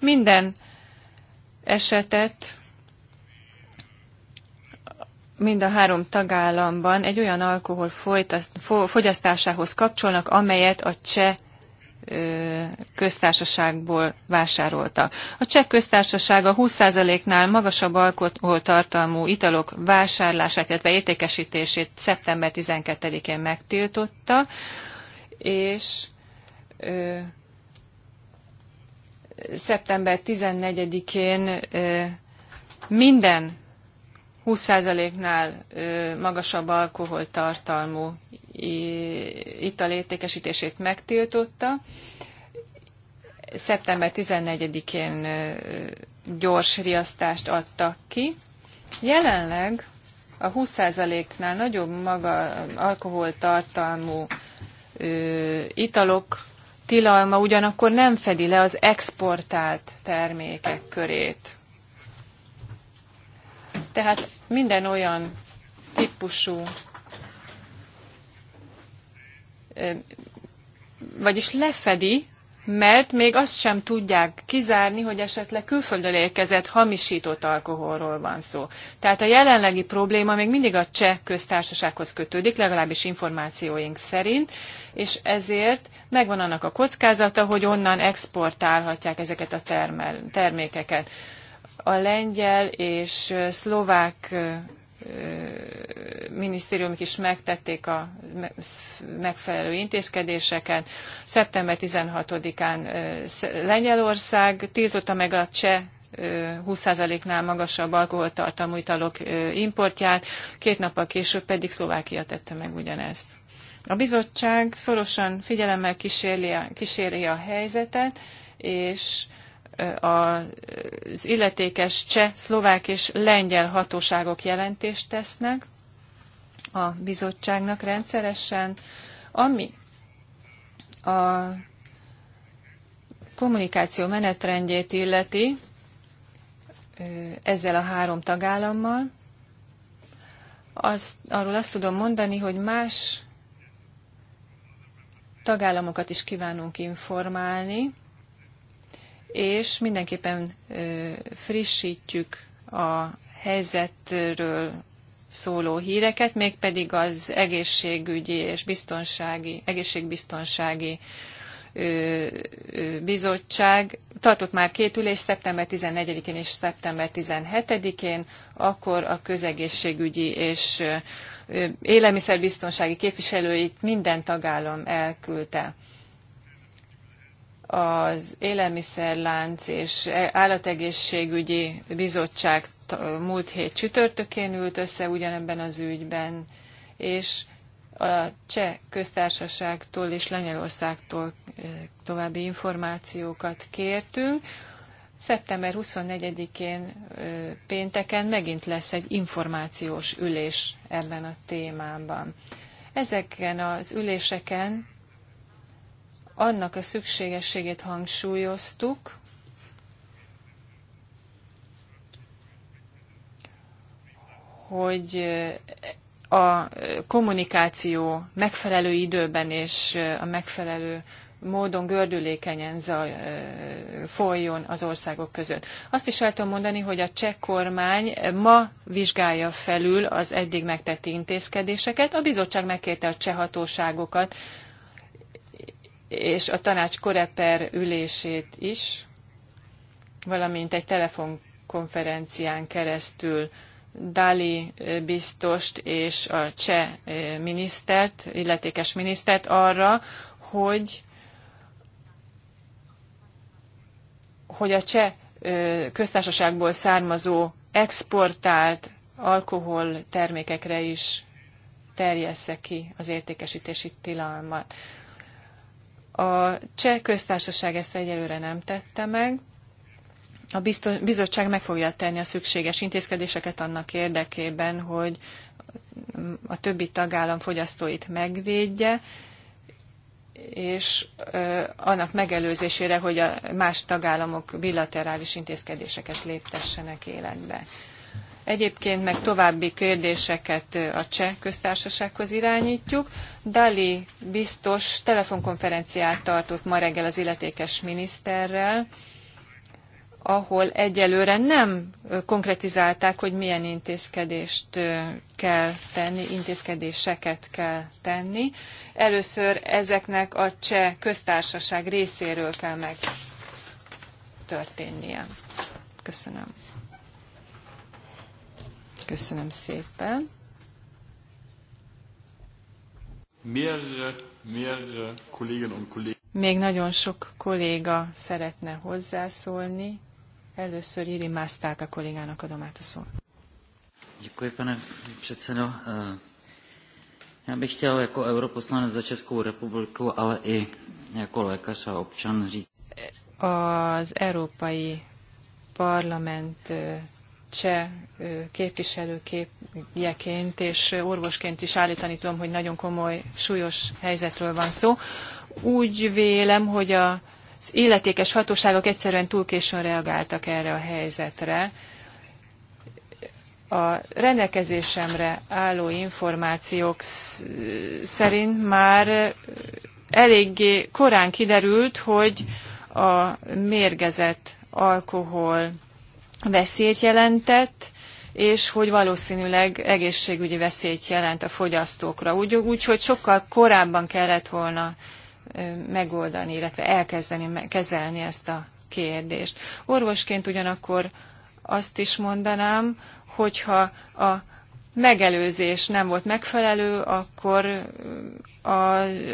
Minden esetet mind a három tagállamban egy olyan alkohol fogyasztásához kapcsolnak, amelyet a cseh köztársaságból vásároltak. A cseh köztársaság a 20%-nál magasabb alkoholtartalmú italok vásárlását, illetve értékesítését szeptember 12-én megtiltotta, és szeptember 14-én minden 20%-nál magasabb alkoholtartalmú ital értékesítését megtiltotta. Szeptember 14-én gyors riasztást adtak ki. Jelenleg a 20%-nál nagyobb maga alkoholtartalmú italok tilalma ugyanakkor nem fedi le az exportált termékek körét. Tehát minden olyan típusú, vagyis lefedi, mert még azt sem tudják kizárni, hogy esetleg külföldön érkezett hamisított alkoholról van szó. Tehát a jelenlegi probléma még mindig a cseh köztársasághoz kötődik, legalábbis információink szerint, és ezért megvan annak a kockázata, hogy onnan exportálhatják ezeket a termel, termékeket. A lengyel és szlovák minisztériumok is megtették a megfelelő intézkedéseket. Szeptember 16-án Lengyelország tiltotta meg a cseh 20%-nál magasabb alkoholtartalmú italok importját, két nappal később pedig Szlovákia tette meg ugyanezt. A bizottság szorosan figyelemmel kíséri a, kíséri a helyzetet, és az illetékes cseh, szlovák és lengyel hatóságok jelentést tesznek a bizottságnak rendszeresen, ami a kommunikáció menetrendjét illeti ezzel a három tagállammal. Azt, arról azt tudom mondani, hogy más tagállamokat is kívánunk informálni, és mindenképpen frissítjük a helyzetről szóló híreket, mégpedig az egészségügyi és biztonsági, egészségbiztonsági bizottság tartott már két ülés szeptember 14-én és szeptember 17-én, akkor a közegészségügyi és élelmiszerbiztonsági képviselőit minden tagállam elküldte az Élelmiszerlánc és Állategészségügyi Bizottság múlt hét csütörtökén ült össze ugyanebben az ügyben, és a Cseh köztársaságtól és Lengyelországtól eh, további információkat kértünk. Szeptember 24-én pénteken megint lesz egy információs ülés ebben a témában. Ezeken az üléseken annak a szükségességét hangsúlyoztuk, hogy a kommunikáció megfelelő időben és a megfelelő módon gördülékenyen zaj, folyjon az országok között. Azt is el tudom mondani, hogy a cseh kormány ma vizsgálja felül az eddig megtett intézkedéseket. A bizottság megkérte a cseh hatóságokat, és a tanács koreper ülését is, valamint egy telefonkonferencián keresztül Dali biztost és a cseh minisztert, illetékes minisztert arra, hogy hogy a cseh köztársaságból származó exportált alkohol termékekre is terjessze ki az értékesítési tilalmat. A cseh köztársaság ezt egyelőre nem tette meg. A bizottság meg fogja tenni a szükséges intézkedéseket annak érdekében, hogy a többi tagállam fogyasztóit megvédje, és annak megelőzésére, hogy a más tagállamok bilaterális intézkedéseket léptessenek életbe. Egyébként meg további kérdéseket a cseh köztársasághoz irányítjuk. Dali biztos telefonkonferenciát tartott ma reggel az illetékes miniszterrel, ahol egyelőre nem konkretizálták, hogy milyen intézkedést kell tenni, intézkedéseket kell tenni. Először ezeknek a cseh köztársaság részéről kell megtörténnie. Köszönöm. Köszönöm szépen. Még nagyon sok kolléga szeretne hozzászólni. Először Iri Mászták a kollégának adom át a szót. Děkuji, pane předsedo. Eh, já bych chtěl jako europoslanec za Českou republiku, ale i jako lékař a občan říct. Az Európai Parlament eh, cseh eh, képviselőképjeként és orvosként is állítani tudom, hogy nagyon komoly, súlyos helyzetről van szó. Úgy vélem, hogy a az illetékes hatóságok egyszerűen túl későn reagáltak erre a helyzetre. A rendelkezésemre álló információk szerint már eléggé korán kiderült, hogy a mérgezett alkohol veszélyt jelentett, és hogy valószínűleg egészségügyi veszélyt jelent a fogyasztókra. Úgyhogy úgy, sokkal korábban kellett volna megoldani, illetve elkezdeni kezelni ezt a kérdést. Orvosként ugyanakkor azt is mondanám, hogyha a megelőzés nem volt megfelelő, akkor, a,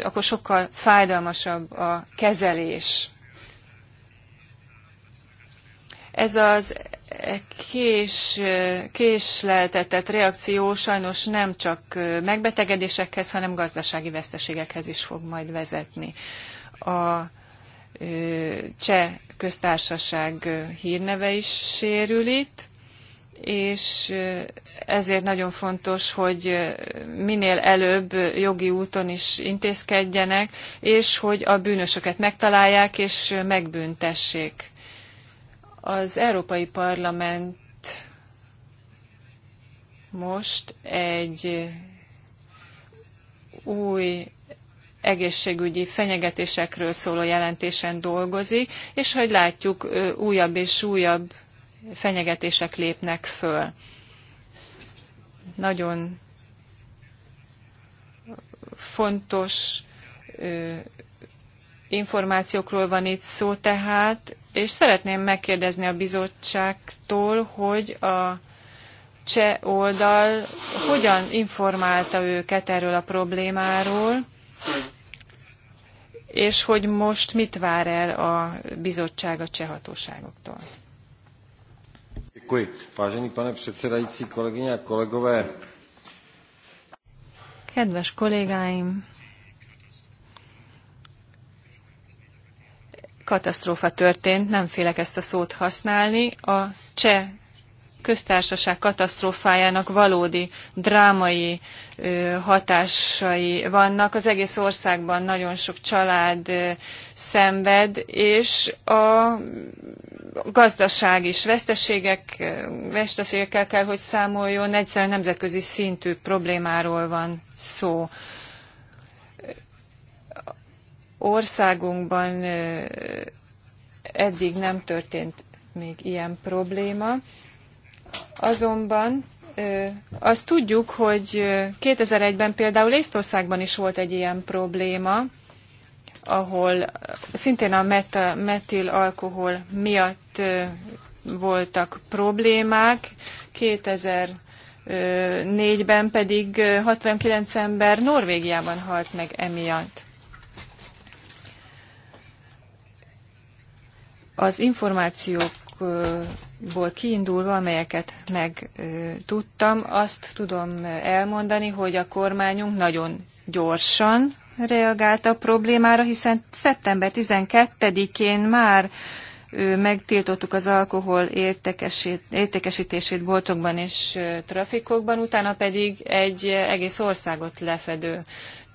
akkor sokkal fájdalmasabb a kezelés ez az kés, késleltetett reakció sajnos nem csak megbetegedésekhez, hanem gazdasági veszteségekhez is fog majd vezetni. A cseh köztársaság hírneve is sérül itt, és ezért nagyon fontos, hogy minél előbb jogi úton is intézkedjenek, és hogy a bűnösöket megtalálják és megbüntessék az Európai Parlament most egy új egészségügyi fenyegetésekről szóló jelentésen dolgozik, és hogy látjuk, újabb és újabb fenyegetések lépnek föl. Nagyon fontos információkról van itt szó tehát, és szeretném megkérdezni a bizottságtól, hogy a cseh oldal hogyan informálta őket erről a problémáról, és hogy most mit vár el a bizottság a cseh hatóságoktól. Kedves kollégáim, katasztrófa történt, nem félek ezt a szót használni. A cseh köztársaság katasztrófájának valódi drámai hatásai vannak. Az egész országban nagyon sok család szenved, és a gazdaság is veszteségek, veszteségekkel kell, hogy számoljon. Egyszerűen nemzetközi szintű problémáról van szó. Országunkban eddig nem történt még ilyen probléma. Azonban azt tudjuk, hogy 2001-ben például Észtországban is volt egy ilyen probléma, ahol szintén a meta, metil alkohol miatt voltak problémák. 2004-ben pedig 69 ember Norvégiában halt meg emiatt. Az információkból kiindulva, amelyeket megtudtam, azt tudom elmondani, hogy a kormányunk nagyon gyorsan reagált a problémára, hiszen szeptember 12-én már megtiltottuk az alkohol értékesítését boltokban és trafikokban, utána pedig egy egész országot lefedő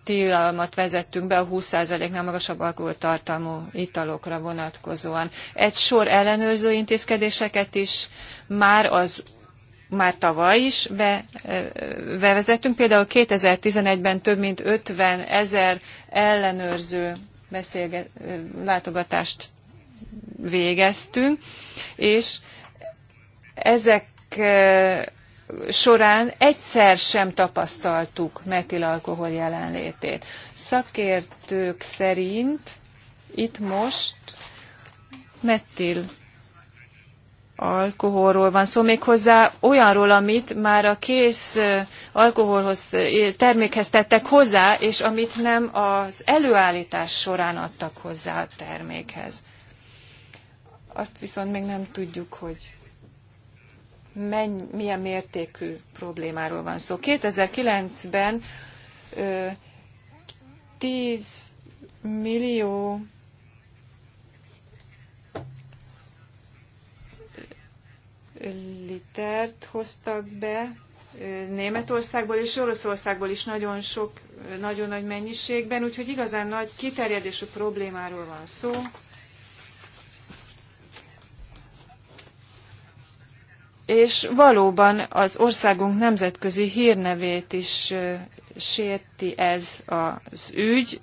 tilalmat vezettünk be a 20%-nál magasabb alkoholtartalmú italokra vonatkozóan. Egy sor ellenőrző intézkedéseket is már az már tavaly is be, e, bevezettünk. Például 2011-ben több mint 50 ezer ellenőrző beszélge, e, látogatást végeztünk, és ezek e, során egyszer sem tapasztaltuk metilalkohol jelenlétét. Szakértők szerint itt most metil alkoholról van szó, méghozzá olyanról, amit már a kész alkoholhoz, termékhez tettek hozzá, és amit nem az előállítás során adtak hozzá a termékhez. Azt viszont még nem tudjuk, hogy milyen mértékű problémáról van szó. 2009-ben 10 millió litert hoztak be Németországból és Oroszországból is nagyon sok, nagyon nagy mennyiségben, úgyhogy igazán nagy kiterjedésű problémáról van szó. és valóban az országunk nemzetközi hírnevét is sérti ez az ügy.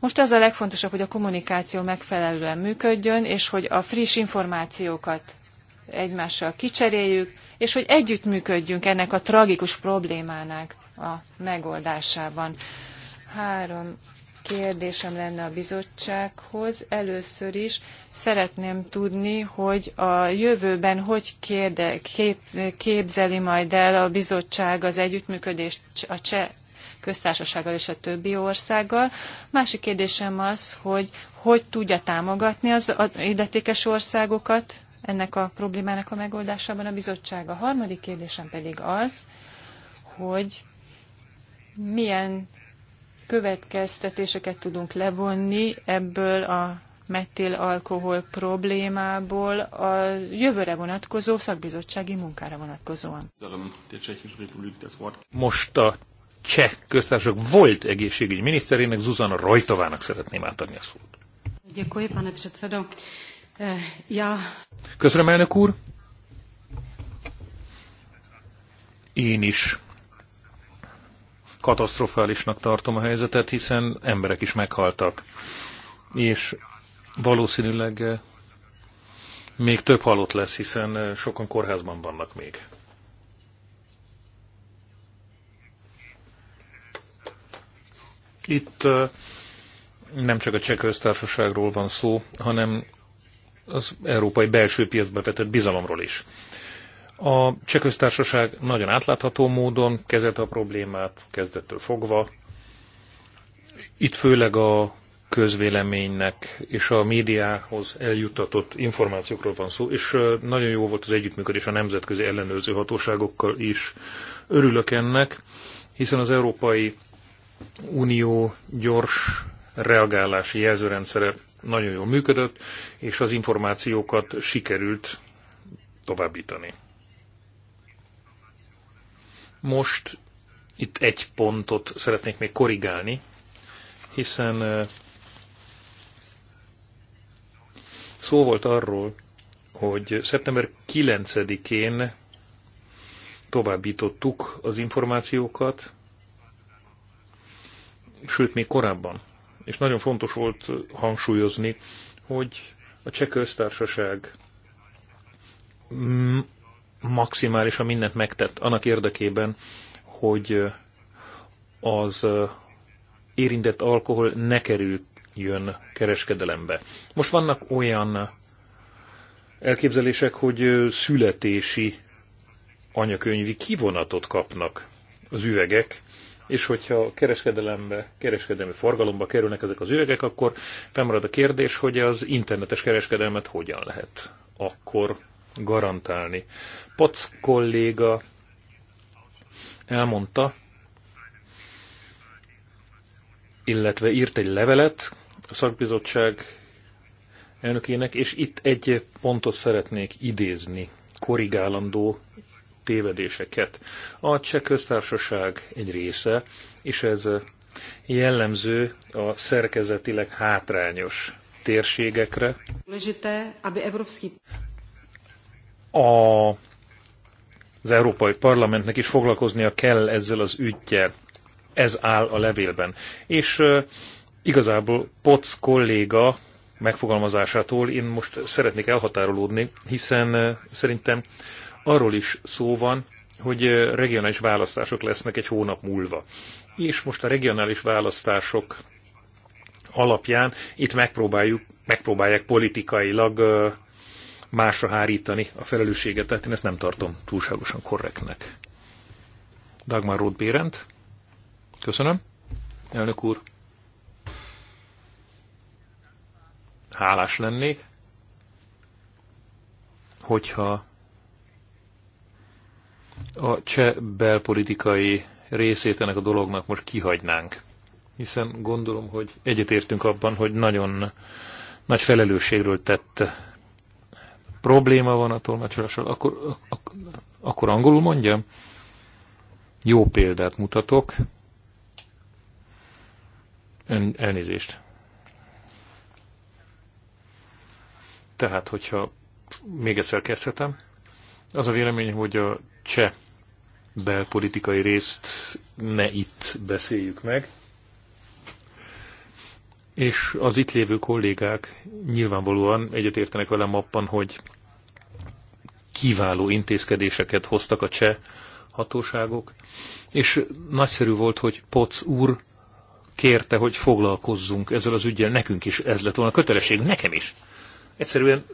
Most az a legfontosabb, hogy a kommunikáció megfelelően működjön, és hogy a friss információkat egymással kicseréljük, és hogy együttműködjünk ennek a tragikus problémának a megoldásában. Három kérdésem lenne a bizottsághoz. Először is szeretném tudni, hogy a jövőben hogy kérde, kép, képzeli majd el a bizottság az együttműködést a cseh köztársasággal és a többi országgal. Másik kérdésem az, hogy hogy tudja támogatni az illetékes országokat ennek a problémának a megoldásában a bizottság. A harmadik kérdésem pedig az, hogy milyen következtetéseket tudunk levonni ebből a metilalkohol problémából a jövőre vonatkozó szakbizottsági munkára vonatkozóan. Most a cseh köztársaság volt egészségügyi miniszterének, Zuzana Rajtovának szeretném átadni a szót. Ja. Eh, Köszönöm, elnök úr. Én is katasztrofálisnak tartom a helyzetet, hiszen emberek is meghaltak. És valószínűleg eh, még több halott lesz, hiszen eh, sokan kórházban vannak még. Itt eh, nem csak a cseh köztársaságról van szó, hanem az európai belső piacba vetett bizalomról is. A cseh köztársaság nagyon átlátható módon kezelte a problémát, kezdettől fogva. Itt főleg a közvéleménynek és a médiához eljuttatott információkról van szó, és nagyon jó volt az együttműködés a nemzetközi ellenőrző hatóságokkal is. Örülök ennek, hiszen az Európai Unió gyors reagálási jelzőrendszere nagyon jól működött, és az információkat sikerült továbbítani. Most itt egy pontot szeretnék még korrigálni, hiszen szó volt arról, hogy szeptember 9-én továbbítottuk az információkat, sőt, még korábban. És nagyon fontos volt hangsúlyozni, hogy a cseh köztársaság maximálisan mindent megtett annak érdekében, hogy az érintett alkohol ne kerüljön kereskedelembe. Most vannak olyan elképzelések, hogy születési anyakönyvi kivonatot kapnak az üvegek, és hogyha kereskedelembe, kereskedelmi forgalomba kerülnek ezek az üvegek, akkor felmarad a kérdés, hogy az internetes kereskedelmet hogyan lehet akkor garantálni. Pac kolléga elmondta, illetve írt egy levelet a szakbizottság elnökének, és itt egy pontot szeretnék idézni, korrigálandó tévedéseket. A cseh köztársaság egy része, és ez jellemző a szerkezetileg hátrányos térségekre a, az Európai Parlamentnek is foglalkoznia kell ezzel az ügyjel. Ez áll a levélben. És igazából Poc kolléga megfogalmazásától én most szeretnék elhatárolódni, hiszen szerintem arról is szó van, hogy regionális választások lesznek egy hónap múlva. És most a regionális választások alapján itt megpróbáljuk, megpróbálják politikailag másra hárítani a felelősséget, tehát én ezt nem tartom túlságosan korrektnek. Dagmar Roth Bérent. Köszönöm. Elnök úr. Hálás lennék, hogyha a cseh belpolitikai részét ennek a dolognak most kihagynánk. Hiszen gondolom, hogy egyetértünk abban, hogy nagyon nagy felelősségről tett probléma van a tolmácsolással, akkor, ak, akkor angolul mondjam? Jó példát mutatok. Ön, elnézést. Tehát, hogyha még egyszer kezdhetem, az a véleményem, hogy a cseh belpolitikai részt ne itt beszéljük meg, és az itt lévő kollégák nyilvánvalóan egyetértenek velem abban, hogy kiváló intézkedéseket hoztak a cseh hatóságok, és nagyszerű volt, hogy Poc úr kérte, hogy foglalkozzunk ezzel az ügyel, nekünk is ez lett volna kötelesség, nekem is. Egyszerűen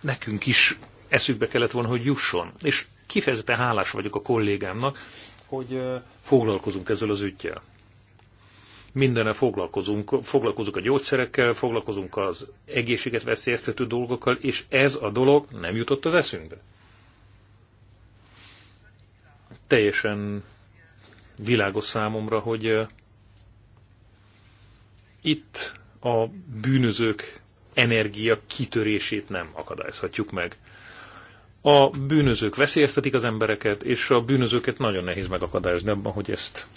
nekünk is eszükbe kellett volna, hogy jusson. És kifejezetten hálás vagyok a kollégámnak, hogy foglalkozunk ezzel az ügyjel mindenre foglalkozunk, foglalkozunk a gyógyszerekkel, foglalkozunk az egészséget veszélyeztető dolgokkal, és ez a dolog nem jutott az eszünkbe. Teljesen világos számomra, hogy itt a bűnözők energia kitörését nem akadályozhatjuk meg. A bűnözők veszélyeztetik az embereket, és a bűnözőket nagyon nehéz megakadályozni abban, hogy ezt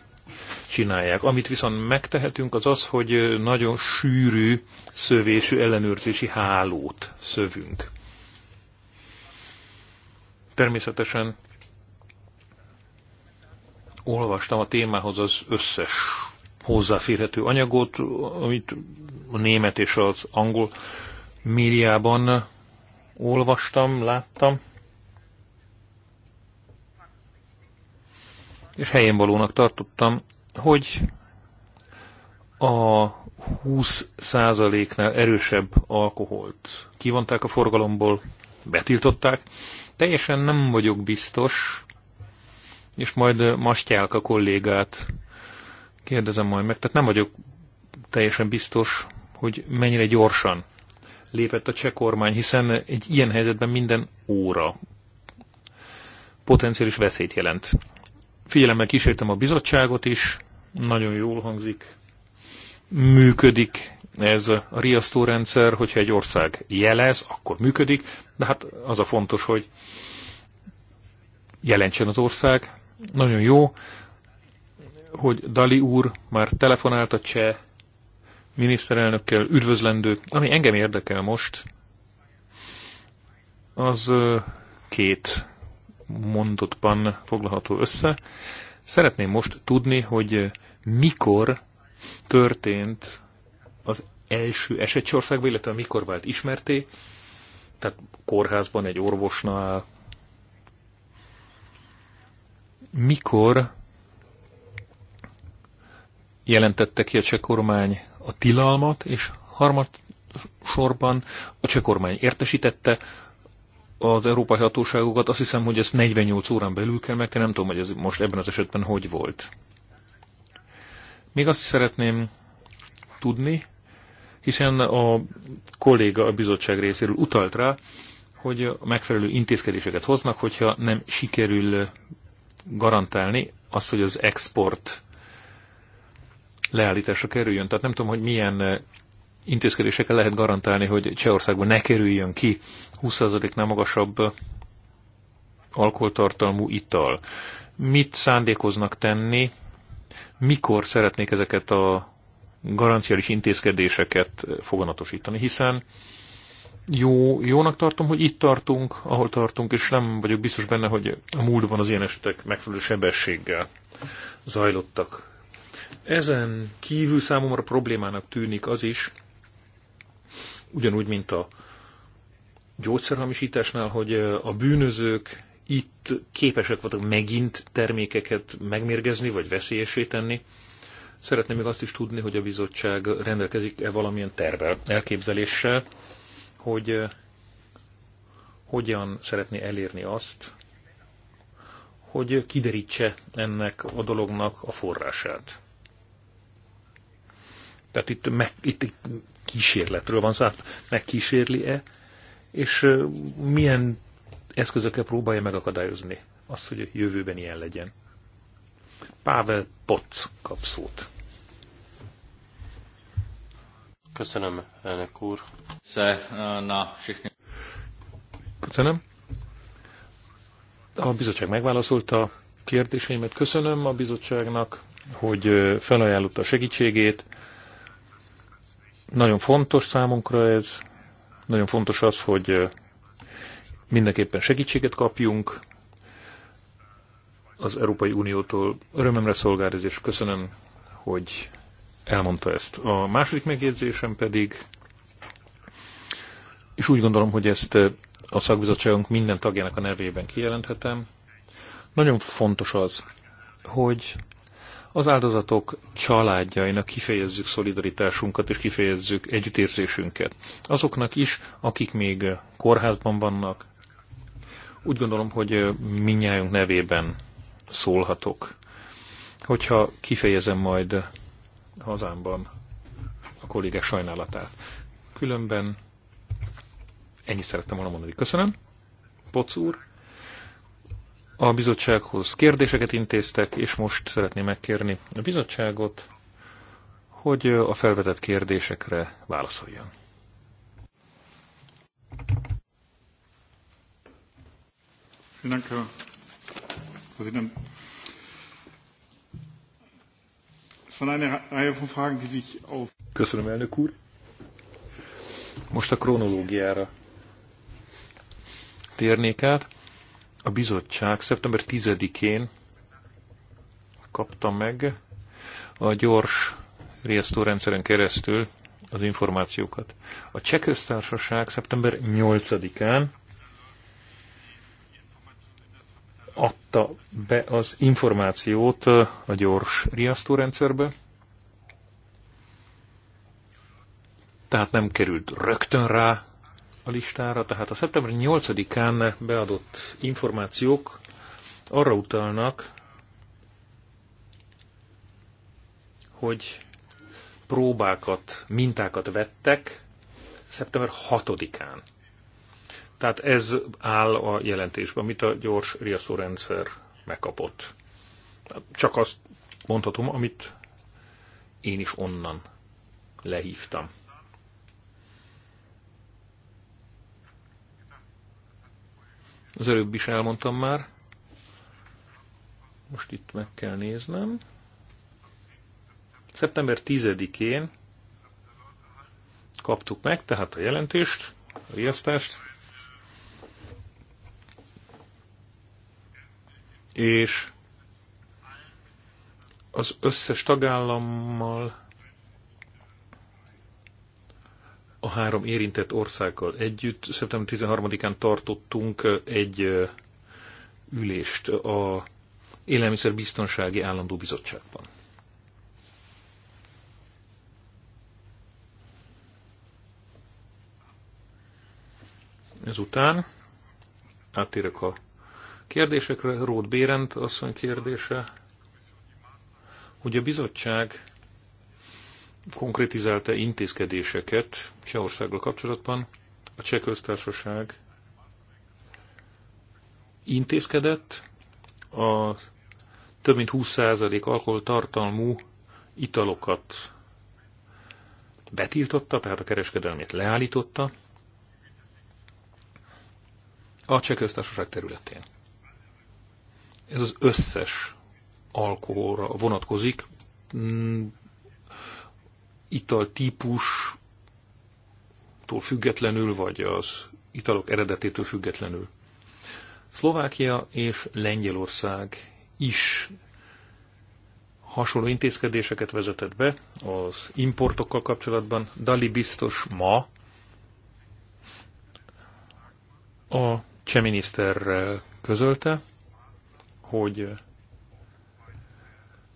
csinálják. Amit viszont megtehetünk, az az, hogy nagyon sűrű szövésű ellenőrzési hálót szövünk. Természetesen olvastam a témához az összes hozzáférhető anyagot, amit a német és az angol médiában olvastam, láttam. És helyén valónak tartottam, hogy a 20%-nál erősebb alkoholt kivonták a forgalomból, betiltották. Teljesen nem vagyok biztos, és majd Mastyálka kollégát kérdezem majd meg. Tehát nem vagyok teljesen biztos, hogy mennyire gyorsan lépett a cseh kormány, hiszen egy ilyen helyzetben minden óra potenciális veszélyt jelent. Figyelemmel kísértem a bizottságot is, nagyon jól hangzik, működik ez a riasztórendszer, hogyha egy ország jelez, akkor működik, de hát az a fontos, hogy jelentsen az ország. Nagyon jó, hogy Dali úr már telefonált a cseh miniszterelnökkel, üdvözlendő. Ami engem érdekel most, az két mondatban foglalható össze. Szeretném most tudni, hogy mikor történt az első eset Csországban, illetve mikor vált ismerté, tehát kórházban, egy orvosnál, mikor jelentette ki a cseh kormány a tilalmat, és harmad sorban a cseh kormány értesítette az európai hatóságokat, azt hiszem, hogy ezt 48 órán belül kell meg, nem tudom, hogy ez most ebben az esetben hogy volt. Még azt is szeretném tudni, hiszen a kolléga a bizottság részéről utalt rá, hogy megfelelő intézkedéseket hoznak, hogyha nem sikerül garantálni azt, hogy az export leállításra kerüljön. Tehát nem tudom, hogy milyen intézkedésekkel lehet garantálni, hogy Csehországban ne kerüljön ki 20%-nál magasabb alkoholtartalmú ital. Mit szándékoznak tenni, mikor szeretnék ezeket a garanciális intézkedéseket foganatosítani, hiszen jó, jónak tartom, hogy itt tartunk, ahol tartunk, és nem vagyok biztos benne, hogy a múltban az ilyen esetek megfelelő sebességgel zajlottak. Ezen kívül számomra problémának tűnik az is, ugyanúgy, mint a gyógyszerhamisításnál, hogy a bűnözők itt képesek voltak megint termékeket megmérgezni, vagy veszélyesé tenni. Szeretném még azt is tudni, hogy a bizottság rendelkezik-e valamilyen tervel, elképzeléssel, hogy hogyan szeretné elérni azt, hogy kiderítse ennek a dolognak a forrását. Tehát itt, meg, itt, itt kísérletről van szó, hát megkísérli-e, és milyen eszközökkel próbálja megakadályozni azt, hogy a jövőben ilyen legyen. Pável Potz kap szót. Köszönöm, elnök úr. Köszönöm. A bizottság megválaszolta a kérdéseimet. Köszönöm a bizottságnak, hogy felajánlotta a segítségét. Nagyon fontos számunkra ez, nagyon fontos az, hogy mindenképpen segítséget kapjunk az Európai Uniótól. Örömemre szolgál ez, és köszönöm, hogy elmondta ezt. A második megjegyzésem pedig, és úgy gondolom, hogy ezt a szakbizottságunk minden tagjának a nevében kijelenthetem, nagyon fontos az, hogy az áldozatok családjainak kifejezzük szolidaritásunkat és kifejezzük együttérzésünket. Azoknak is, akik még kórházban vannak, úgy gondolom, hogy minnyájunk nevében szólhatok. Hogyha kifejezem majd hazámban a kollégák sajnálatát. Különben ennyi szerettem volna mondani. Köszönöm. Poc úr a bizottsághoz kérdéseket intéztek, és most szeretném megkérni a bizottságot, hogy a felvetett kérdésekre válaszoljon. Köszönöm, elnök úr. Most a kronológiára térnék át. A bizottság szeptember 10-én kapta meg a gyors riasztórendszeren keresztül az információkat. A Cseh szeptember 8-án adta be az információt a gyors riasztórendszerbe, tehát nem került rögtön rá a listára, tehát a szeptember 8-án beadott információk arra utalnak, hogy próbákat, mintákat vettek szeptember 6-án. Tehát ez áll a jelentésben, amit a gyors riasztórendszer megkapott. Csak azt mondhatom, amit én is onnan lehívtam. Az előbb is elmondtam már. Most itt meg kell néznem. Szeptember 10-én kaptuk meg, tehát a jelentést, a riasztást. És az összes tagállammal a három érintett országgal együtt szeptember 13-án tartottunk egy ülést a Élelmiszerbiztonsági Állandó Bizottságban. Ezután áttérek a kérdésekre. Rót Bérent asszony kérdése, hogy a bizottság konkrétizálta intézkedéseket Csehországgal kapcsolatban. A Cseh köztársaság intézkedett a több mint 20% alkoholtartalmú italokat betiltotta, tehát a kereskedelmét leállította a cseh köztársaság területén. Ez az összes alkoholra vonatkozik, ital tól függetlenül, vagy az italok eredetétől függetlenül. Szlovákia és Lengyelország is hasonló intézkedéseket vezetett be az importokkal kapcsolatban. Dali biztos ma a cseminiszterrel közölte, hogy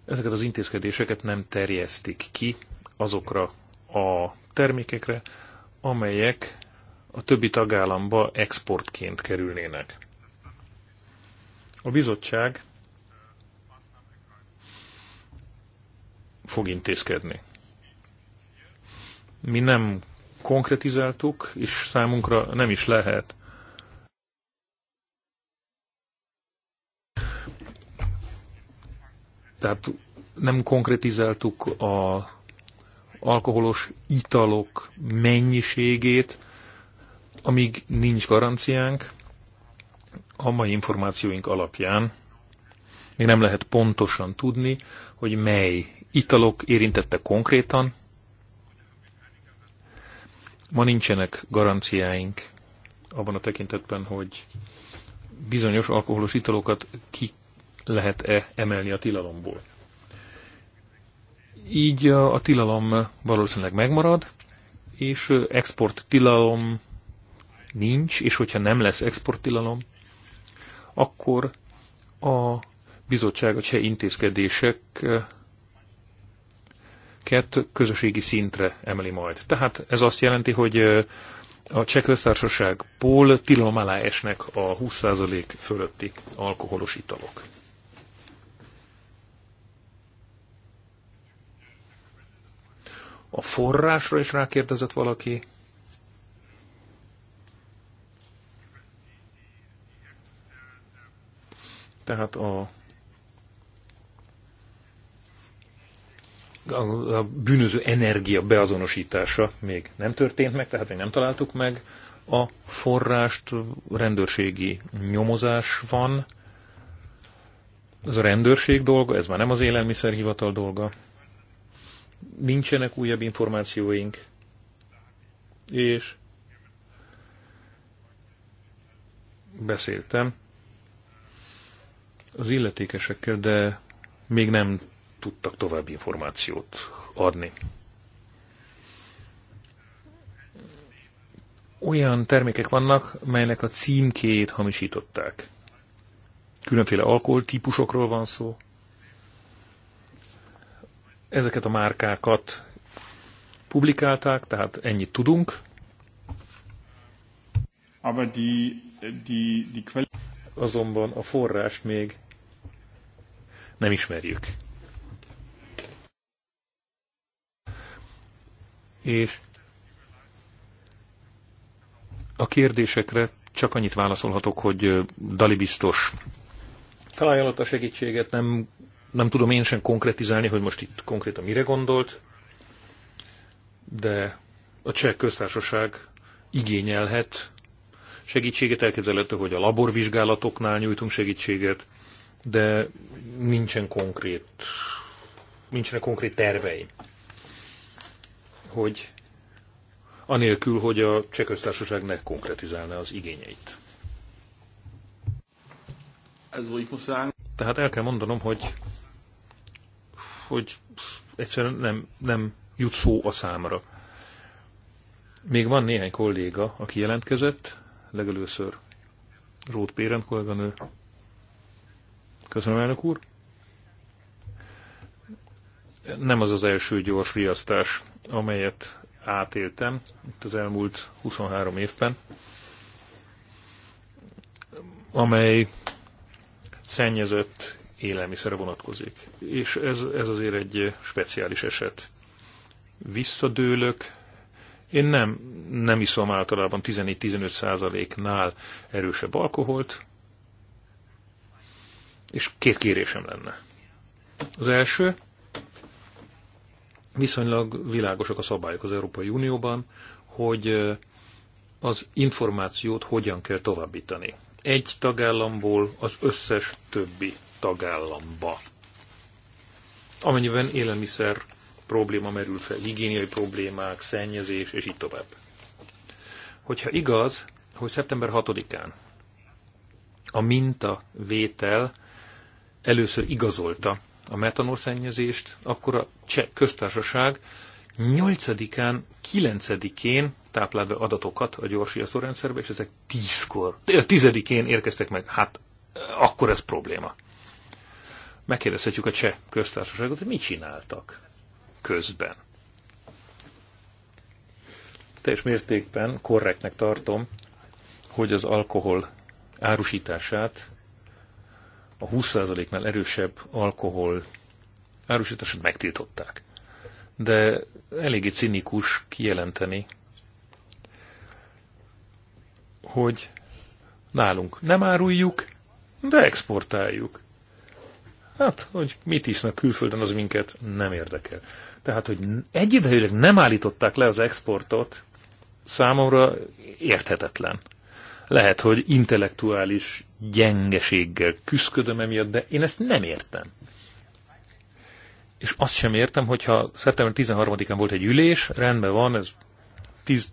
ezeket az intézkedéseket nem terjesztik ki azokra a termékekre, amelyek a többi tagállamba exportként kerülnének. A bizottság fog intézkedni. Mi nem konkretizáltuk, és számunkra nem is lehet. Tehát nem konkretizáltuk a alkoholos italok mennyiségét, amíg nincs garanciánk, a mai információink alapján még nem lehet pontosan tudni, hogy mely italok érintette konkrétan. Ma nincsenek garanciáink abban a tekintetben, hogy bizonyos alkoholos italokat ki lehet-e emelni a tilalomból. Így a tilalom valószínűleg megmarad, és export tilalom nincs, és hogyha nem lesz export tilalom, akkor a bizottság a cseh intézkedéseket közösségi szintre emeli majd. Tehát ez azt jelenti, hogy a cseh köztársaságból tilalom alá esnek a 20% fölötti alkoholos italok. A forrásra is rákérdezett valaki. Tehát a a, bűnöző energia beazonosítása még nem történt meg, tehát még nem találtuk meg. A forrást rendőrségi nyomozás van. Ez a rendőrség dolga, ez már nem az élelmiszerhivatal dolga nincsenek újabb információink, és beszéltem az illetékesekkel, de még nem tudtak további információt adni. Olyan termékek vannak, melynek a címkét hamisították. Különféle alkoholtípusokról van szó, Ezeket a márkákat publikálták, tehát ennyit tudunk. Azonban a forrást még nem ismerjük. És a kérdésekre csak annyit válaszolhatok, hogy Dali biztos felajánlotta segítséget, nem nem tudom én sem konkretizálni, hogy most itt konkrétan mire gondolt, de a cseh köztársaság igényelhet segítséget, elképzelhető, hogy a laborvizsgálatoknál nyújtunk segítséget, de nincsen konkrét, nincsenek konkrét tervei, hogy anélkül, hogy a cseh köztársaság ne konkretizálna az igényeit. Ez volt muszáj. Tehát el kell mondanom, hogy, hogy egyszerűen nem, nem jut szó a számra. Még van néhány kolléga, aki jelentkezett, legelőször Rót Pérend kolléganő. Köszönöm, elnök úr. Nem az az első gyors riasztás, amelyet átéltem itt az elmúlt 23 évben, amely szennyezett élelmiszerre vonatkozik. És ez, ez azért egy speciális eset. Visszadőlök, én nem, nem iszom általában 14-15 százaléknál erősebb alkoholt, és két kérésem lenne. Az első, viszonylag világosak a szabályok az Európai Unióban, hogy az információt hogyan kell továbbítani egy tagállamból az összes többi tagállamba. Amennyiben élelmiszer probléma merül fel, higiéniai problémák, szennyezés, és így tovább. Hogyha igaz, hogy szeptember 6-án a vétel először igazolta a metanol szennyezést, akkor a cseh köztársaság 8-án, 9-én táplálva adatokat a gyors rendszerbe, és ezek 10-kor, 10-én érkeztek meg. Hát akkor ez probléma. Megkérdezhetjük a cseh köztársaságot, hogy mit csináltak közben. Teljes mértékben korrektnek tartom, hogy az alkohol árusítását a 20%-nál erősebb alkohol árusítását megtiltották de eléggé cinikus kijelenteni, hogy nálunk nem áruljuk, de exportáljuk. Hát, hogy mit isznak külföldön, az minket nem érdekel. Tehát, hogy egyidejűleg nem állították le az exportot, számomra érthetetlen. Lehet, hogy intellektuális gyengeséggel küzdködöm emiatt, de én ezt nem értem és azt sem értem, hogyha szeptember 13-án volt egy ülés, rendben van, ez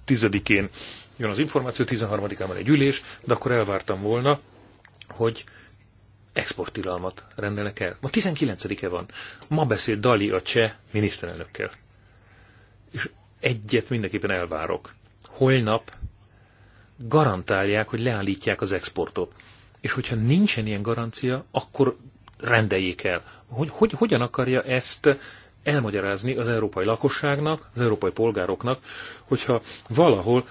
10, én jön az információ, 13-án van egy ülés, de akkor elvártam volna, hogy exporttilalmat rendelnek el. Ma 19-e van. Ma beszél Dali a cseh miniszterelnökkel. És egyet mindenképpen elvárok. Holnap garantálják, hogy leállítják az exportot. És hogyha nincsen ilyen garancia, akkor rendeljék el. Hogy, hogy hogyan akarja ezt elmagyarázni az európai lakosságnak, az európai polgároknak, hogyha valahol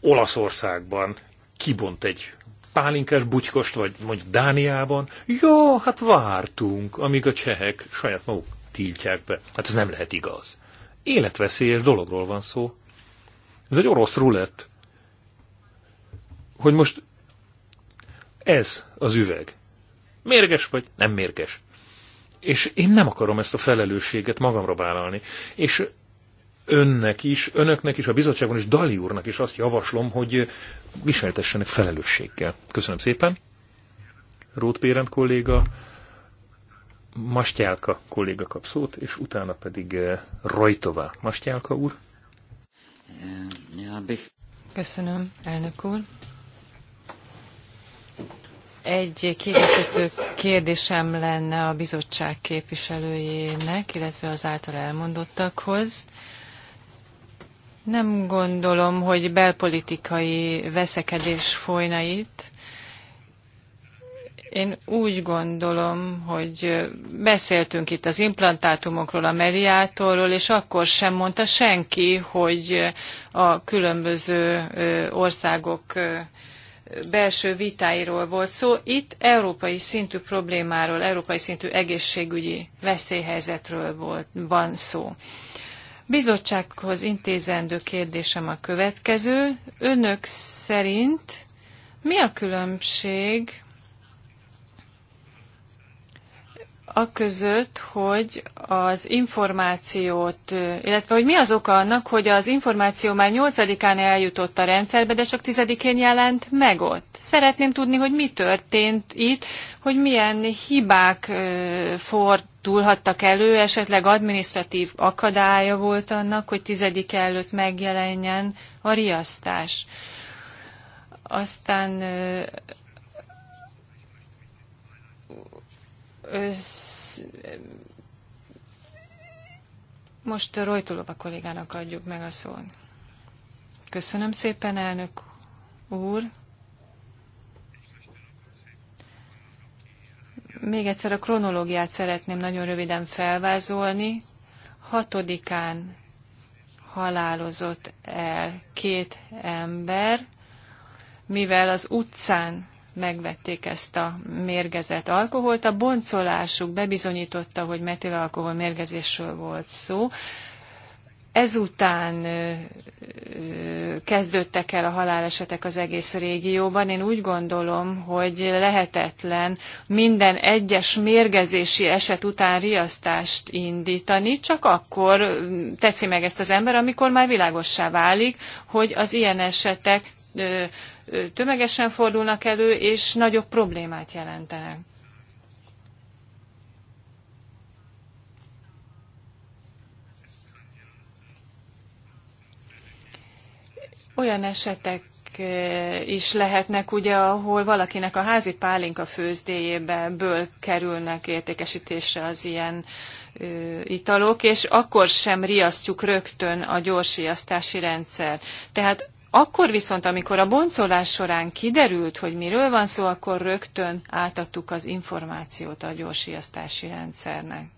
Olaszországban kibont egy pálinkás butykost, vagy mondjuk Dániában, jó, hát vártunk, amíg a csehek saját maguk tiltják be. Hát ez nem lehet igaz. Életveszélyes dologról van szó. Ez egy orosz rulett. Hogy most ez az üveg. Mérges vagy? Nem mérges. És én nem akarom ezt a felelősséget magamra vállalni. És önnek is, önöknek is, a bizottságon is, Dali úrnak is azt javaslom, hogy viseltessenek felelősséggel. Köszönöm szépen. Rót Bérend kolléga, Mastyálka kolléga kap szót, és utána pedig eh, Rajtová. Mastyálka úr. Köszönöm, elnök úr. Egy kiegészítő kérdésem lenne a bizottság képviselőjének, illetve az által elmondottakhoz. Nem gondolom, hogy belpolitikai veszekedés folyna itt. Én úgy gondolom, hogy beszéltünk itt az implantátumokról, a mediátorról, és akkor sem mondta senki, hogy a különböző országok belső vitáiról volt szó. Itt európai szintű problémáról, európai szintű egészségügyi veszélyhelyzetről volt, van szó. Bizottsághoz intézendő kérdésem a következő. Önök szerint mi a különbség A között, hogy az információt, illetve hogy mi az oka annak, hogy az információ már 8-án eljutott a rendszerbe, de csak 10-én jelent meg ott. Szeretném tudni, hogy mi történt itt, hogy milyen hibák fordulhattak elő, esetleg administratív akadálya volt annak, hogy 10 előtt megjelenjen a riasztás. Aztán Most a kollégának adjuk meg a szót. Köszönöm szépen, elnök úr. Még egyszer a kronológiát szeretném nagyon röviden felvázolni. Hatodikán halálozott el két ember, mivel az utcán megvették ezt a mérgezett alkoholt. A boncolásuk bebizonyította, hogy metilalkohol mérgezésről volt szó. Ezután kezdődtek el a halálesetek az egész régióban. Én úgy gondolom, hogy lehetetlen minden egyes mérgezési eset után riasztást indítani, csak akkor teszi meg ezt az ember, amikor már világossá válik, hogy az ilyen esetek tömegesen fordulnak elő, és nagyobb problémát jelentenek. Olyan esetek is lehetnek, ugye, ahol valakinek a házi pálinka ből kerülnek értékesítésre az ilyen italok, és akkor sem riasztjuk rögtön a gyorsiasztási rendszer. Tehát akkor viszont, amikor a boncolás során kiderült, hogy miről van szó, akkor rögtön átadtuk az információt a gyorsiasztási rendszernek.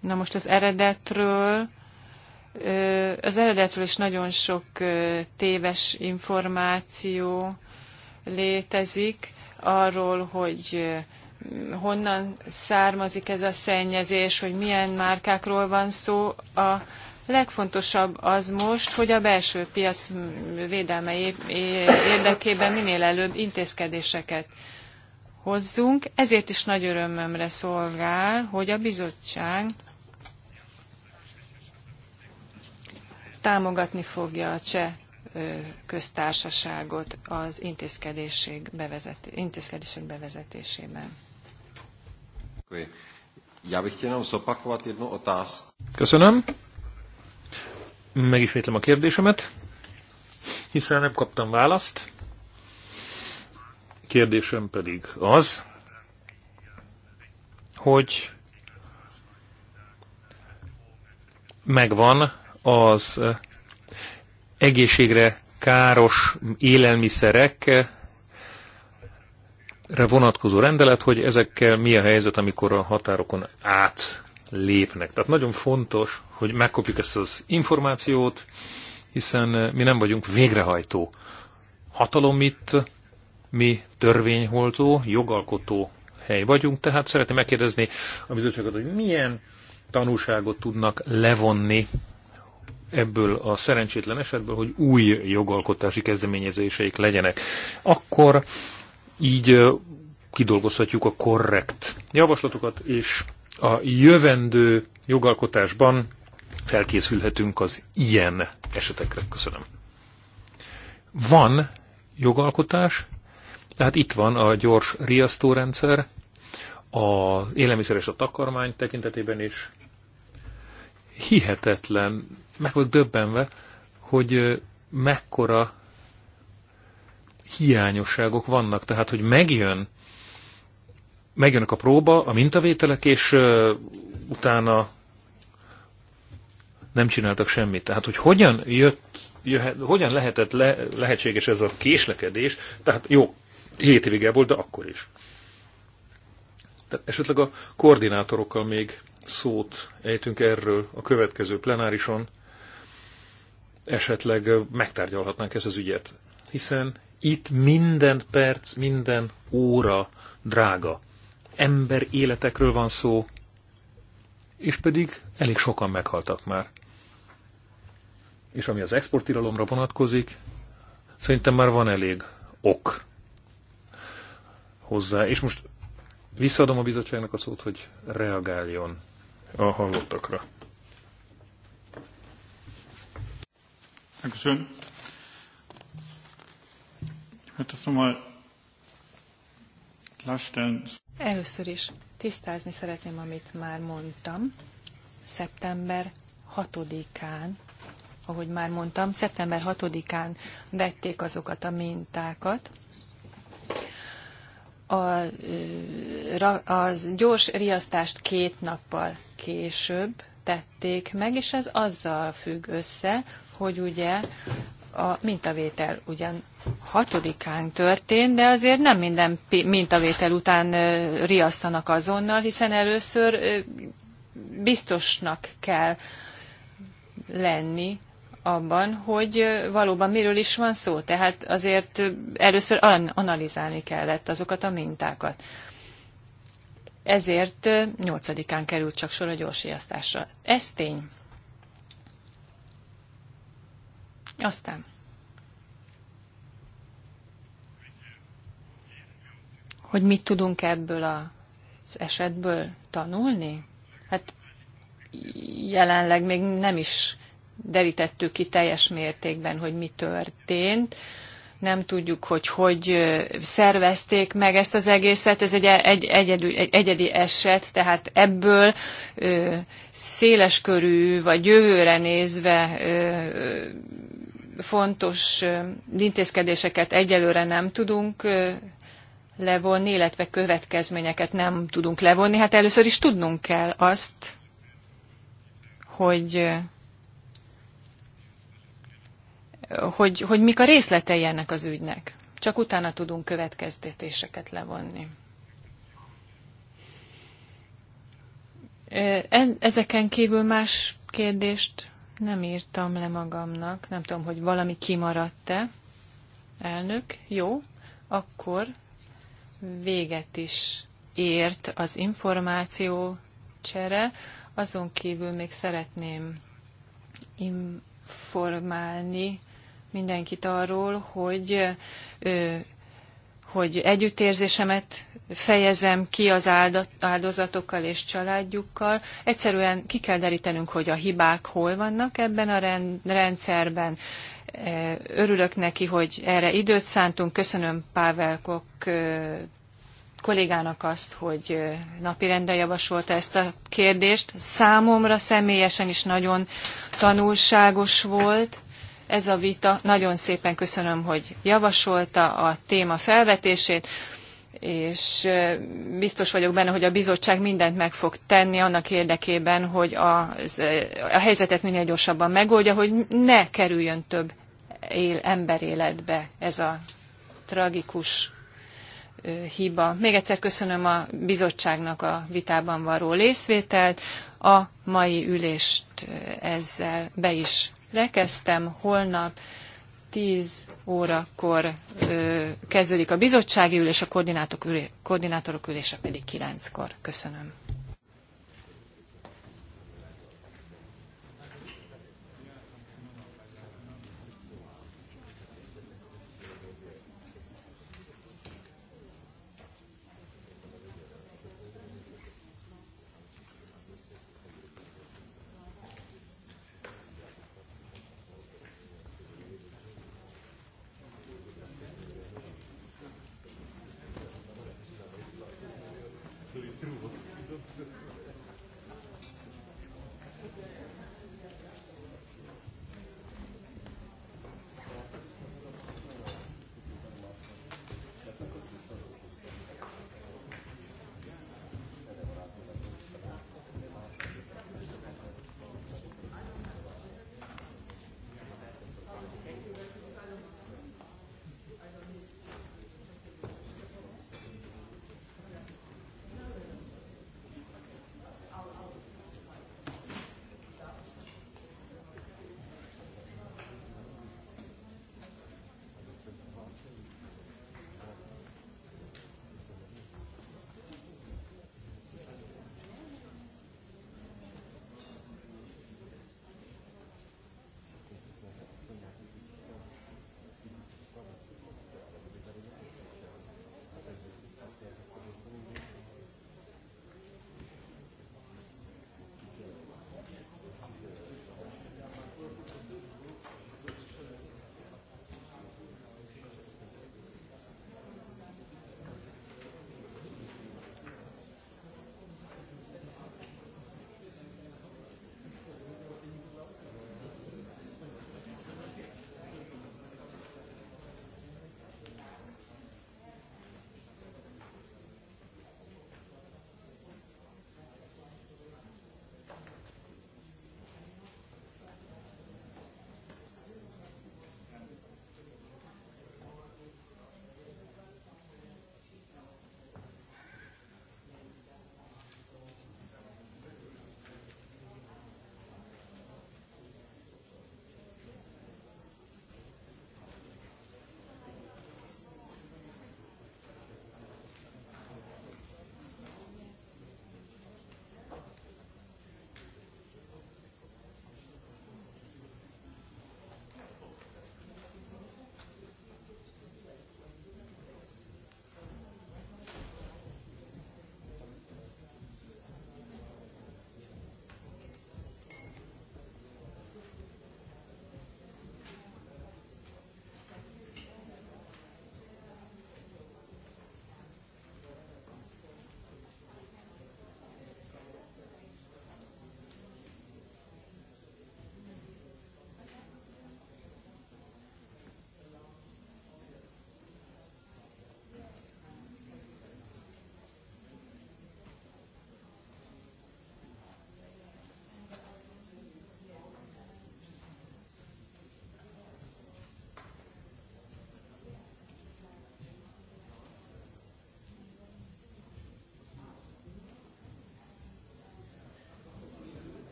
Na most az eredetről, az eredetről is nagyon sok téves információ létezik arról, hogy honnan származik ez a szennyezés, hogy milyen márkákról van szó. A legfontosabb az most, hogy a belső piac védelme érdekében minél előbb intézkedéseket hozzunk. Ezért is nagy örömömre szolgál, hogy a bizottság támogatni fogja a cseh köztársaságot az intézkedések, bevezeti intézkedések bevezetésében. Köszönöm. Megismétlem a kérdésemet, hiszen nem kaptam választ. Kérdésem pedig az, hogy megvan az egészségre káros élelmiszerek eh, vonatkozó rendelet, hogy ezekkel mi a helyzet, amikor a határokon át lépnek. Tehát nagyon fontos, hogy megkopjuk ezt az információt, hiszen eh, mi nem vagyunk végrehajtó hatalom itt, mi törvényholtó, jogalkotó hely vagyunk, tehát szeretném megkérdezni a bizottságot, hogy milyen tanulságot tudnak levonni ebből a szerencsétlen esetből, hogy új jogalkotási kezdeményezéseik legyenek. Akkor így kidolgozhatjuk a korrekt javaslatokat, és a jövendő jogalkotásban felkészülhetünk az ilyen esetekre. Köszönöm. Van jogalkotás, tehát itt van a gyors riasztórendszer, a élelmiszer és a takarmány tekintetében is hihetetlen meg vagyok döbbenve, hogy mekkora hiányosságok vannak. Tehát, hogy megjön, megjönnek a próba, a mintavételek, és uh, utána nem csináltak semmit. Tehát, hogy hogyan jött, jöhet, hogyan lehetett le, lehetséges ez a késlekedés, tehát jó, 7 évig volt, de akkor is. Tehát esetleg a koordinátorokkal még szót ejtünk erről a következő plenárison esetleg megtárgyalhatnánk ezt az ügyet. Hiszen itt minden perc, minden óra drága. Ember életekről van szó, és pedig elég sokan meghaltak már. És ami az exportiralomra vonatkozik, szerintem már van elég ok hozzá. És most visszaadom a bizottságnak a szót, hogy reagáljon a hallottakra. Dankeschön. Ich möchte das nochmal klarstellen. Először is tisztázni szeretném, amit már mondtam. Szeptember 6-án, ahogy már mondtam, szeptember 6-án vették azokat a mintákat, a, gyors riasztást két nappal később tették meg, és ez azzal függ össze, hogy ugye a mintavétel ugyan hatodikán történt, de azért nem minden mintavétel után riasztanak azonnal, hiszen először biztosnak kell lenni abban, hogy valóban miről is van szó. Tehát azért először analizálni kellett azokat a mintákat. Ezért nyolcadikán került csak sor a riasztásra. Ez tény. Aztán hogy mit tudunk ebből az esetből tanulni? Hát jelenleg még nem is derítettük ki teljes mértékben, hogy mi történt. Nem tudjuk, hogy hogy szervezték meg ezt az egészet. Ez egy, egy, egyedül, egy egyedi eset, tehát ebből széleskörű vagy jövőre nézve ö, fontos intézkedéseket egyelőre nem tudunk levonni, illetve következményeket nem tudunk levonni. Hát először is tudnunk kell azt, hogy hogy, hogy mik a részletei ennek az ügynek. Csak utána tudunk következtetéseket levonni. E- ezeken kívül más kérdést nem írtam le magamnak, nem tudom, hogy valami kimaradt-e. Elnök, jó, akkor véget is ért az információ csere. Azon kívül még szeretném informálni mindenkit arról, hogy hogy együttérzésemet fejezem ki az áldozatokkal és családjukkal. Egyszerűen ki kell derítenünk, hogy a hibák hol vannak ebben a rendszerben. E, örülök neki, hogy erre időt szántunk. Köszönöm Pável Kok e, kollégának azt, hogy e, napirendre javasolta ezt a kérdést. Számomra személyesen is nagyon tanulságos volt ez a vita. Nagyon szépen köszönöm, hogy javasolta a téma felvetését, és biztos vagyok benne, hogy a bizottság mindent meg fog tenni annak érdekében, hogy a, a helyzetet minél gyorsabban megoldja, hogy ne kerüljön több él, emberéletbe ez a tragikus hiba. Még egyszer köszönöm a bizottságnak a vitában való részvételt. A mai ülést ezzel be is rekeztem, holnap 10 órakor ö, kezdődik a bizottsági ülés, a koordinátorok ülése pedig 9-kor. Köszönöm.